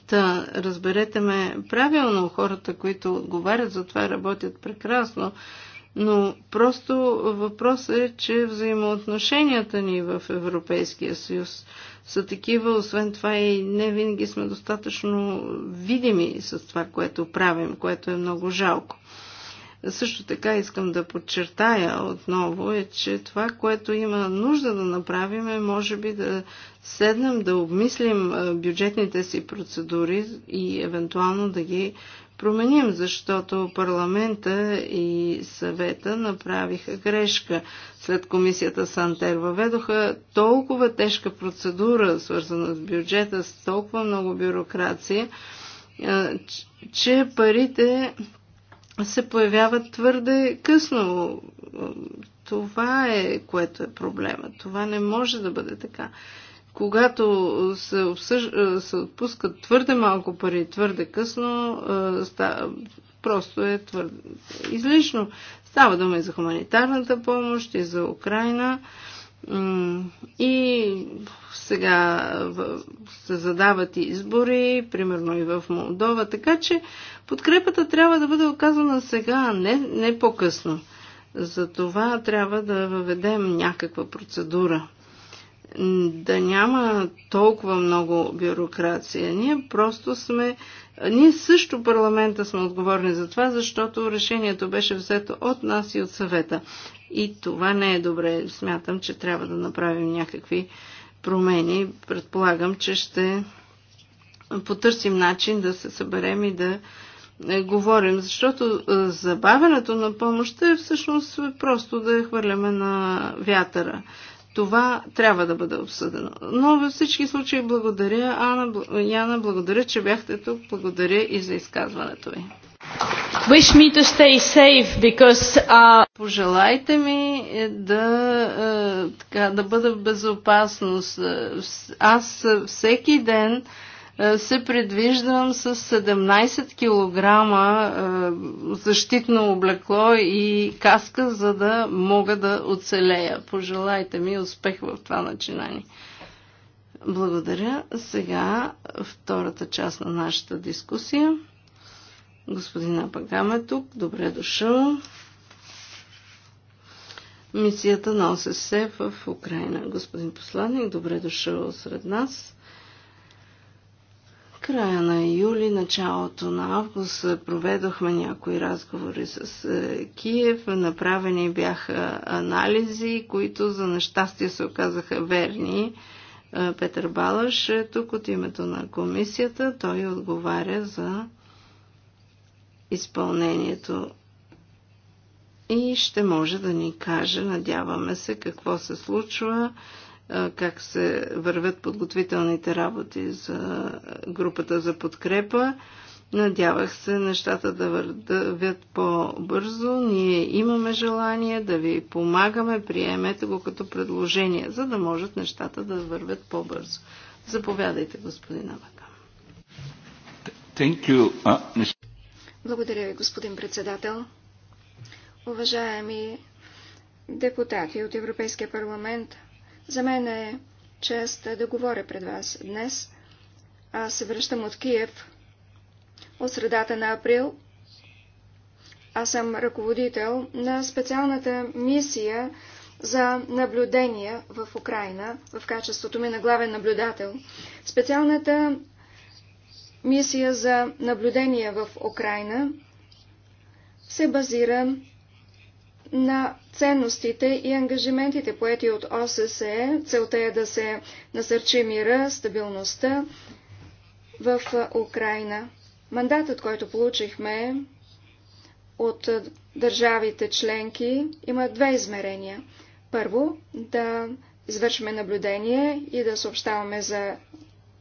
Та, разберете ме правилно, хората, които отговарят за това, работят прекрасно, но просто въпросът е, че взаимоотношенията ни в Европейския съюз са такива, освен това и не винаги сме достатъчно видими с това, което правим, което е много жалко. Също така искам да подчертая отново е, че това, което има нужда да направим е може би да седнем да обмислим бюджетните си процедури и евентуално да ги променим, защото парламента и съвета направиха грешка. След комисията Сантер въведоха толкова тежка процедура, свързана с бюджета, с толкова много бюрокрация, че парите се появяват твърде късно. Това е което е проблема. Това не може да бъде така. Когато се, обсъж... Е, се отпускат твърде малко пари, твърде късно, е, просто е твърде излишно. Става дума и за хуманитарната помощ, и за Украина. И сега се задават и избори, примерно и в Молдова, така че подкрепата трябва да бъде оказана сега, не, не по-късно. За това трябва да въведем някаква процедура. Да няма толкова много бюрокрация. Ние просто сме. Ние също парламента сме отговорни за това, защото решението беше взето от нас и от съвета и това не е добре. Смятам, че трябва да направим някакви промени. Предполагам, че ще потърсим начин да се съберем и да е, говорим, защото е, забавянето на помощта е всъщност просто да я хвърляме на вятъра. Това трябва да бъде обсъдено. Но във всички случаи благодаря, Ана, Яна, благодаря, че бяхте тук, благодаря и за изказването ви. Wish me to stay safe because, uh... Пожелайте ми е, да, е, така, да бъда в безопасност. Е, аз е, всеки ден е, се предвиждам с 17 кг е, защитно облекло и каска, за да мога да оцелея. Пожелайте ми успех в това начинание. Благодаря. Сега втората част на нашата дискусия. Господина Пагам е тук. Добре е дошъл. Мисията на ОССЕ в Украина. Господин посланник, добре е дошъл сред нас. Края на юли, началото на август проведохме някои разговори с е, Киев. Направени бяха анализи, които за нещастие се оказаха верни. Петър Балаш е тук от името на комисията. Той отговаря за изпълнението и ще може да ни каже, надяваме се, какво се случва, как се вървят подготвителните работи за групата за подкрепа. Надявах се нещата да вървят по-бързо. Ние имаме желание да ви помагаме, приемете го като предложение, за да можат нещата да вървят по-бързо. Заповядайте, господин Абака. Thank you, uh, благодаря ви, господин председател. Уважаеми депутати от Европейския парламент, за мен е чест да говоря пред вас днес. Аз се връщам от Киев от средата на април. Аз съм ръководител на специалната мисия за наблюдение в Украина в качеството ми на главен наблюдател. Специалната мисия за наблюдение в Украина се базира на ценностите и ангажиментите, поети от ОССЕ. Целта е да се насърчи мира, стабилността в Украина. Мандатът, който получихме от държавите членки, има две измерения. Първо, да извършваме наблюдение и да съобщаваме за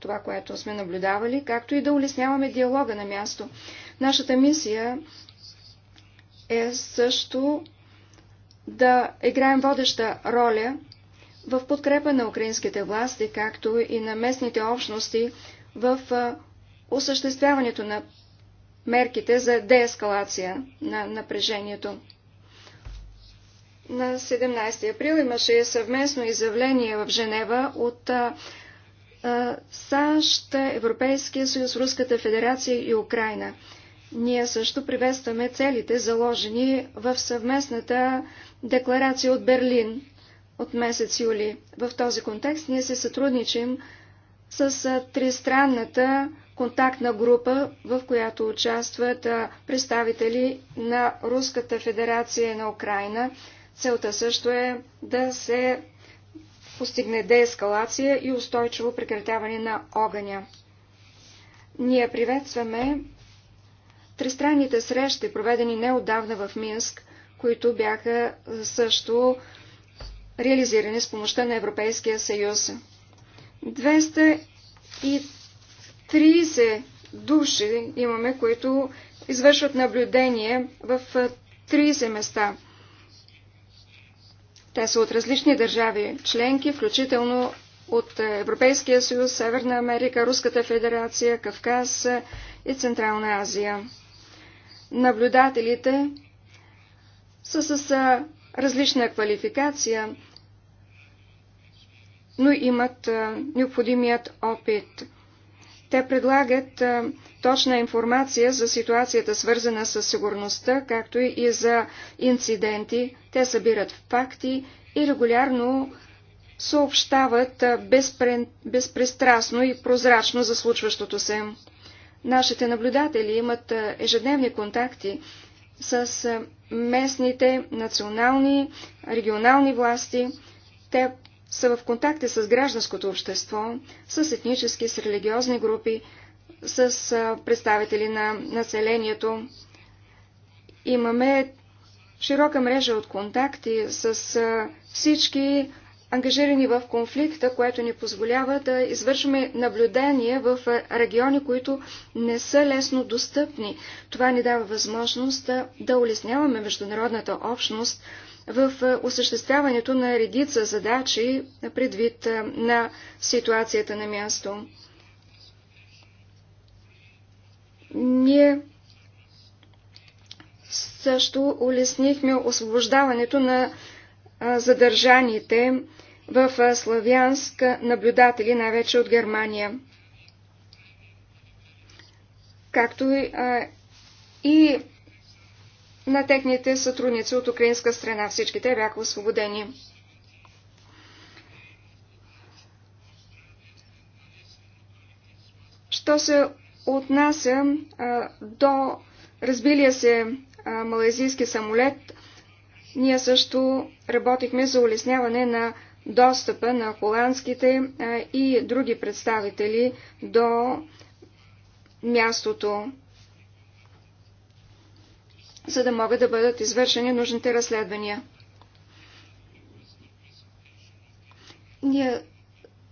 това, което сме наблюдавали, както и да улесняваме диалога на място. Нашата мисия е също да играем водеща роля в подкрепа на украинските власти, както и на местните общности в осъществяването на мерките за деескалация на напрежението. На 17 април имаше съвместно изявление в Женева от САЩ, Европейския съюз, Руската федерация и Украина. Ние също приветстваме целите, заложени в съвместната декларация от Берлин от месец юли. В този контекст ние се сътрудничим с тристранната контактна група, в която участват представители на Руската федерация на Украина. Целта също е да се постигне деескалация и устойчиво прекратяване на огъня. Ние приветстваме тристранните срещи, проведени неодавна в Минск, които бяха също реализирани с помощта на Европейския съюз. 230 души имаме, които извършват наблюдение в 30 места – те са от различни държави членки, включително от Европейския съюз, Северна Америка, Руската федерация, Кавказ и Централна Азия. Наблюдателите са с различна квалификация, но имат необходимият опит – те предлагат точна информация за ситуацията, свързана с сигурността, както и за инциденти. Те събират факти и регулярно съобщават безпристрастно и прозрачно за случващото се. Нашите наблюдатели имат ежедневни контакти с местните, национални, регионални власти. Те са в контакти с гражданското общество, с етнически, с религиозни групи, с представители на населението. Имаме широка мрежа от контакти с всички ангажирани в конфликта, което ни позволява да извършваме наблюдения в региони, които не са лесно достъпни. Това ни дава възможност да, да улесняваме международната общност в осъществяването на редица задачи предвид на ситуацията на място. Ние също улеснихме освобождаването на задържаните в славянска наблюдатели, най-вече от Германия. Както и на техните сътрудници от украинска страна. Всички те бяха освободени. Що се отнася а, до разбилия се а, малайзийски самолет, ние също работихме за улесняване на достъпа на холандските а, и други представители до мястото за да могат да бъдат извършени нужните разследвания. Ние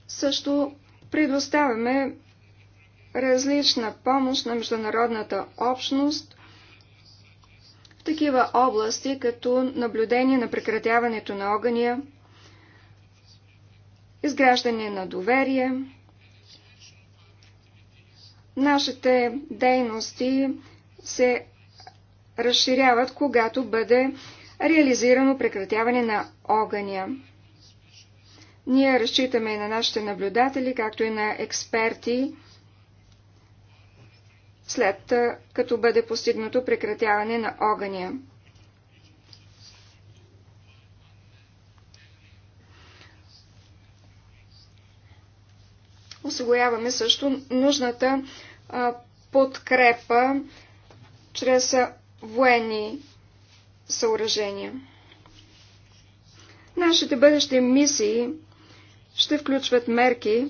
също предоставяме различна помощ на международната общност в такива области, като наблюдение на прекратяването на огъня, изграждане на доверие. Нашите дейности се разширяват, когато бъде реализирано прекратяване на огъня. Ние разчитаме и на нашите наблюдатели, както и на експерти, след като бъде постигнато прекратяване на огъня. Осигуряваме също нужната подкрепа чрез военни съоръжения. Нашите бъдещи мисии ще включват мерки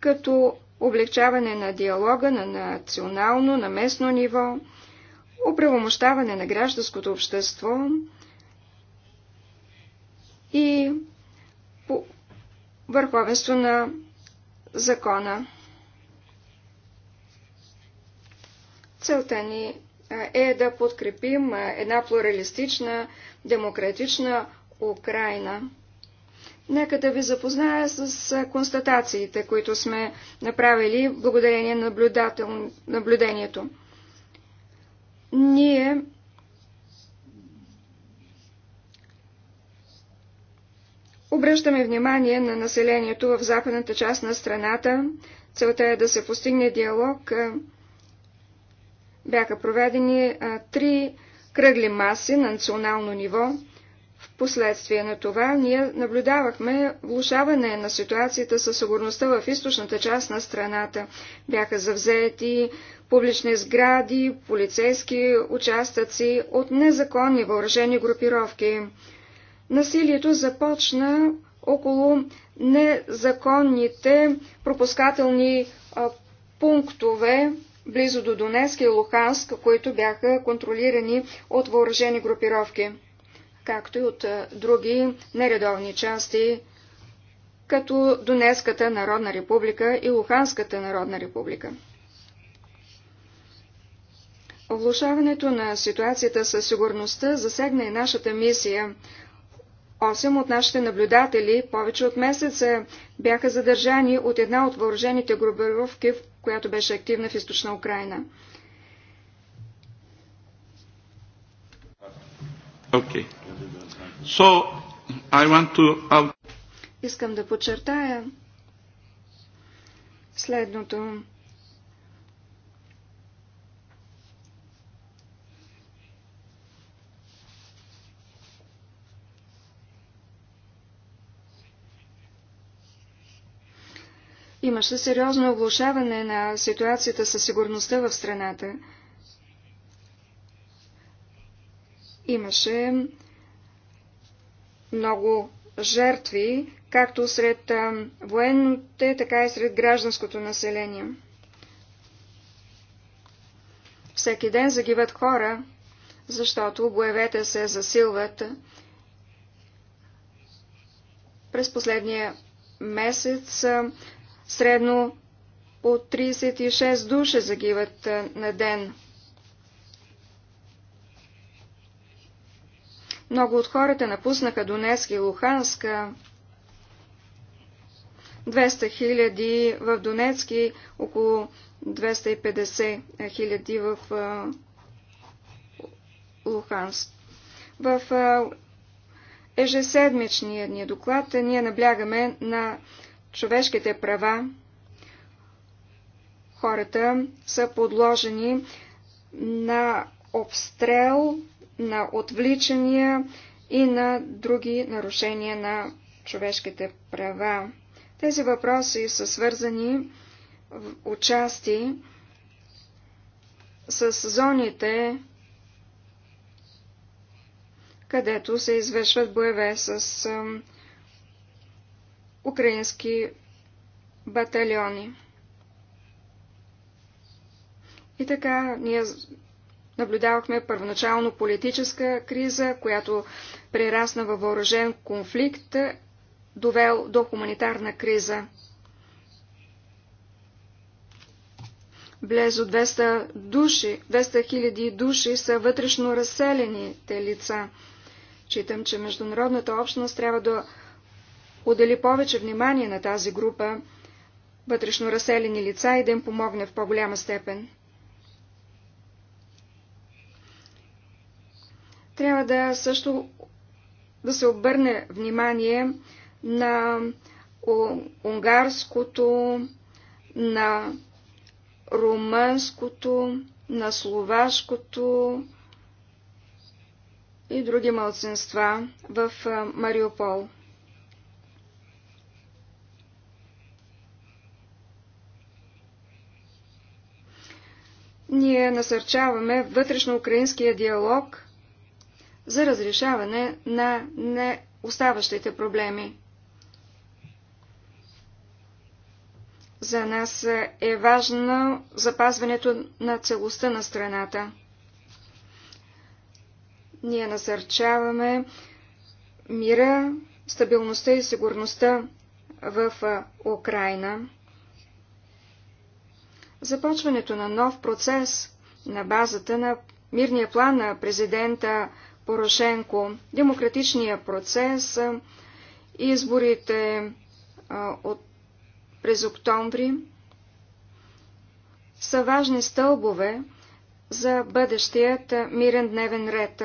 като облегчаване на диалога на национално, на местно ниво, оправомощаване на гражданското общество и по върховенство на закона. Целта ни е да подкрепим една плуралистична, демократична Украина. Нека да ви запозная с констатациите, които сме направили благодарение на наблюдател... наблюдението. Ние Обръщаме внимание на населението в западната част на страната. Целта е да се постигне диалог бяха проведени а, три кръгли маси на национално ниво. В последствие на това ние наблюдавахме влушаване на ситуацията със сигурността в източната част на страната. Бяха завзети публични сгради, полицейски участъци от незаконни въоръжени групировки. Насилието започна около незаконните пропускателни а, пунктове близо до Донецк и Луханск, които бяха контролирани от въоръжени групировки, както и от други нередовни части, като Донецката Народна република и Луханската Народна република. Влушаването на ситуацията със сигурността засегна и нашата мисия. Осем от нашите наблюдатели повече от месеца бяха задържани от една от въоръжените групировки която беше активна в източна Украина. Okay. So, I want to... Искам да подчертая следното. Имаше сериозно оглушаване на ситуацията със сигурността в страната. Имаше много жертви, както сред военните, така и сред гражданското население. Всеки ден загиват хора, защото боевете се засилват. През последния месец Средно по 36 души загиват е, на ден. Много от хората напуснаха Донецк и Луханска. 200 хиляди в Донецки, около 250 хиляди в е, Луханск. В е, ежеседмичния ни доклад ние наблягаме на човешките права, хората са подложени на обстрел, на отвличания и на други нарушения на човешките права. Тези въпроси са свързани в участи с зоните, където се извършват боеве с украински батальони. И така ние наблюдавахме първоначално политическа криза, която прерасна във въоръжен конфликт, довел до хуманитарна криза. Близо 200 души, 200 хиляди души са вътрешно разселените лица. Читам, че международната общност трябва да отдели повече внимание на тази група вътрешно разселени лица и да им помогне в по-голяма степен. Трябва да също да се обърне внимание на унгарското, на румънското, на словашкото и други малцинства в Мариупол. ние насърчаваме вътрешно-украинския диалог за разрешаване на неоставащите проблеми. За нас е важно запазването на целостта на страната. Ние насърчаваме мира, стабилността и сигурността в Украина. Започването на нов процес на базата на мирния план на президента Порошенко, демократичния процес, и изборите от през октомври са важни стълбове за бъдещият мирен дневен ред.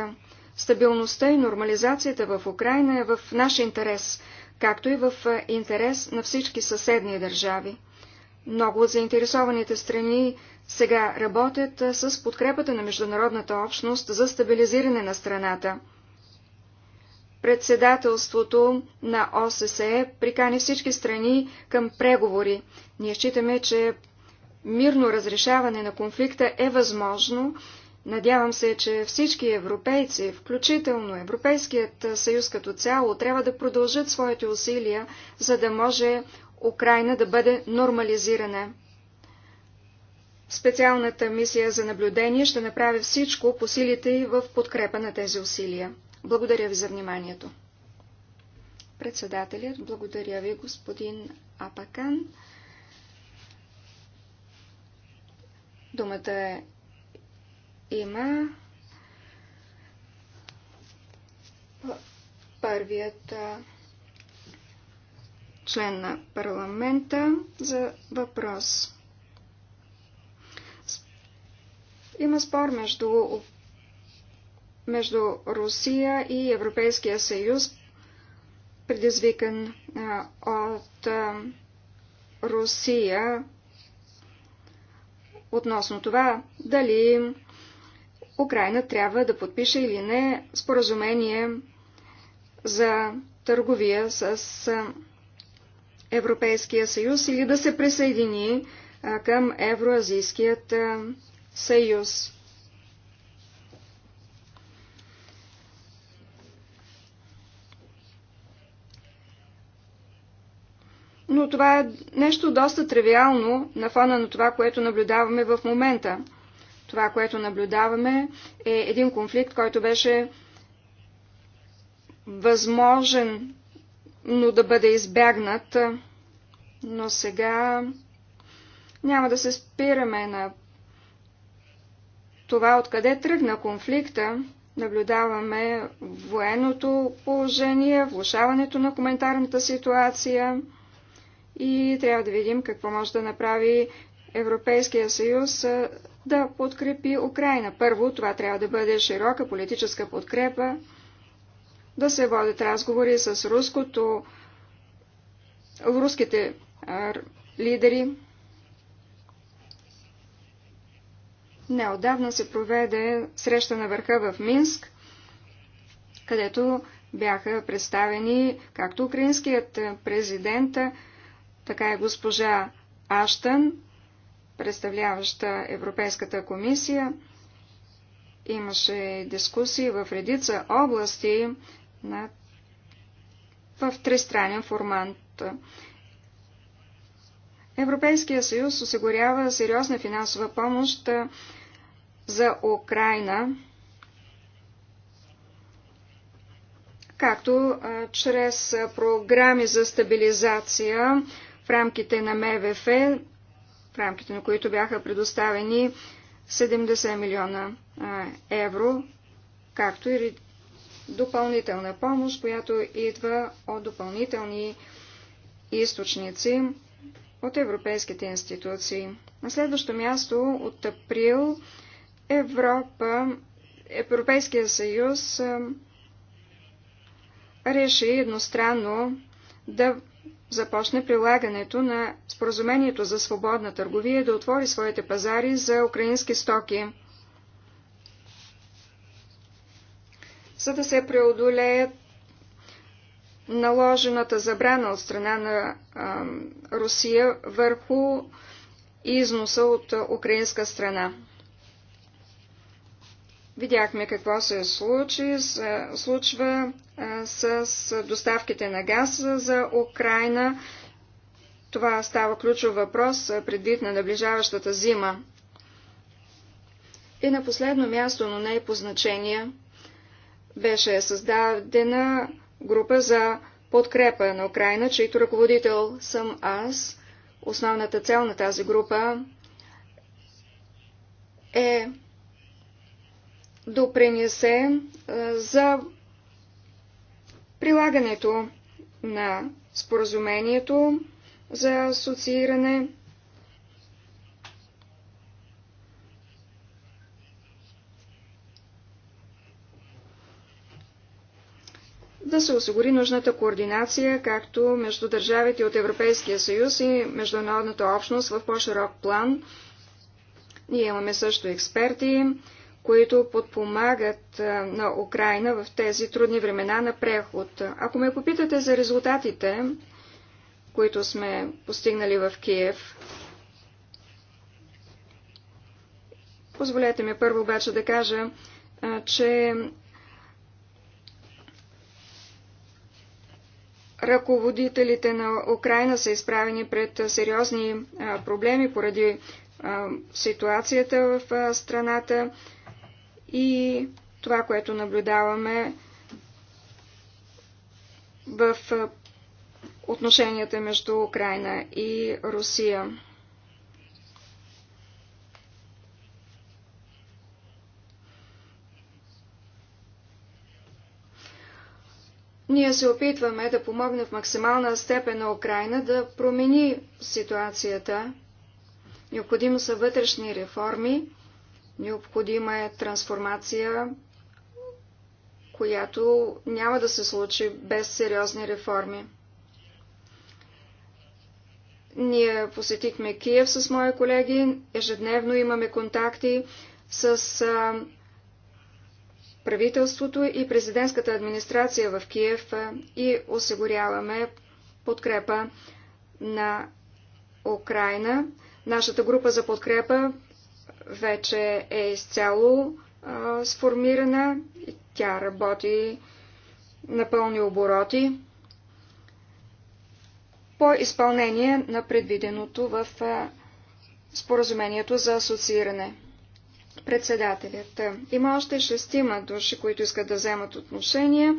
Стабилността и нормализацията в Украина е в наш интерес, както и в интерес на всички съседни държави. Много от заинтересованите страни сега работят с подкрепата на международната общност за стабилизиране на страната. Председателството на ОССЕ прикани всички страни към преговори. Ние считаме, че мирно разрешаване на конфликта е възможно. Надявам се, че всички европейци, включително Европейският съюз като цяло, трябва да продължат своите усилия, за да може Украина да бъде нормализирана. Специалната мисия за наблюдение ще направи всичко по силите и в подкрепа на тези усилия. Благодаря ви за вниманието. Председателят, благодаря ви, господин Апакан. Думата има първият член на парламента за въпрос. Има спор между, между Русия и Европейския съюз, предизвикан а, от а, Русия относно това дали Украина трябва да подпише или не споразумение за търговия с Европейския съюз или да се присъедини към Евроазийският съюз. но това е нещо доста тривиално на фона на това, което наблюдаваме в момента. Това, което наблюдаваме е един конфликт, който беше възможен но да бъде избягнат. Но сега няма да се спираме на това откъде тръгна конфликта. Наблюдаваме военното положение, влушаването на коментарната ситуация и трябва да видим какво може да направи Европейския съюз да подкрепи Украина. Първо, това трябва да бъде широка политическа подкрепа да се водят разговори с руското, руските а, лидери. Неодавна се проведе среща на върха в Минск, където бяха представени както украинският президент, така и госпожа Аштън, представляваща Европейската комисия. Имаше дискусии в редица области, на... в тристранен формат. Европейския съюз осигурява сериозна финансова помощ за Украина, както а, чрез програми за стабилизация в рамките на МВФ, в рамките на които бяха предоставени 70 милиона а, евро, както и допълнителна помощ, която идва от допълнителни източници от европейските институции. На следващо място от април Европа, Европейския съюз реши едностранно да започне прилагането на споразумението за свободна търговия и да отвори своите пазари за украински стоки. за да се преодолеят наложената забрана от страна на а, Русия върху износа от украинска страна. Видяхме какво се случи, случва а, с доставките на газ за Украина. Това става ключов въпрос предвид на наближаващата зима. И на последно място, но не е по значение – беше създадена група за подкрепа на Украина, чийто ръководител съм аз. Основната цел на тази група е допринесе за прилагането на споразумението за асоцииране да се осигури нужната координация както между държавите от Европейския съюз и международната общност в по-широк план. Ние имаме също експерти, които подпомагат на Украина в тези трудни времена на преход. Ако ме попитате за резултатите, които сме постигнали в Киев, позволете ми първо обаче да кажа, че Ръководителите на Украина са изправени пред сериозни проблеми поради ситуацията в страната и това, което наблюдаваме в отношенията между Украина и Русия. Ние се опитваме да помогнем в максимална степен на Украина да промени ситуацията. Необходимо са вътрешни реформи, необходима е трансформация, която няма да се случи без сериозни реформи. Ние посетихме Киев с мои колеги, ежедневно имаме контакти с правителството и президентската администрация в Киев и осигуряваме подкрепа на Украина. Нашата група за подкрепа вече е изцяло а, сформирана. И тя работи на пълни обороти по изпълнение на предвиденото в а, споразумението за асоцииране. Председателят. Има още шестима души, които искат да вземат отношение.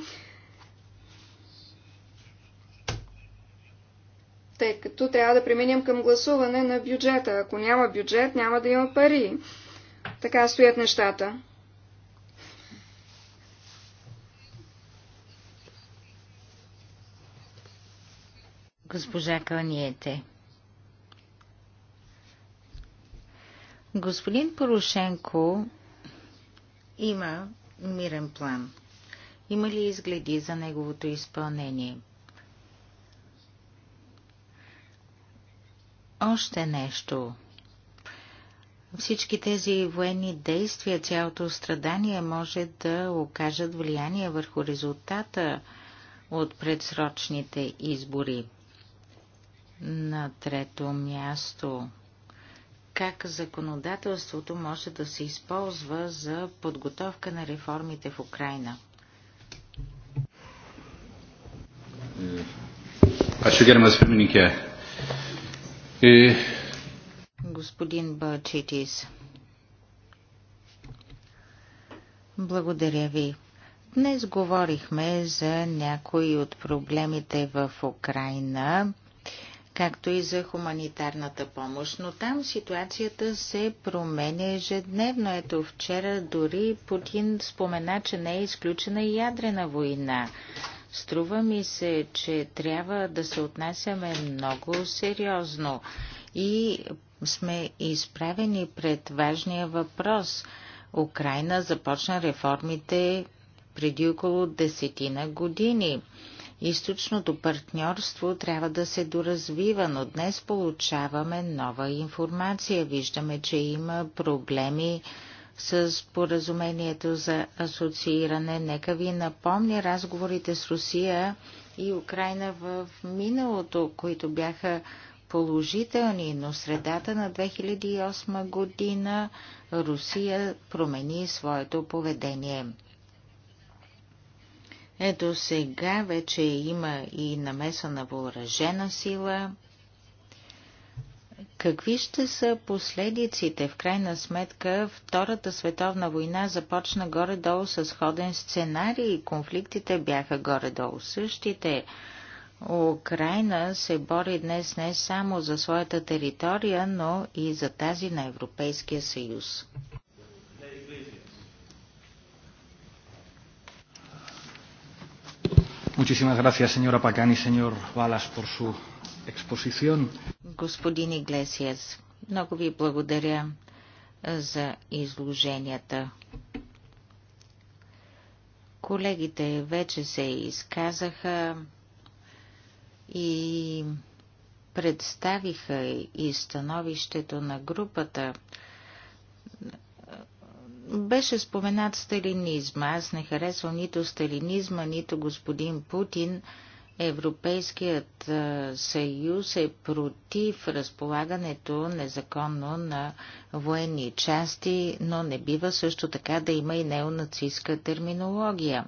Тъй като трябва да преминем към гласуване на бюджета. Ако няма бюджет, няма да има пари. Така стоят нещата. Госпожа Кълниете. Господин Порошенко има мирен план. Има ли изгледи за неговото изпълнение? Още нещо. Всички тези военни действия, цялото страдание може да окажат влияние върху резултата от предсрочните избори. На трето място как законодателството може да се използва за подготовка на реформите в Украина. E, Господин Бачитис. Благодаря ви. Днес говорихме за някои от проблемите в Украина както и за хуманитарната помощ. Но там ситуацията се променя ежедневно. Ето вчера дори Путин спомена, че не е изключена ядрена война. Струва ми се, че трябва да се отнасяме много сериозно и сме изправени пред важния въпрос. Украина започна реформите преди около десетина години. Източното партньорство трябва да се доразвива, но днес получаваме нова информация. Виждаме, че има проблеми с поразумението за асоцииране. Нека ви напомня разговорите с Русия и Украина в миналото, които бяха положителни, но средата на 2008 година Русия промени своето поведение. Ето сега вече има и намеса на въоръжена сила. Какви ще са последиците? В крайна сметка, Втората световна война започна горе-долу с ходен сценарий. и Конфликтите бяха горе-долу същите. Украина се бори днес не само за своята територия, но и за тази на Европейския съюз. Muchísimas gracias, señora Pacán y señor Balas, por su exposición. Господин Иглесиас, много ви благодаря за изложенията. Колегите вече се изказаха и представиха и становището на групата. Беше споменат сталинизма. Аз не харесвам нито сталинизма, нито господин Путин. Европейският съюз е против разполагането незаконно на военни части, но не бива също така да има и неонацистска терминология.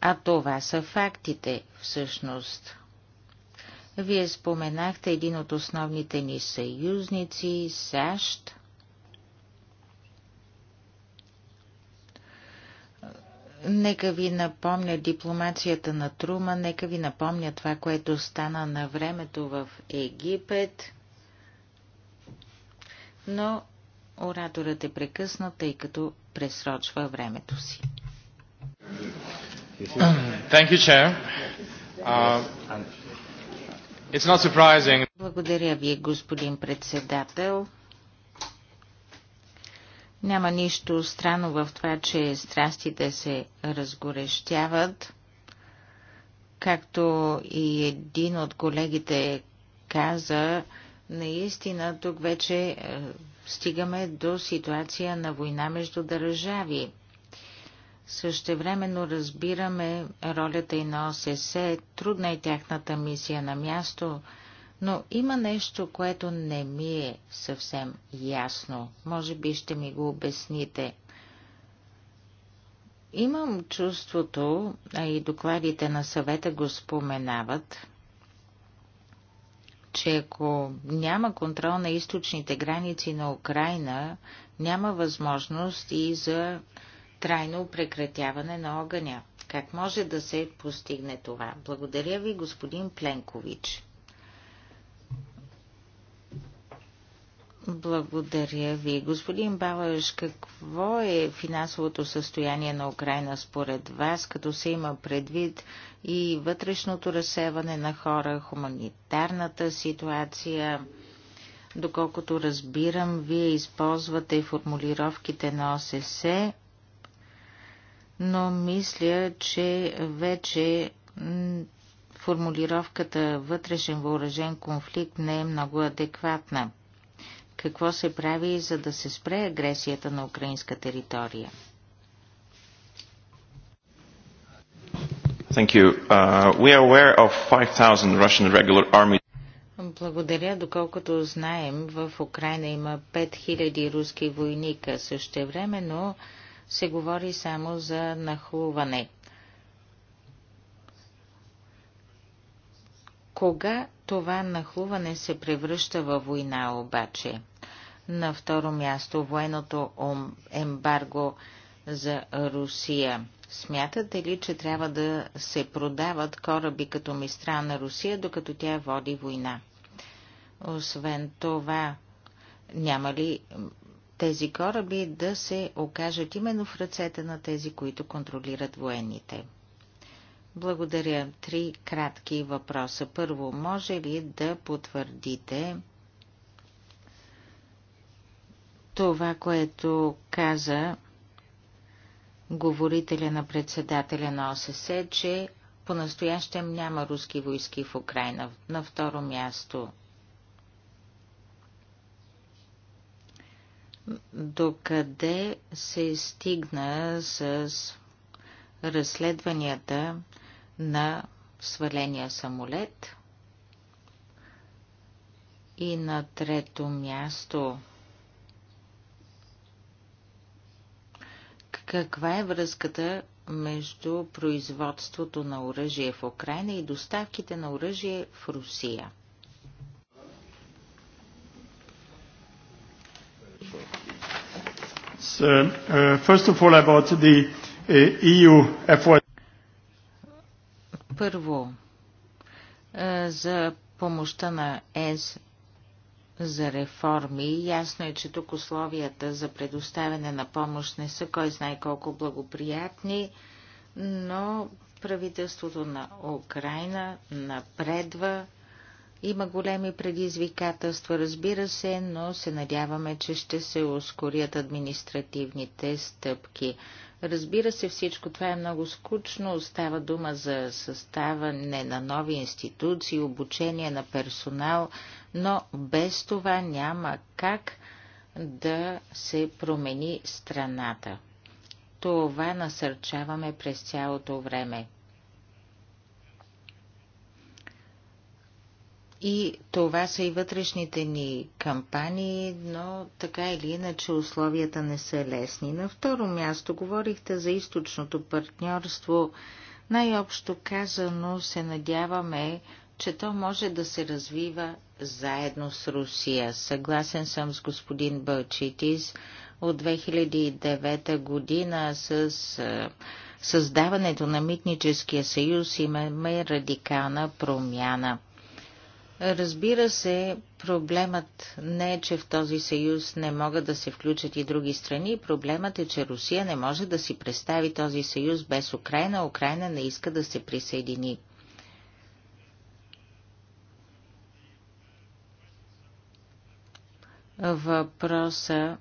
А това са фактите, всъщност. Вие споменахте един от основните ни съюзници, САЩ. Нека ви напомня дипломацията на Трума, нека ви напомня това, което стана на времето в Египет. Но ораторът е прекъснат, тъй като пресрочва времето си. Thank you, Chair. Uh, it's not surprising. Благодаря ви, господин председател. Няма нищо странно в това, че страстите се разгорещяват. Както и един от колегите каза, наистина тук вече е, стигаме до ситуация на война между държави. Същевременно разбираме ролята и на ОССЕ, трудна е тяхната мисия на място – но има нещо, което не ми е съвсем ясно. Може би ще ми го обясните. Имам чувството, а и докладите на съвета го споменават, че ако няма контрол на източните граници на Украина, няма възможност и за трайно прекратяване на огъня. Как може да се постигне това? Благодаря ви, господин Пленкович. Благодаря ви. Господин Балаш, какво е финансовото състояние на Украина според вас, като се има предвид и вътрешното разсеване на хора, хуманитарната ситуация? Доколкото разбирам, вие използвате формулировките на ОССЕ, но мисля, че вече формулировката вътрешен въоръжен конфликт не е много адекватна какво се прави, за да се спре агресията на украинска територия? Thank you. Uh, we are aware of 5,000 Russian regular army благодаря. Доколкото знаем, в Украина има 5000 руски войника. времено се говори само за нахлуване Кога това нахлуване се превръща във война обаче? На второ място военното ембарго за Русия. Смятате ли, че трябва да се продават кораби като мистра на Русия, докато тя води война? Освен това, няма ли тези кораби да се окажат именно в ръцете на тези, които контролират военните? Благодаря. Три кратки въпроса. Първо, може ли да потвърдите това, което каза говорителя на председателя на ОСС, че по-настоящем няма руски войски в Украина. На второ място докъде се стигна с разследванията на сваления самолет. И на трето място каква е връзката между производството на оръжие в Украина и доставките на оръжие в Русия? So, uh, first of all about the uh, EU effort първо, е, за помощта на ЕС за реформи. Ясно е, че тук условията за предоставяне на помощ не са кой знае колко благоприятни, но правителството на Украина напредва има големи предизвикателства, разбира се, но се надяваме, че ще се ускорят административните стъпки. Разбира се, всичко това е много скучно. Остава дума за съставане на нови институции, обучение на персонал, но без това няма как да се промени страната. Това насърчаваме през цялото време. И това са и вътрешните ни кампании, но така или иначе условията не са лесни. На второ място говорихте за източното партньорство. Най-общо казано се надяваме, че то може да се развива заедно с Русия. Съгласен съм с господин Бълчитис от 2009 година с е, създаването на Митническия съюз имаме радикална промяна. Разбира се, проблемът не е, че в този съюз не могат да се включат и други страни. Проблемът е, че Русия не може да си представи този съюз без Украина. Украина не иска да се присъедини. Въпроса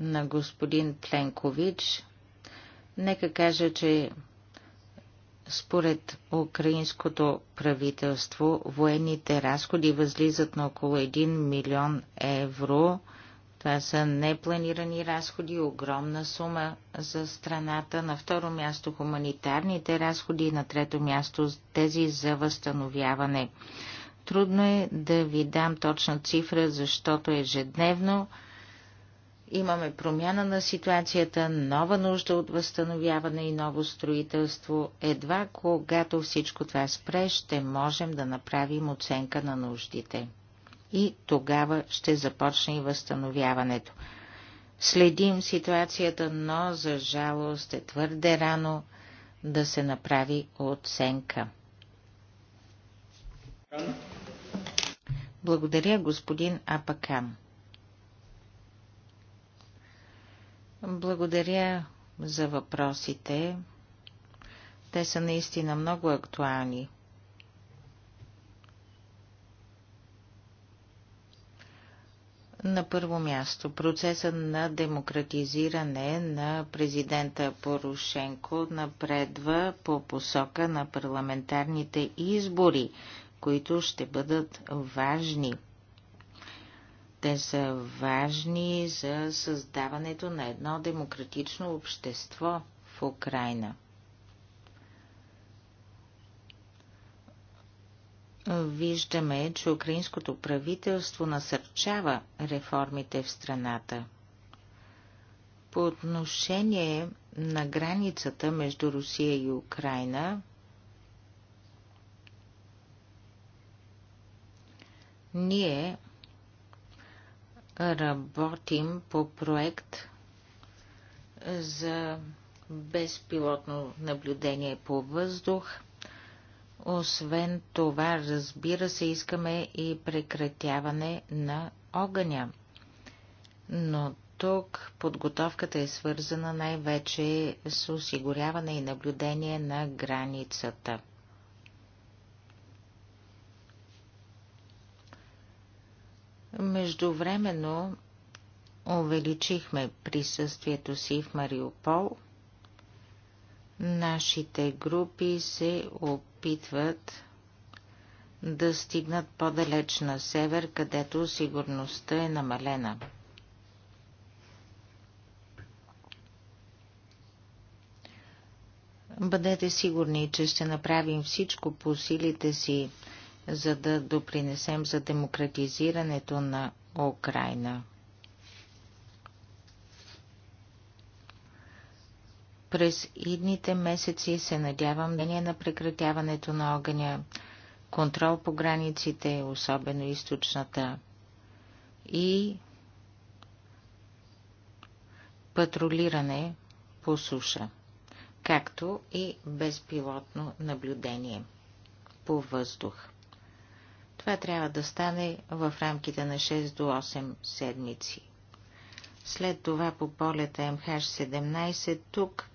на господин Пленкович. Нека кажа, че според украинското правителство, военните разходи възлизат на около 1 милион евро. Това са непланирани разходи, огромна сума за страната. На второ място хуманитарните разходи на трето място тези за възстановяване. Трудно е да ви дам точна цифра, защото ежедневно Имаме промяна на ситуацията, нова нужда от възстановяване и ново строителство. Едва когато всичко това спре, ще можем да направим оценка на нуждите. И тогава ще започне и възстановяването. Следим ситуацията, но за жалост е твърде рано да се направи оценка. Благодаря, господин Апакан. Благодаря за въпросите. Те са наистина много актуални. На първо място, процеса на демократизиране на президента Порошенко напредва по посока на парламентарните избори, които ще бъдат важни – те са важни за създаването на едно демократично общество в Украина. Виждаме, че украинското правителство насърчава реформите в страната. По отношение на границата между Русия и Украина, ние работим по проект за безпилотно наблюдение по въздух. Освен това, разбира се, искаме и прекратяване на огъня. Но тук подготовката е свързана най-вече с осигуряване и наблюдение на границата. Междувременно увеличихме присъствието си в Мариупол. Нашите групи се опитват да стигнат по-далеч на север, където сигурността е намалена. Бъдете сигурни, че ще направим всичко по силите си за да допринесем за демократизирането на Украина. През идните месеци се надявам мнение на прекратяването на огъня, контрол по границите, особено източната, и патрулиране по суша, както и безпилотно наблюдение по въздух. Това трябва да стане в рамките на 6 до 8 седмици. След това по полета МХ-17 тук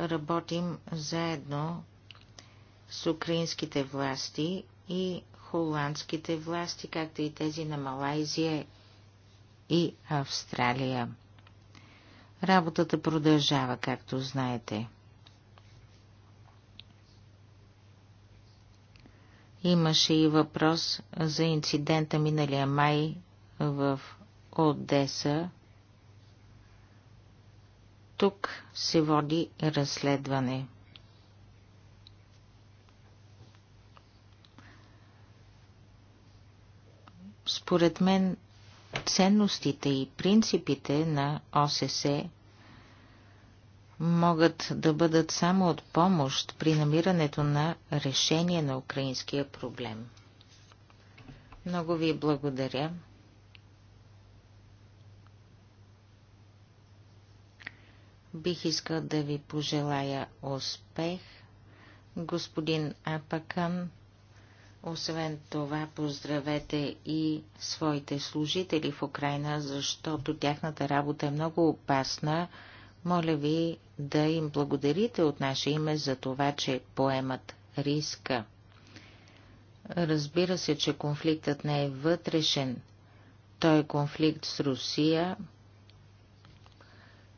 работим заедно с украинските власти и холандските власти, както и тези на Малайзия и Австралия. Работата продължава, както знаете. Имаше и въпрос за инцидента миналия май в Одеса. Тук се води разследване. Според мен ценностите и принципите на ОССЕ могат да бъдат само от помощ при намирането на решение на украинския проблем. Много ви благодаря. Бих искал да ви пожелая успех. Господин Апакан, освен това, поздравете и своите служители в Украина, защото тяхната работа е много опасна моля ви да им благодарите от наше име за това, че поемат риска. Разбира се, че конфликтът не е вътрешен. Той е конфликт с Русия,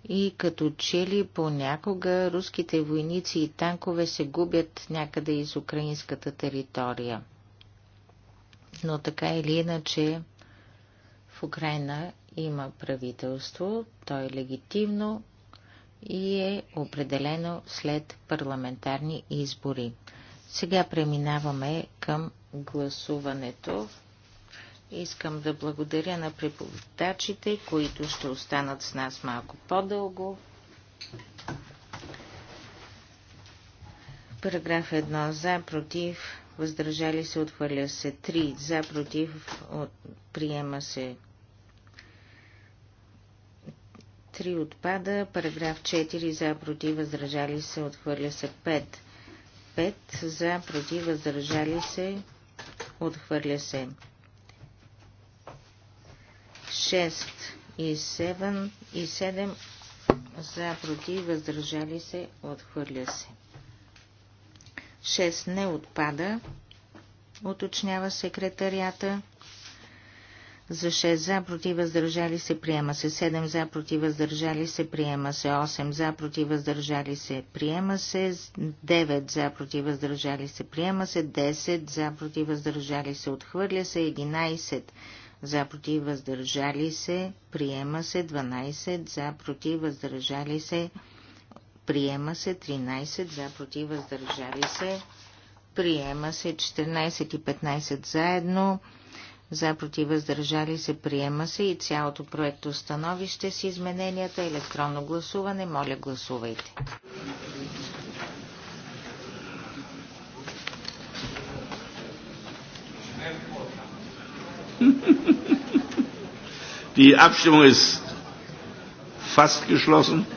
и като че ли понякога руските войници и танкове се губят някъде из украинската територия. Но така или иначе в Украина има правителство, то е легитимно, и е определено след парламентарни избори. Сега преминаваме към гласуването. Искам да благодаря на преподавачите, които ще останат с нас малко по-дълго. Параграф 1. За, против, въздържали се, отхвърля се. 3. За, против, от... приема се. 3 отпада, параграф 4 за, против, възражали се, отхвърля се 5. 5 за, против, въздържали се, отхвърля се. 6 и 7 и 7 за, против, въздържали се, отхвърля се. 6 не отпада, уточнява секретарията за 6 за, против, въздържали се, приема се 7 за, против, въздържали се, приема се 8 за, против, въздържали се, приема се 9 за, против, въздържали се, приема се 10 за, против, въздържали се, отхвърля се 11 за, против, въздържали се, приема се 12 за, против, въздържали се, приема се 13 за, против, въздържали се, приема се 14 и 15 заедно за против въздържали се приема се и цялото проекто становище с измененията електронно гласуване. Моля гласувайте. Die Abstimmung ist fast geschlossen.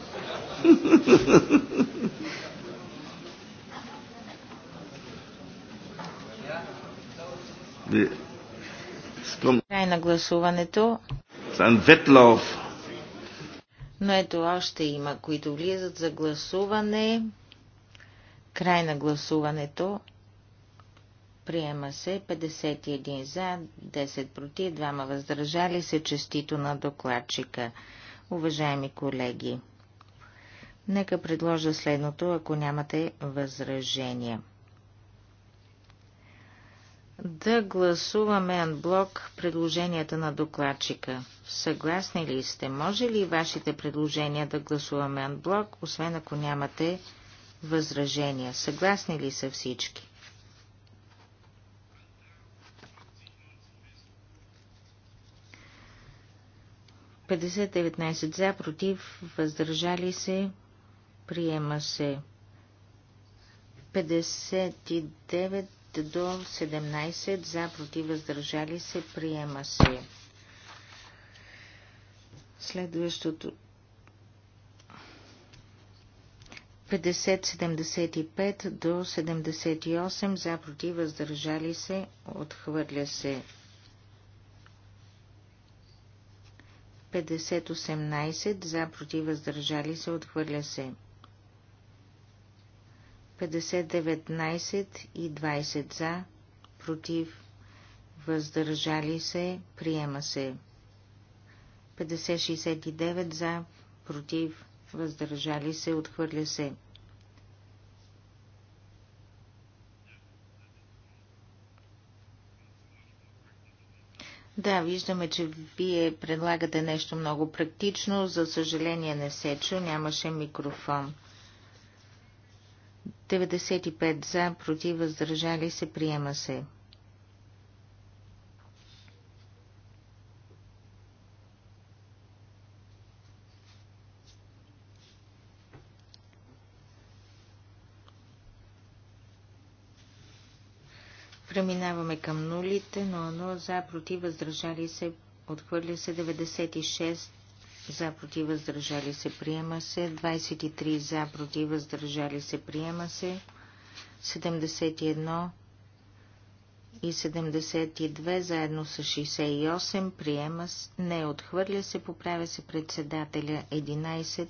Die Край на гласуването. Но ето още има, които влизат за гласуване. Край на гласуването. Приема се 51 за, 10 против, 2 въздържали се, честито на докладчика. Уважаеми колеги, нека предложа следното, ако нямате възражения да гласуваме анблок предложенията на докладчика. Съгласни ли сте? Може ли вашите предложения да гласуваме анблок, освен ако нямате възражения? Съгласни ли са всички? Петдесет за, против, въздържали се, приема се. 59 до 17 за против въздържали се приема се. Следващото 50-75 до 78 за против въздържали се отхвърля се. 50-18 за против въздържали се отхвърля се. 50 50-19 и 20 за, против, въздържали се, приема се. 50-69 за, против, въздържали се, отхвърля се. 50, да, виждаме, че вие предлагате нещо много практично. За съжаление не се чу, нямаше микрофон. 95 за, против, въздържали се, приема се. Преминаваме към нулите, но 0 за, против, въздържали се, отхвърля се 96 за против въздържали се приема се, 23 за против въздържали се приема се, 71 и 72 заедно с 68 приема се не отхвърля се, поправя се председателя 11,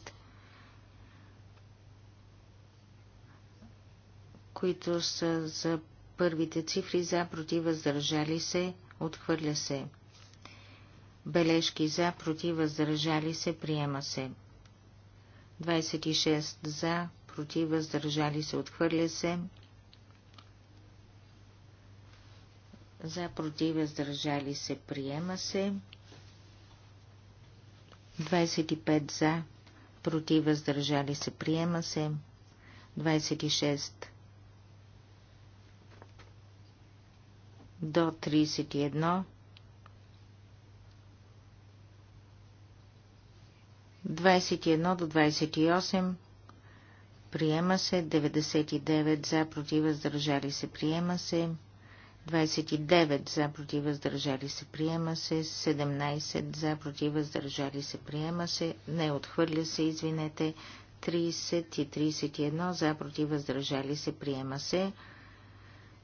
които са за първите цифри за против въздържали се, отхвърля се бележки за, против, въздържали се, приема се. 26 за, против, въздържали се, отхвърля се. За, против, въздържали се, приема се. 25 за, против, въздържали се, приема се. 26 до 31 21 до 28 приема се, 99 за, против, въздържали се, приема се, 29 за, против, въздържали се, приема се, 17 за, против, въздържали се, приема се, не отхвърля се, извинете, 30 и 31 за, против, въздържали се, приема се,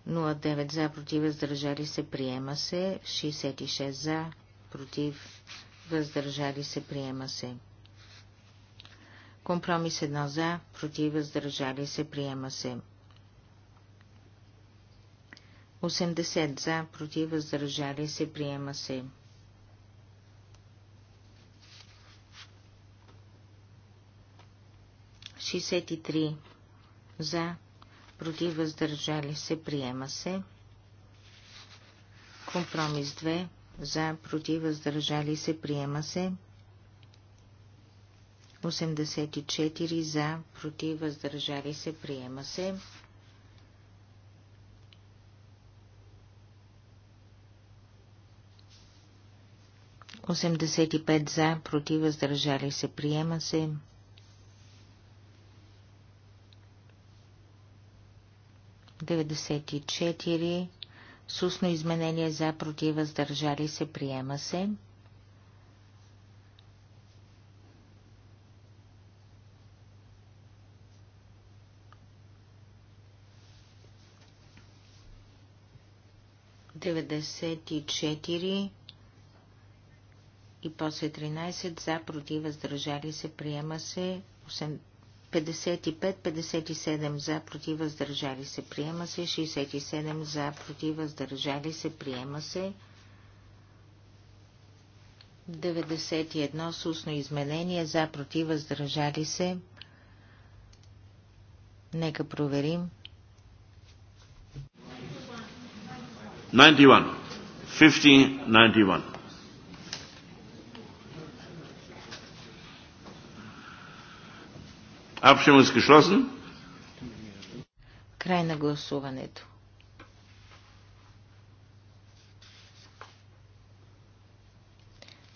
09 за, против, въздържали се, приема се, 66 за, против, въздържали се, приема се. Компромис 1 за, против, въздържали се, приема се. 80 за, против, въздържали се, приема се. 63 три за, против, въздържали се, приема се. Компромис 2 за, против, въздържали се, приема се. 84 за, против, въздържали се, приема се. Осемдесет и пет за, против, въздържали се, приема се. Деведесет и четири, сусно изменение за, против, въздържали се, приема се. 94 и после 13 за, против, въздържали се, приема се 55-57 за, против, въздържали се, приема се 67 за, против, въздържали се, приема се 91 с устно изменение за, против, въздържали се. Нека проверим. 91 91. 50, 91. Край на гласуването.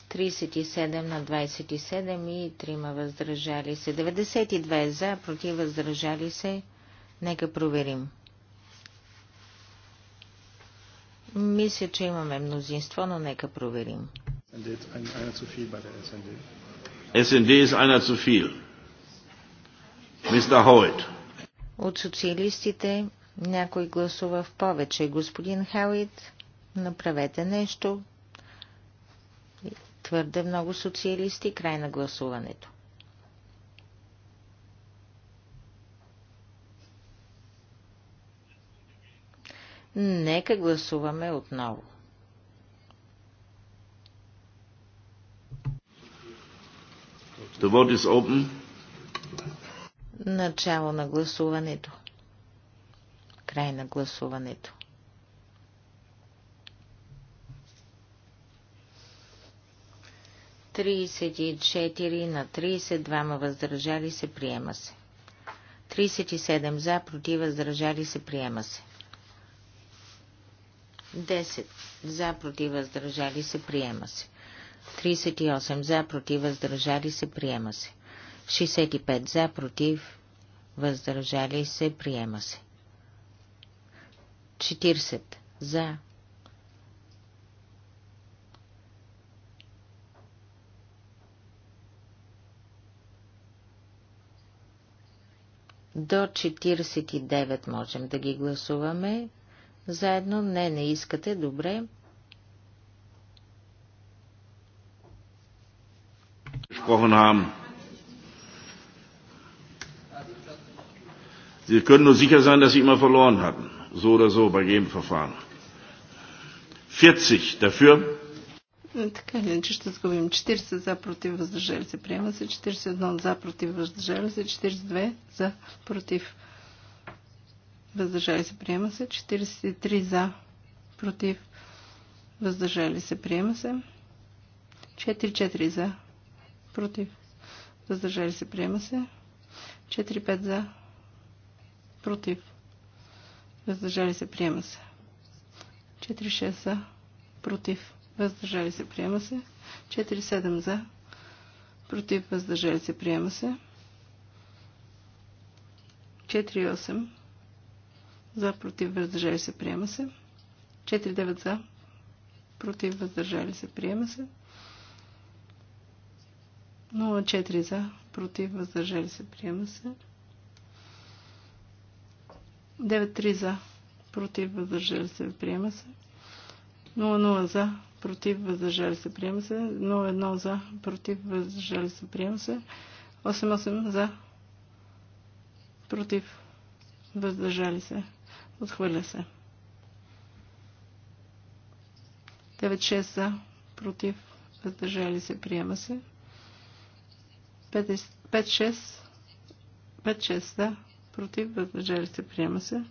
Тридесет и седем на двадесет и седем и трима въздържали се. Деветдесет и две за, против въздържали се. Нека проверим. Мисля, че имаме мнозинство, но нека проверим. От социалистите някой гласува в повече. Господин Хауит, направете нещо. Твърде много социалисти. Край на гласуването. Нека гласуваме отново. The vote is open. Начало на гласуването. Край на гласуването. Тридесет на 32 двама въздържали се, приема се. 37 за, против, въздържали се, приема се. 10. За против въздържали се приема се. 38. За против въздържали се приема се. 65. За против въздържали се приема се. 40. За 49 можем да ги гласуваме заедно? Не, не искате. Добре. gesprochen Sie können nur sicher sein, dass Sie immer verloren hatten. So oder so bei jedem Verfahren. 40 dafür. Така ще сгубим 40 за против въздържали се. Приема се 41 за против въздържали се, 42 за против въздържали се, приема се. 43 за, против, въздържали се, приема се. 4-4 за, против, въздържали се, приема се. 4-5 за, против, въздържали се, приема се. 4-6 за, против, въздържали се, приема се. 4-7 за, против, въздържали се, приема се. 4-8 за против въздържали се приема се. 4-9 за. Против въздържали се приема се. 0-4 за. Против въздържали се приема се. 9-3 за. Против въздържали се приема се. 0-0 за. Против въздържали се приема се. 0-1 за. Против въздържали се приема се. 8-8 за. Против въздържали се. Отхвърля се. 9-6 за, против, въздържали се, приема се. 5-6 за, против, въздържали се, приема се.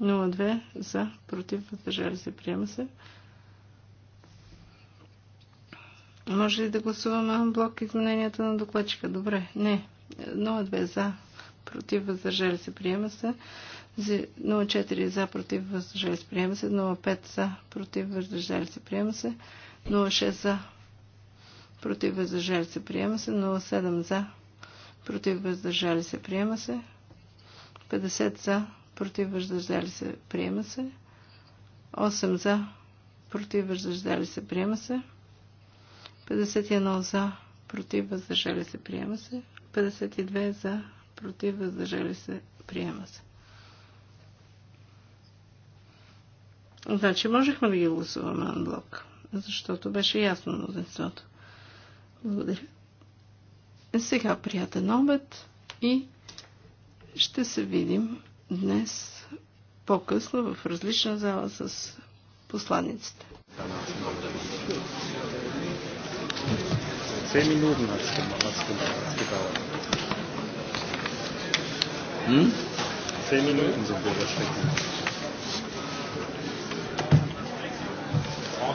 0-2 за, против, въздържали се, приема се. Може ли да гласуваме блок измененията на докладчика? Добре. Не. 0-2 за, против, въздържали се, приема се. 04 за, против, въздържали се, приема се. 05 за, против, въздържали се, приема се. 06 за, против, въздържали се, приема се. 07 за, против, въздържали се, приема се. 50 за, против, въздържали се, приема се. 8 за, против, въздържали се, приема се. 51 за, против, въздържали се, приема се. 52 за, против, въздържали се, приема се. Значи можехме да ги гласуваме на блок, защото беше ясно мнозинството. Благодаря. Е, сега приятен обед и ще се видим днес по-късно в различна зала с посланиците. 10 Minuten hat es gedauert. Hm? 10 Minuten sind wir